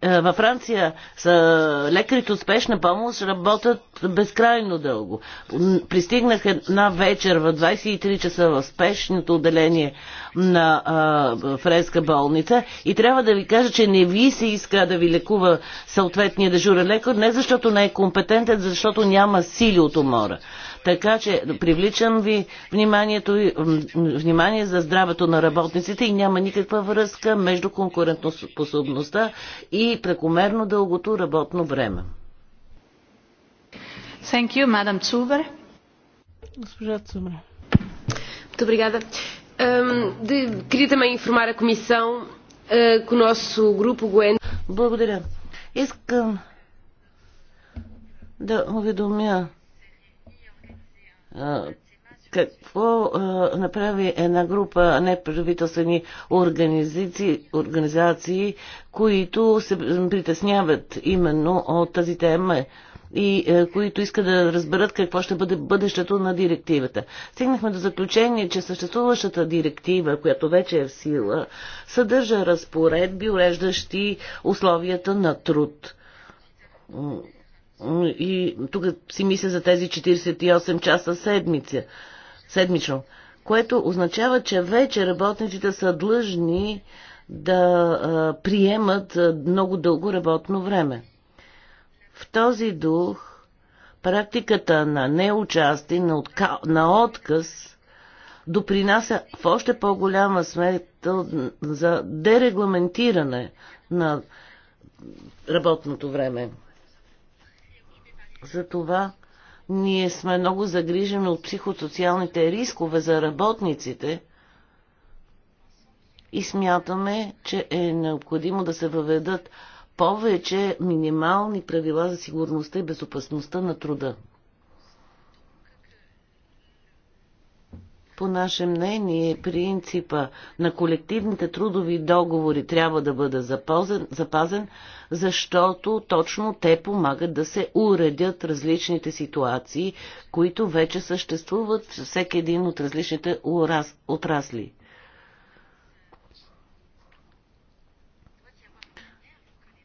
е, във Франция са, лекарите от спешна помощ работят безкрайно дълго. Пристигнах една вечер в 23 часа в спешното отделение на а, френска болница и трябва да ви кажа, че не ви се иска да ви лекува съответния дежурен лекар, не защото не е компетентен, защото няма сили от умора. Така че привличам ви вниманието, внимание за здравето на работниците и няма никаква връзка между конкурентоспособността и прекомерно дългото работно време. Thank you, Madam Zuber. Госпожа Цумра. Добре, obrigada. Um, de, queria também informar a Comissão uh, que Благодаря. Искам да уведомя какво а, направи една група неправителствени организации, организации, които се притесняват именно от тази тема и а, които искат да разберат какво ще бъде бъдещето на директивата. Стигнахме до заключение, че съществуващата директива, която вече е в сила, съдържа разпоредби, уреждащи условията на труд и тук си мисля за тези 48 часа седмица, седмично, което означава, че вече работниците са длъжни да приемат много дълго работно време. В този дух практиката на неучастие, на, отка... на отказ, допринася в още по-голяма сметка за дерегламентиране на работното време. Затова ние сме много загрижени от психосоциалните рискове за работниците и смятаме, че е необходимо да се въведат повече минимални правила за сигурността и безопасността на труда. По наше мнение, принципа на колективните трудови договори трябва да бъде запазен, запазен защото точно те помагат да се уредят различните ситуации, които вече съществуват всеки един от различните отрасли.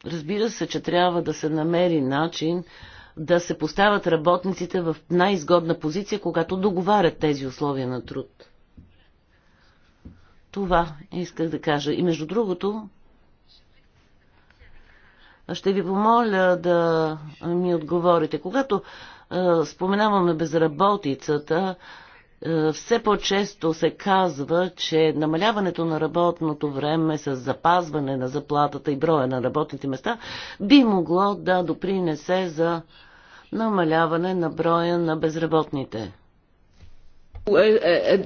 Разбира се, че трябва да се намери начин да се поставят работниците в най-изгодна позиция, когато договарят тези условия на труд. Това исках да кажа. И между другото, ще ви помоля да ми отговорите. Когато е, споменаваме безработицата, е, все по-често се казва, че намаляването на работното време с запазване на заплатата и броя на работните места би могло да допринесе за намаляване на броя на безработните. Um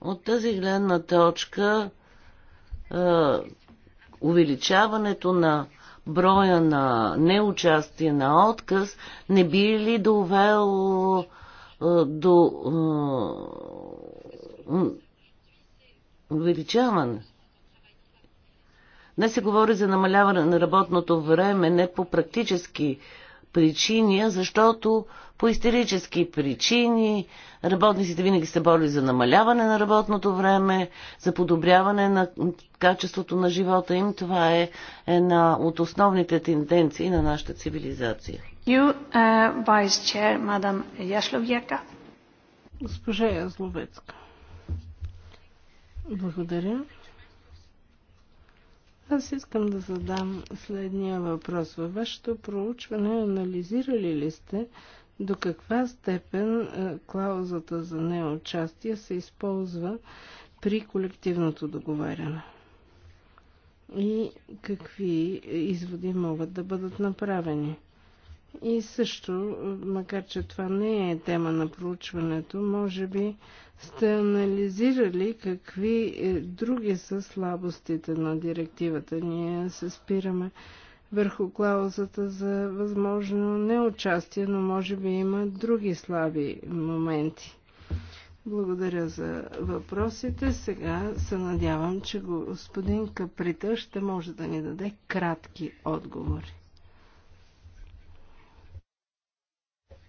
От тази гледна точка увеличаването на броя на неучастие на отказ не би ли довел до увеличаване не се говори за намаляване на работното време не по практически причини, а защото по истерически причини работниците винаги се боли за намаляване на работното време, за подобряване на качеството на живота им. Това е една от основните тенденции на нашата цивилизация. You, uh, vice chair, madam Яшловяка. Госпожа Язловецка. Благодаря. Аз искам да задам следния въпрос. Във вашето проучване анализирали ли сте до каква степен е, клаузата за неучастие се използва при колективното договаряне? И какви изводи могат да бъдат направени? И също, макар че това не е тема на проучването, може би сте анализирали какви е, други са слабостите на директивата. Ние се спираме върху клаузата за възможно неучастие, но може би има други слаби моменти. Благодаря за въпросите. Сега се надявам, че господин Каприта ще може да ни даде кратки отговори.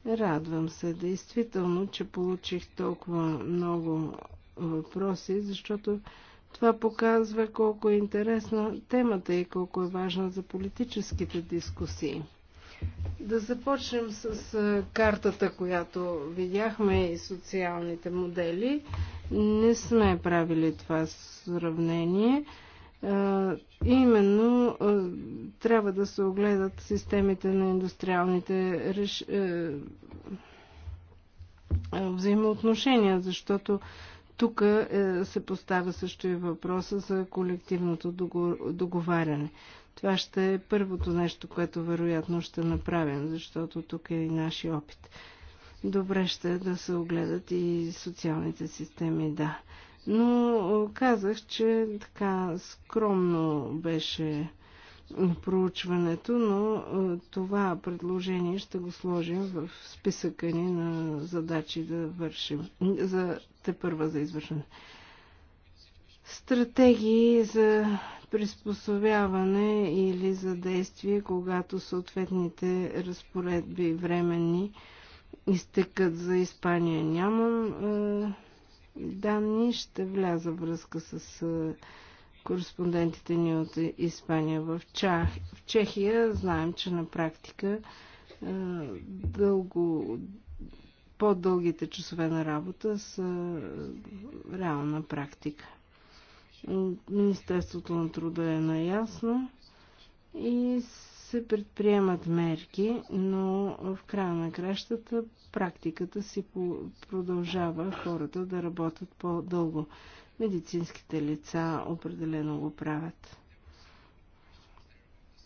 Радвам се действително, че получих толкова много въпроси, защото това показва колко е интересна темата и колко е важна за политическите дискусии. Да започнем с картата, която видяхме и социалните модели. Не сме правили това сравнение именно трябва да се огледат системите на индустриалните реш... Е, взаимоотношения, защото тук е, се поставя също и въпроса за колективното договаряне. Това ще е първото нещо, което вероятно ще направим, защото тук е и нашия опит. Добре ще е да се огледат и социалните системи, да но казах, че така скромно беше проучването, но това предложение ще го сложим в списъка ни на задачи да вършим, за те първа за извършване. Стратегии за приспособяване или за действие, когато съответните разпоредби временни изтекат за Испания. Нямам данни ще вляза връзка с кореспондентите ни от Испания в, Чах, в Чехия. Знаем, че на практика дълго, по-дългите часове на работа са реална практика. Министерството на труда е наясно и се предприемат мерки, но в края на кращата практиката си продължава хората да работят по-дълго. Медицинските лица определено го правят.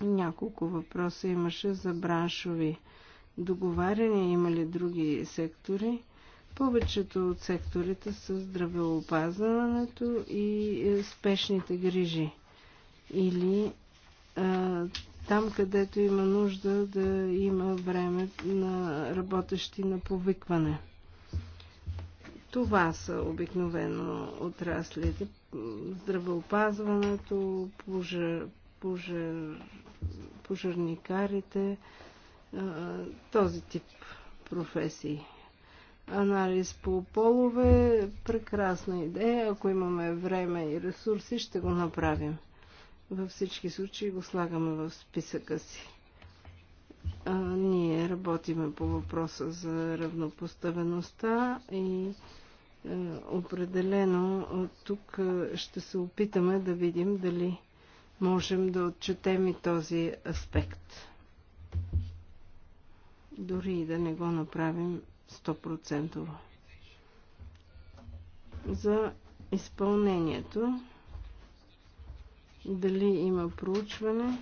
Няколко въпроса имаше за браншови договаряния, има ли други сектори? Повечето от секторите са здравеопазването и спешните грижи или там, където има нужда да има време на работещи на повикване. Това са обикновено отраслите. Здравеопазването, пожар, пожар, пожарникарите, този тип професии. Анализ по полове, прекрасна идея. Ако имаме време и ресурси, ще го направим. Във всички случаи го слагаме в списъка си. А, ние работиме по въпроса за равнопоставеността и а, е, определено е, тук е, ще се опитаме да видим дали можем да отчетем и този аспект. Дори и да не го направим 100%. За изпълнението дали има проучване,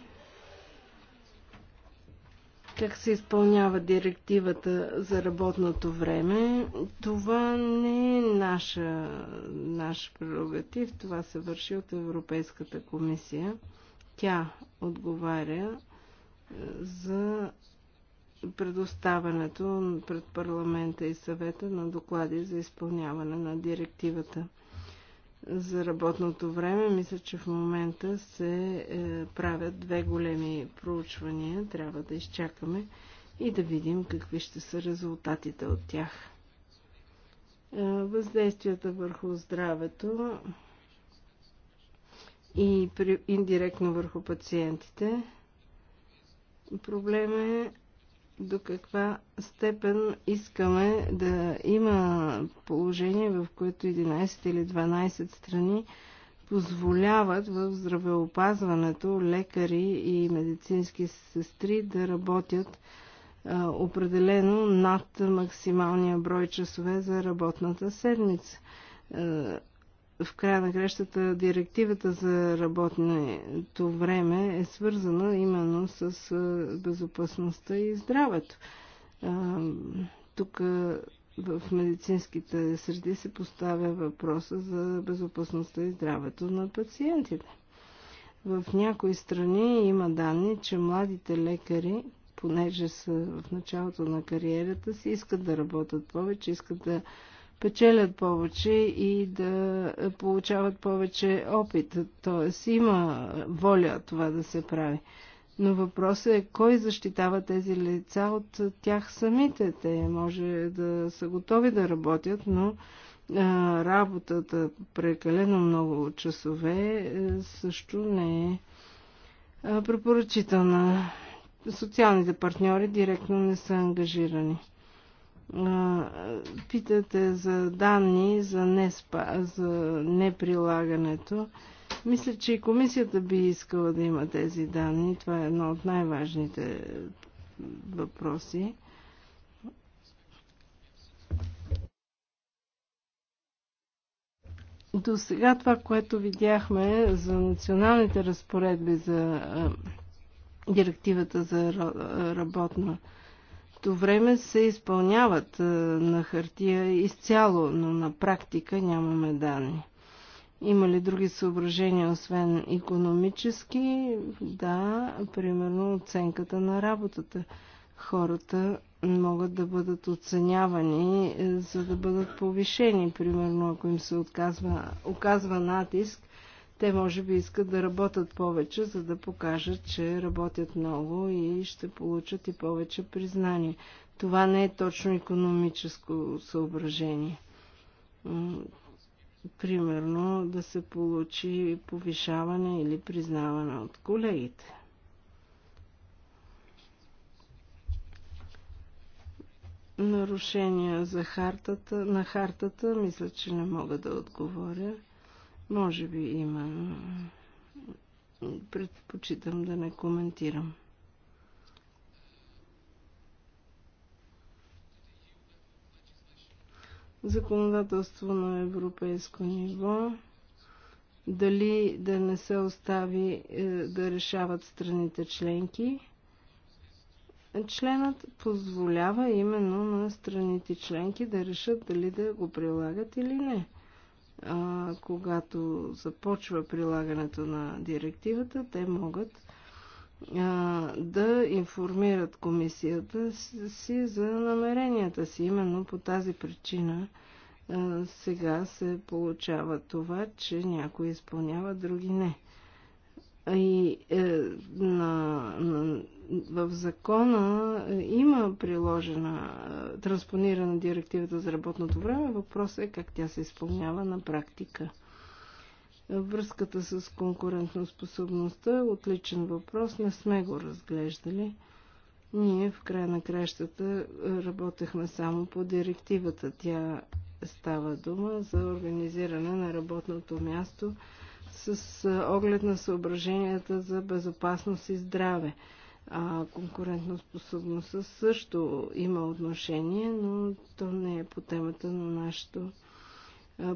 как се изпълнява директивата за работното време. Това не е наша, наш прерогатив, това се върши от Европейската комисия. Тя отговаря е, за предоставянето пред парламента и съвета на доклади за изпълняване на директивата за работното време. Мисля, че в момента се е, правят две големи проучвания. Трябва да изчакаме и да видим какви ще са резултатите от тях. Е, въздействията върху здравето и при, индиректно върху пациентите. Проблем е до каква степен искаме да има положение, в което 11 или 12 страни позволяват в здравеопазването лекари и медицински сестри да работят а, определено над максималния брой часове за работната седмица. А, в края на крещата директивата за работното време е свързана именно с безопасността и здравето. Тук в медицинските среди се поставя въпроса за безопасността и здравето на пациентите. В някои страни има данни, че младите лекари, понеже са в началото на кариерата си, искат да работят повече, искат да печелят повече и да получават повече опит. т.е. има воля това да се прави. Но въпросът е кой защитава тези лица от тях самите. Те може да са готови да работят, но а, работата прекалено много часове е, също не е препоръчителна. Социалните партньори директно не са ангажирани питате за данни за, не спа, за неприлагането. Мисля, че и комисията би искала да има тези данни. Това е едно от най-важните въпроси. До сега това, което видяхме за националните разпоредби за директивата за работна същото време се изпълняват е, на хартия изцяло, но на практика нямаме данни. Има ли други съображения, освен економически? Да, примерно оценката на работата. Хората могат да бъдат оценявани, е, за да бъдат повишени. Примерно, ако им се отказва, оказва натиск те може би искат да работят повече, за да покажат, че работят много и ще получат и повече признание. Това не е точно економическо съображение. Примерно да се получи повишаване или признаване от колегите. нарушения за хартата, на хартата, мисля, че не мога да отговоря. Може би има. Предпочитам да не коментирам. Законодателство на европейско ниво. Дали да не се остави е, да решават страните членки? Членът позволява именно на страните членки да решат дали да го прилагат или не а, когато започва прилагането на директивата, те могат а, да информират комисията си за намеренията си. Именно по тази причина а, сега се получава това, че някои изпълняват, други не и е, на, на, в закона има приложена, е, транспонирана директивата за работното време. Въпросът е как тя се изпълнява на практика. Връзката с конкурентноспособността е отличен въпрос. Не сме го разглеждали. Ние в края на кращата работехме само по директивата. Тя става дума за организиране на работното място – с оглед на съображенията за безопасност и здраве. А конкурентоспособността също има отношение, но то не е по темата на нашето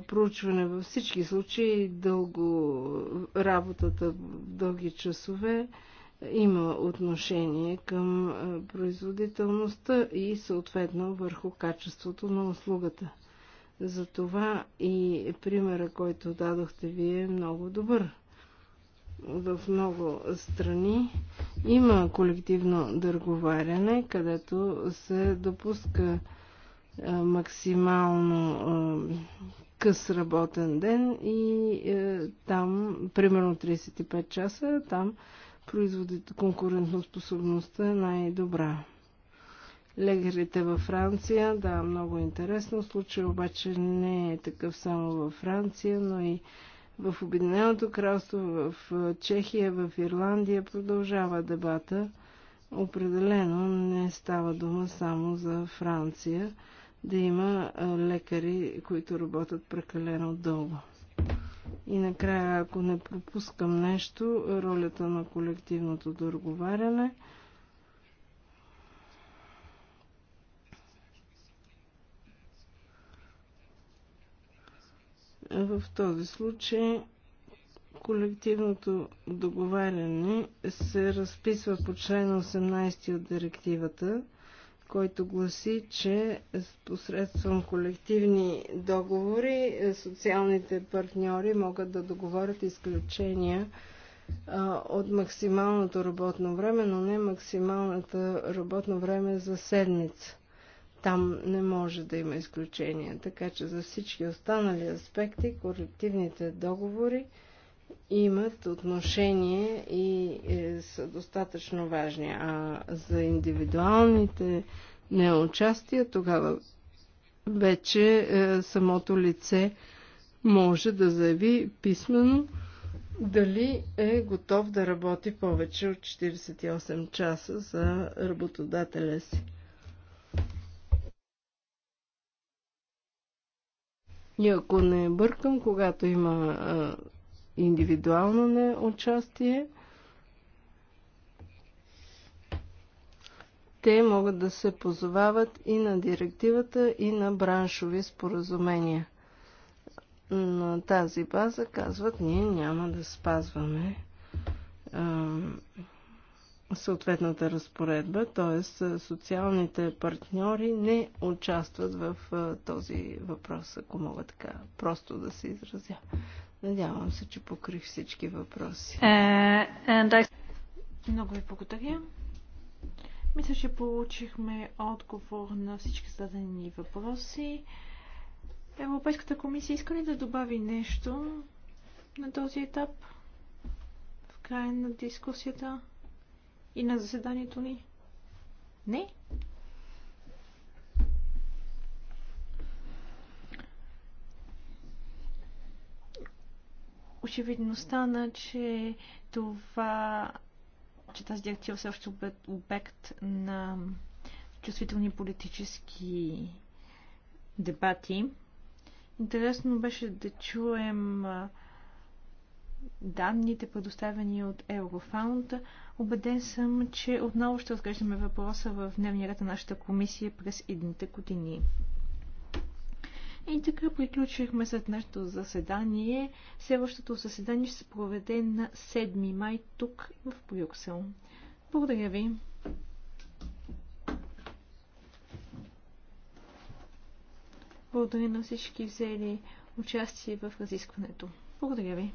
проучване. Във всички случаи дълго работата, дълги часове има отношение към производителността и съответно върху качеството на услугата. Затова и примера, който дадохте вие, е много добър. В много страни има колективно дърговаряне, където се допуска максимално къс работен ден и е, там, примерно 35 часа, там конкурентоспособността е най-добра лекарите във Франция. Да, много интересно. Случай обаче не е такъв само във Франция, но и в Обединеното кралство, в Чехия, в Ирландия продължава дебата. Определено не става дума само за Франция да има лекари, които работят прекалено дълго. И накрая, ако не пропускам нещо, ролята на колективното договаряне – В този случай колективното договаряне се разписва по член 18 от директивата, който гласи, че посредством колективни договори е, социалните партньори могат да договорят изключения от максималното работно време, но не максималната работно време за седмица. Там не може да има изключения, така че за всички останали аспекти колективните договори имат отношение и е, са достатъчно важни. А за индивидуалните неучастия, тогава вече е, самото лице може да заяви писменно дали е готов да работи повече от 48 часа за работодателя си. И ако не бъркам, когато има индивидуално не участие, те могат да се позовават и на директивата, и на браншови споразумения. На тази база казват, ние няма да спазваме съответната разпоредба, т.е. социалните партньори не участват в този въпрос, ако мога така просто да се изразя. Надявам се, че покрих всички въпроси. Uh, I... Много ви благодаря. Мисля, че получихме отговор на всички зададени въпроси. Европейската комисия иска ли да добави нещо на този етап в края на дискусията? и на заседанието ни? Не? Очевидността на, че това, че тази директива все още е обект на чувствителни политически дебати. Интересно беше да чуем данните, предоставени от Еврофаунд. Обеден съм, че отново ще разглеждаме въпроса в дневния ред на нашата комисия през едните години. И така приключихме след нашето заседание. Следващото заседание ще се проведе на 7 май тук в Брюксел. Благодаря ви! Благодаря на всички взели участие в разискването. Благодаря ви!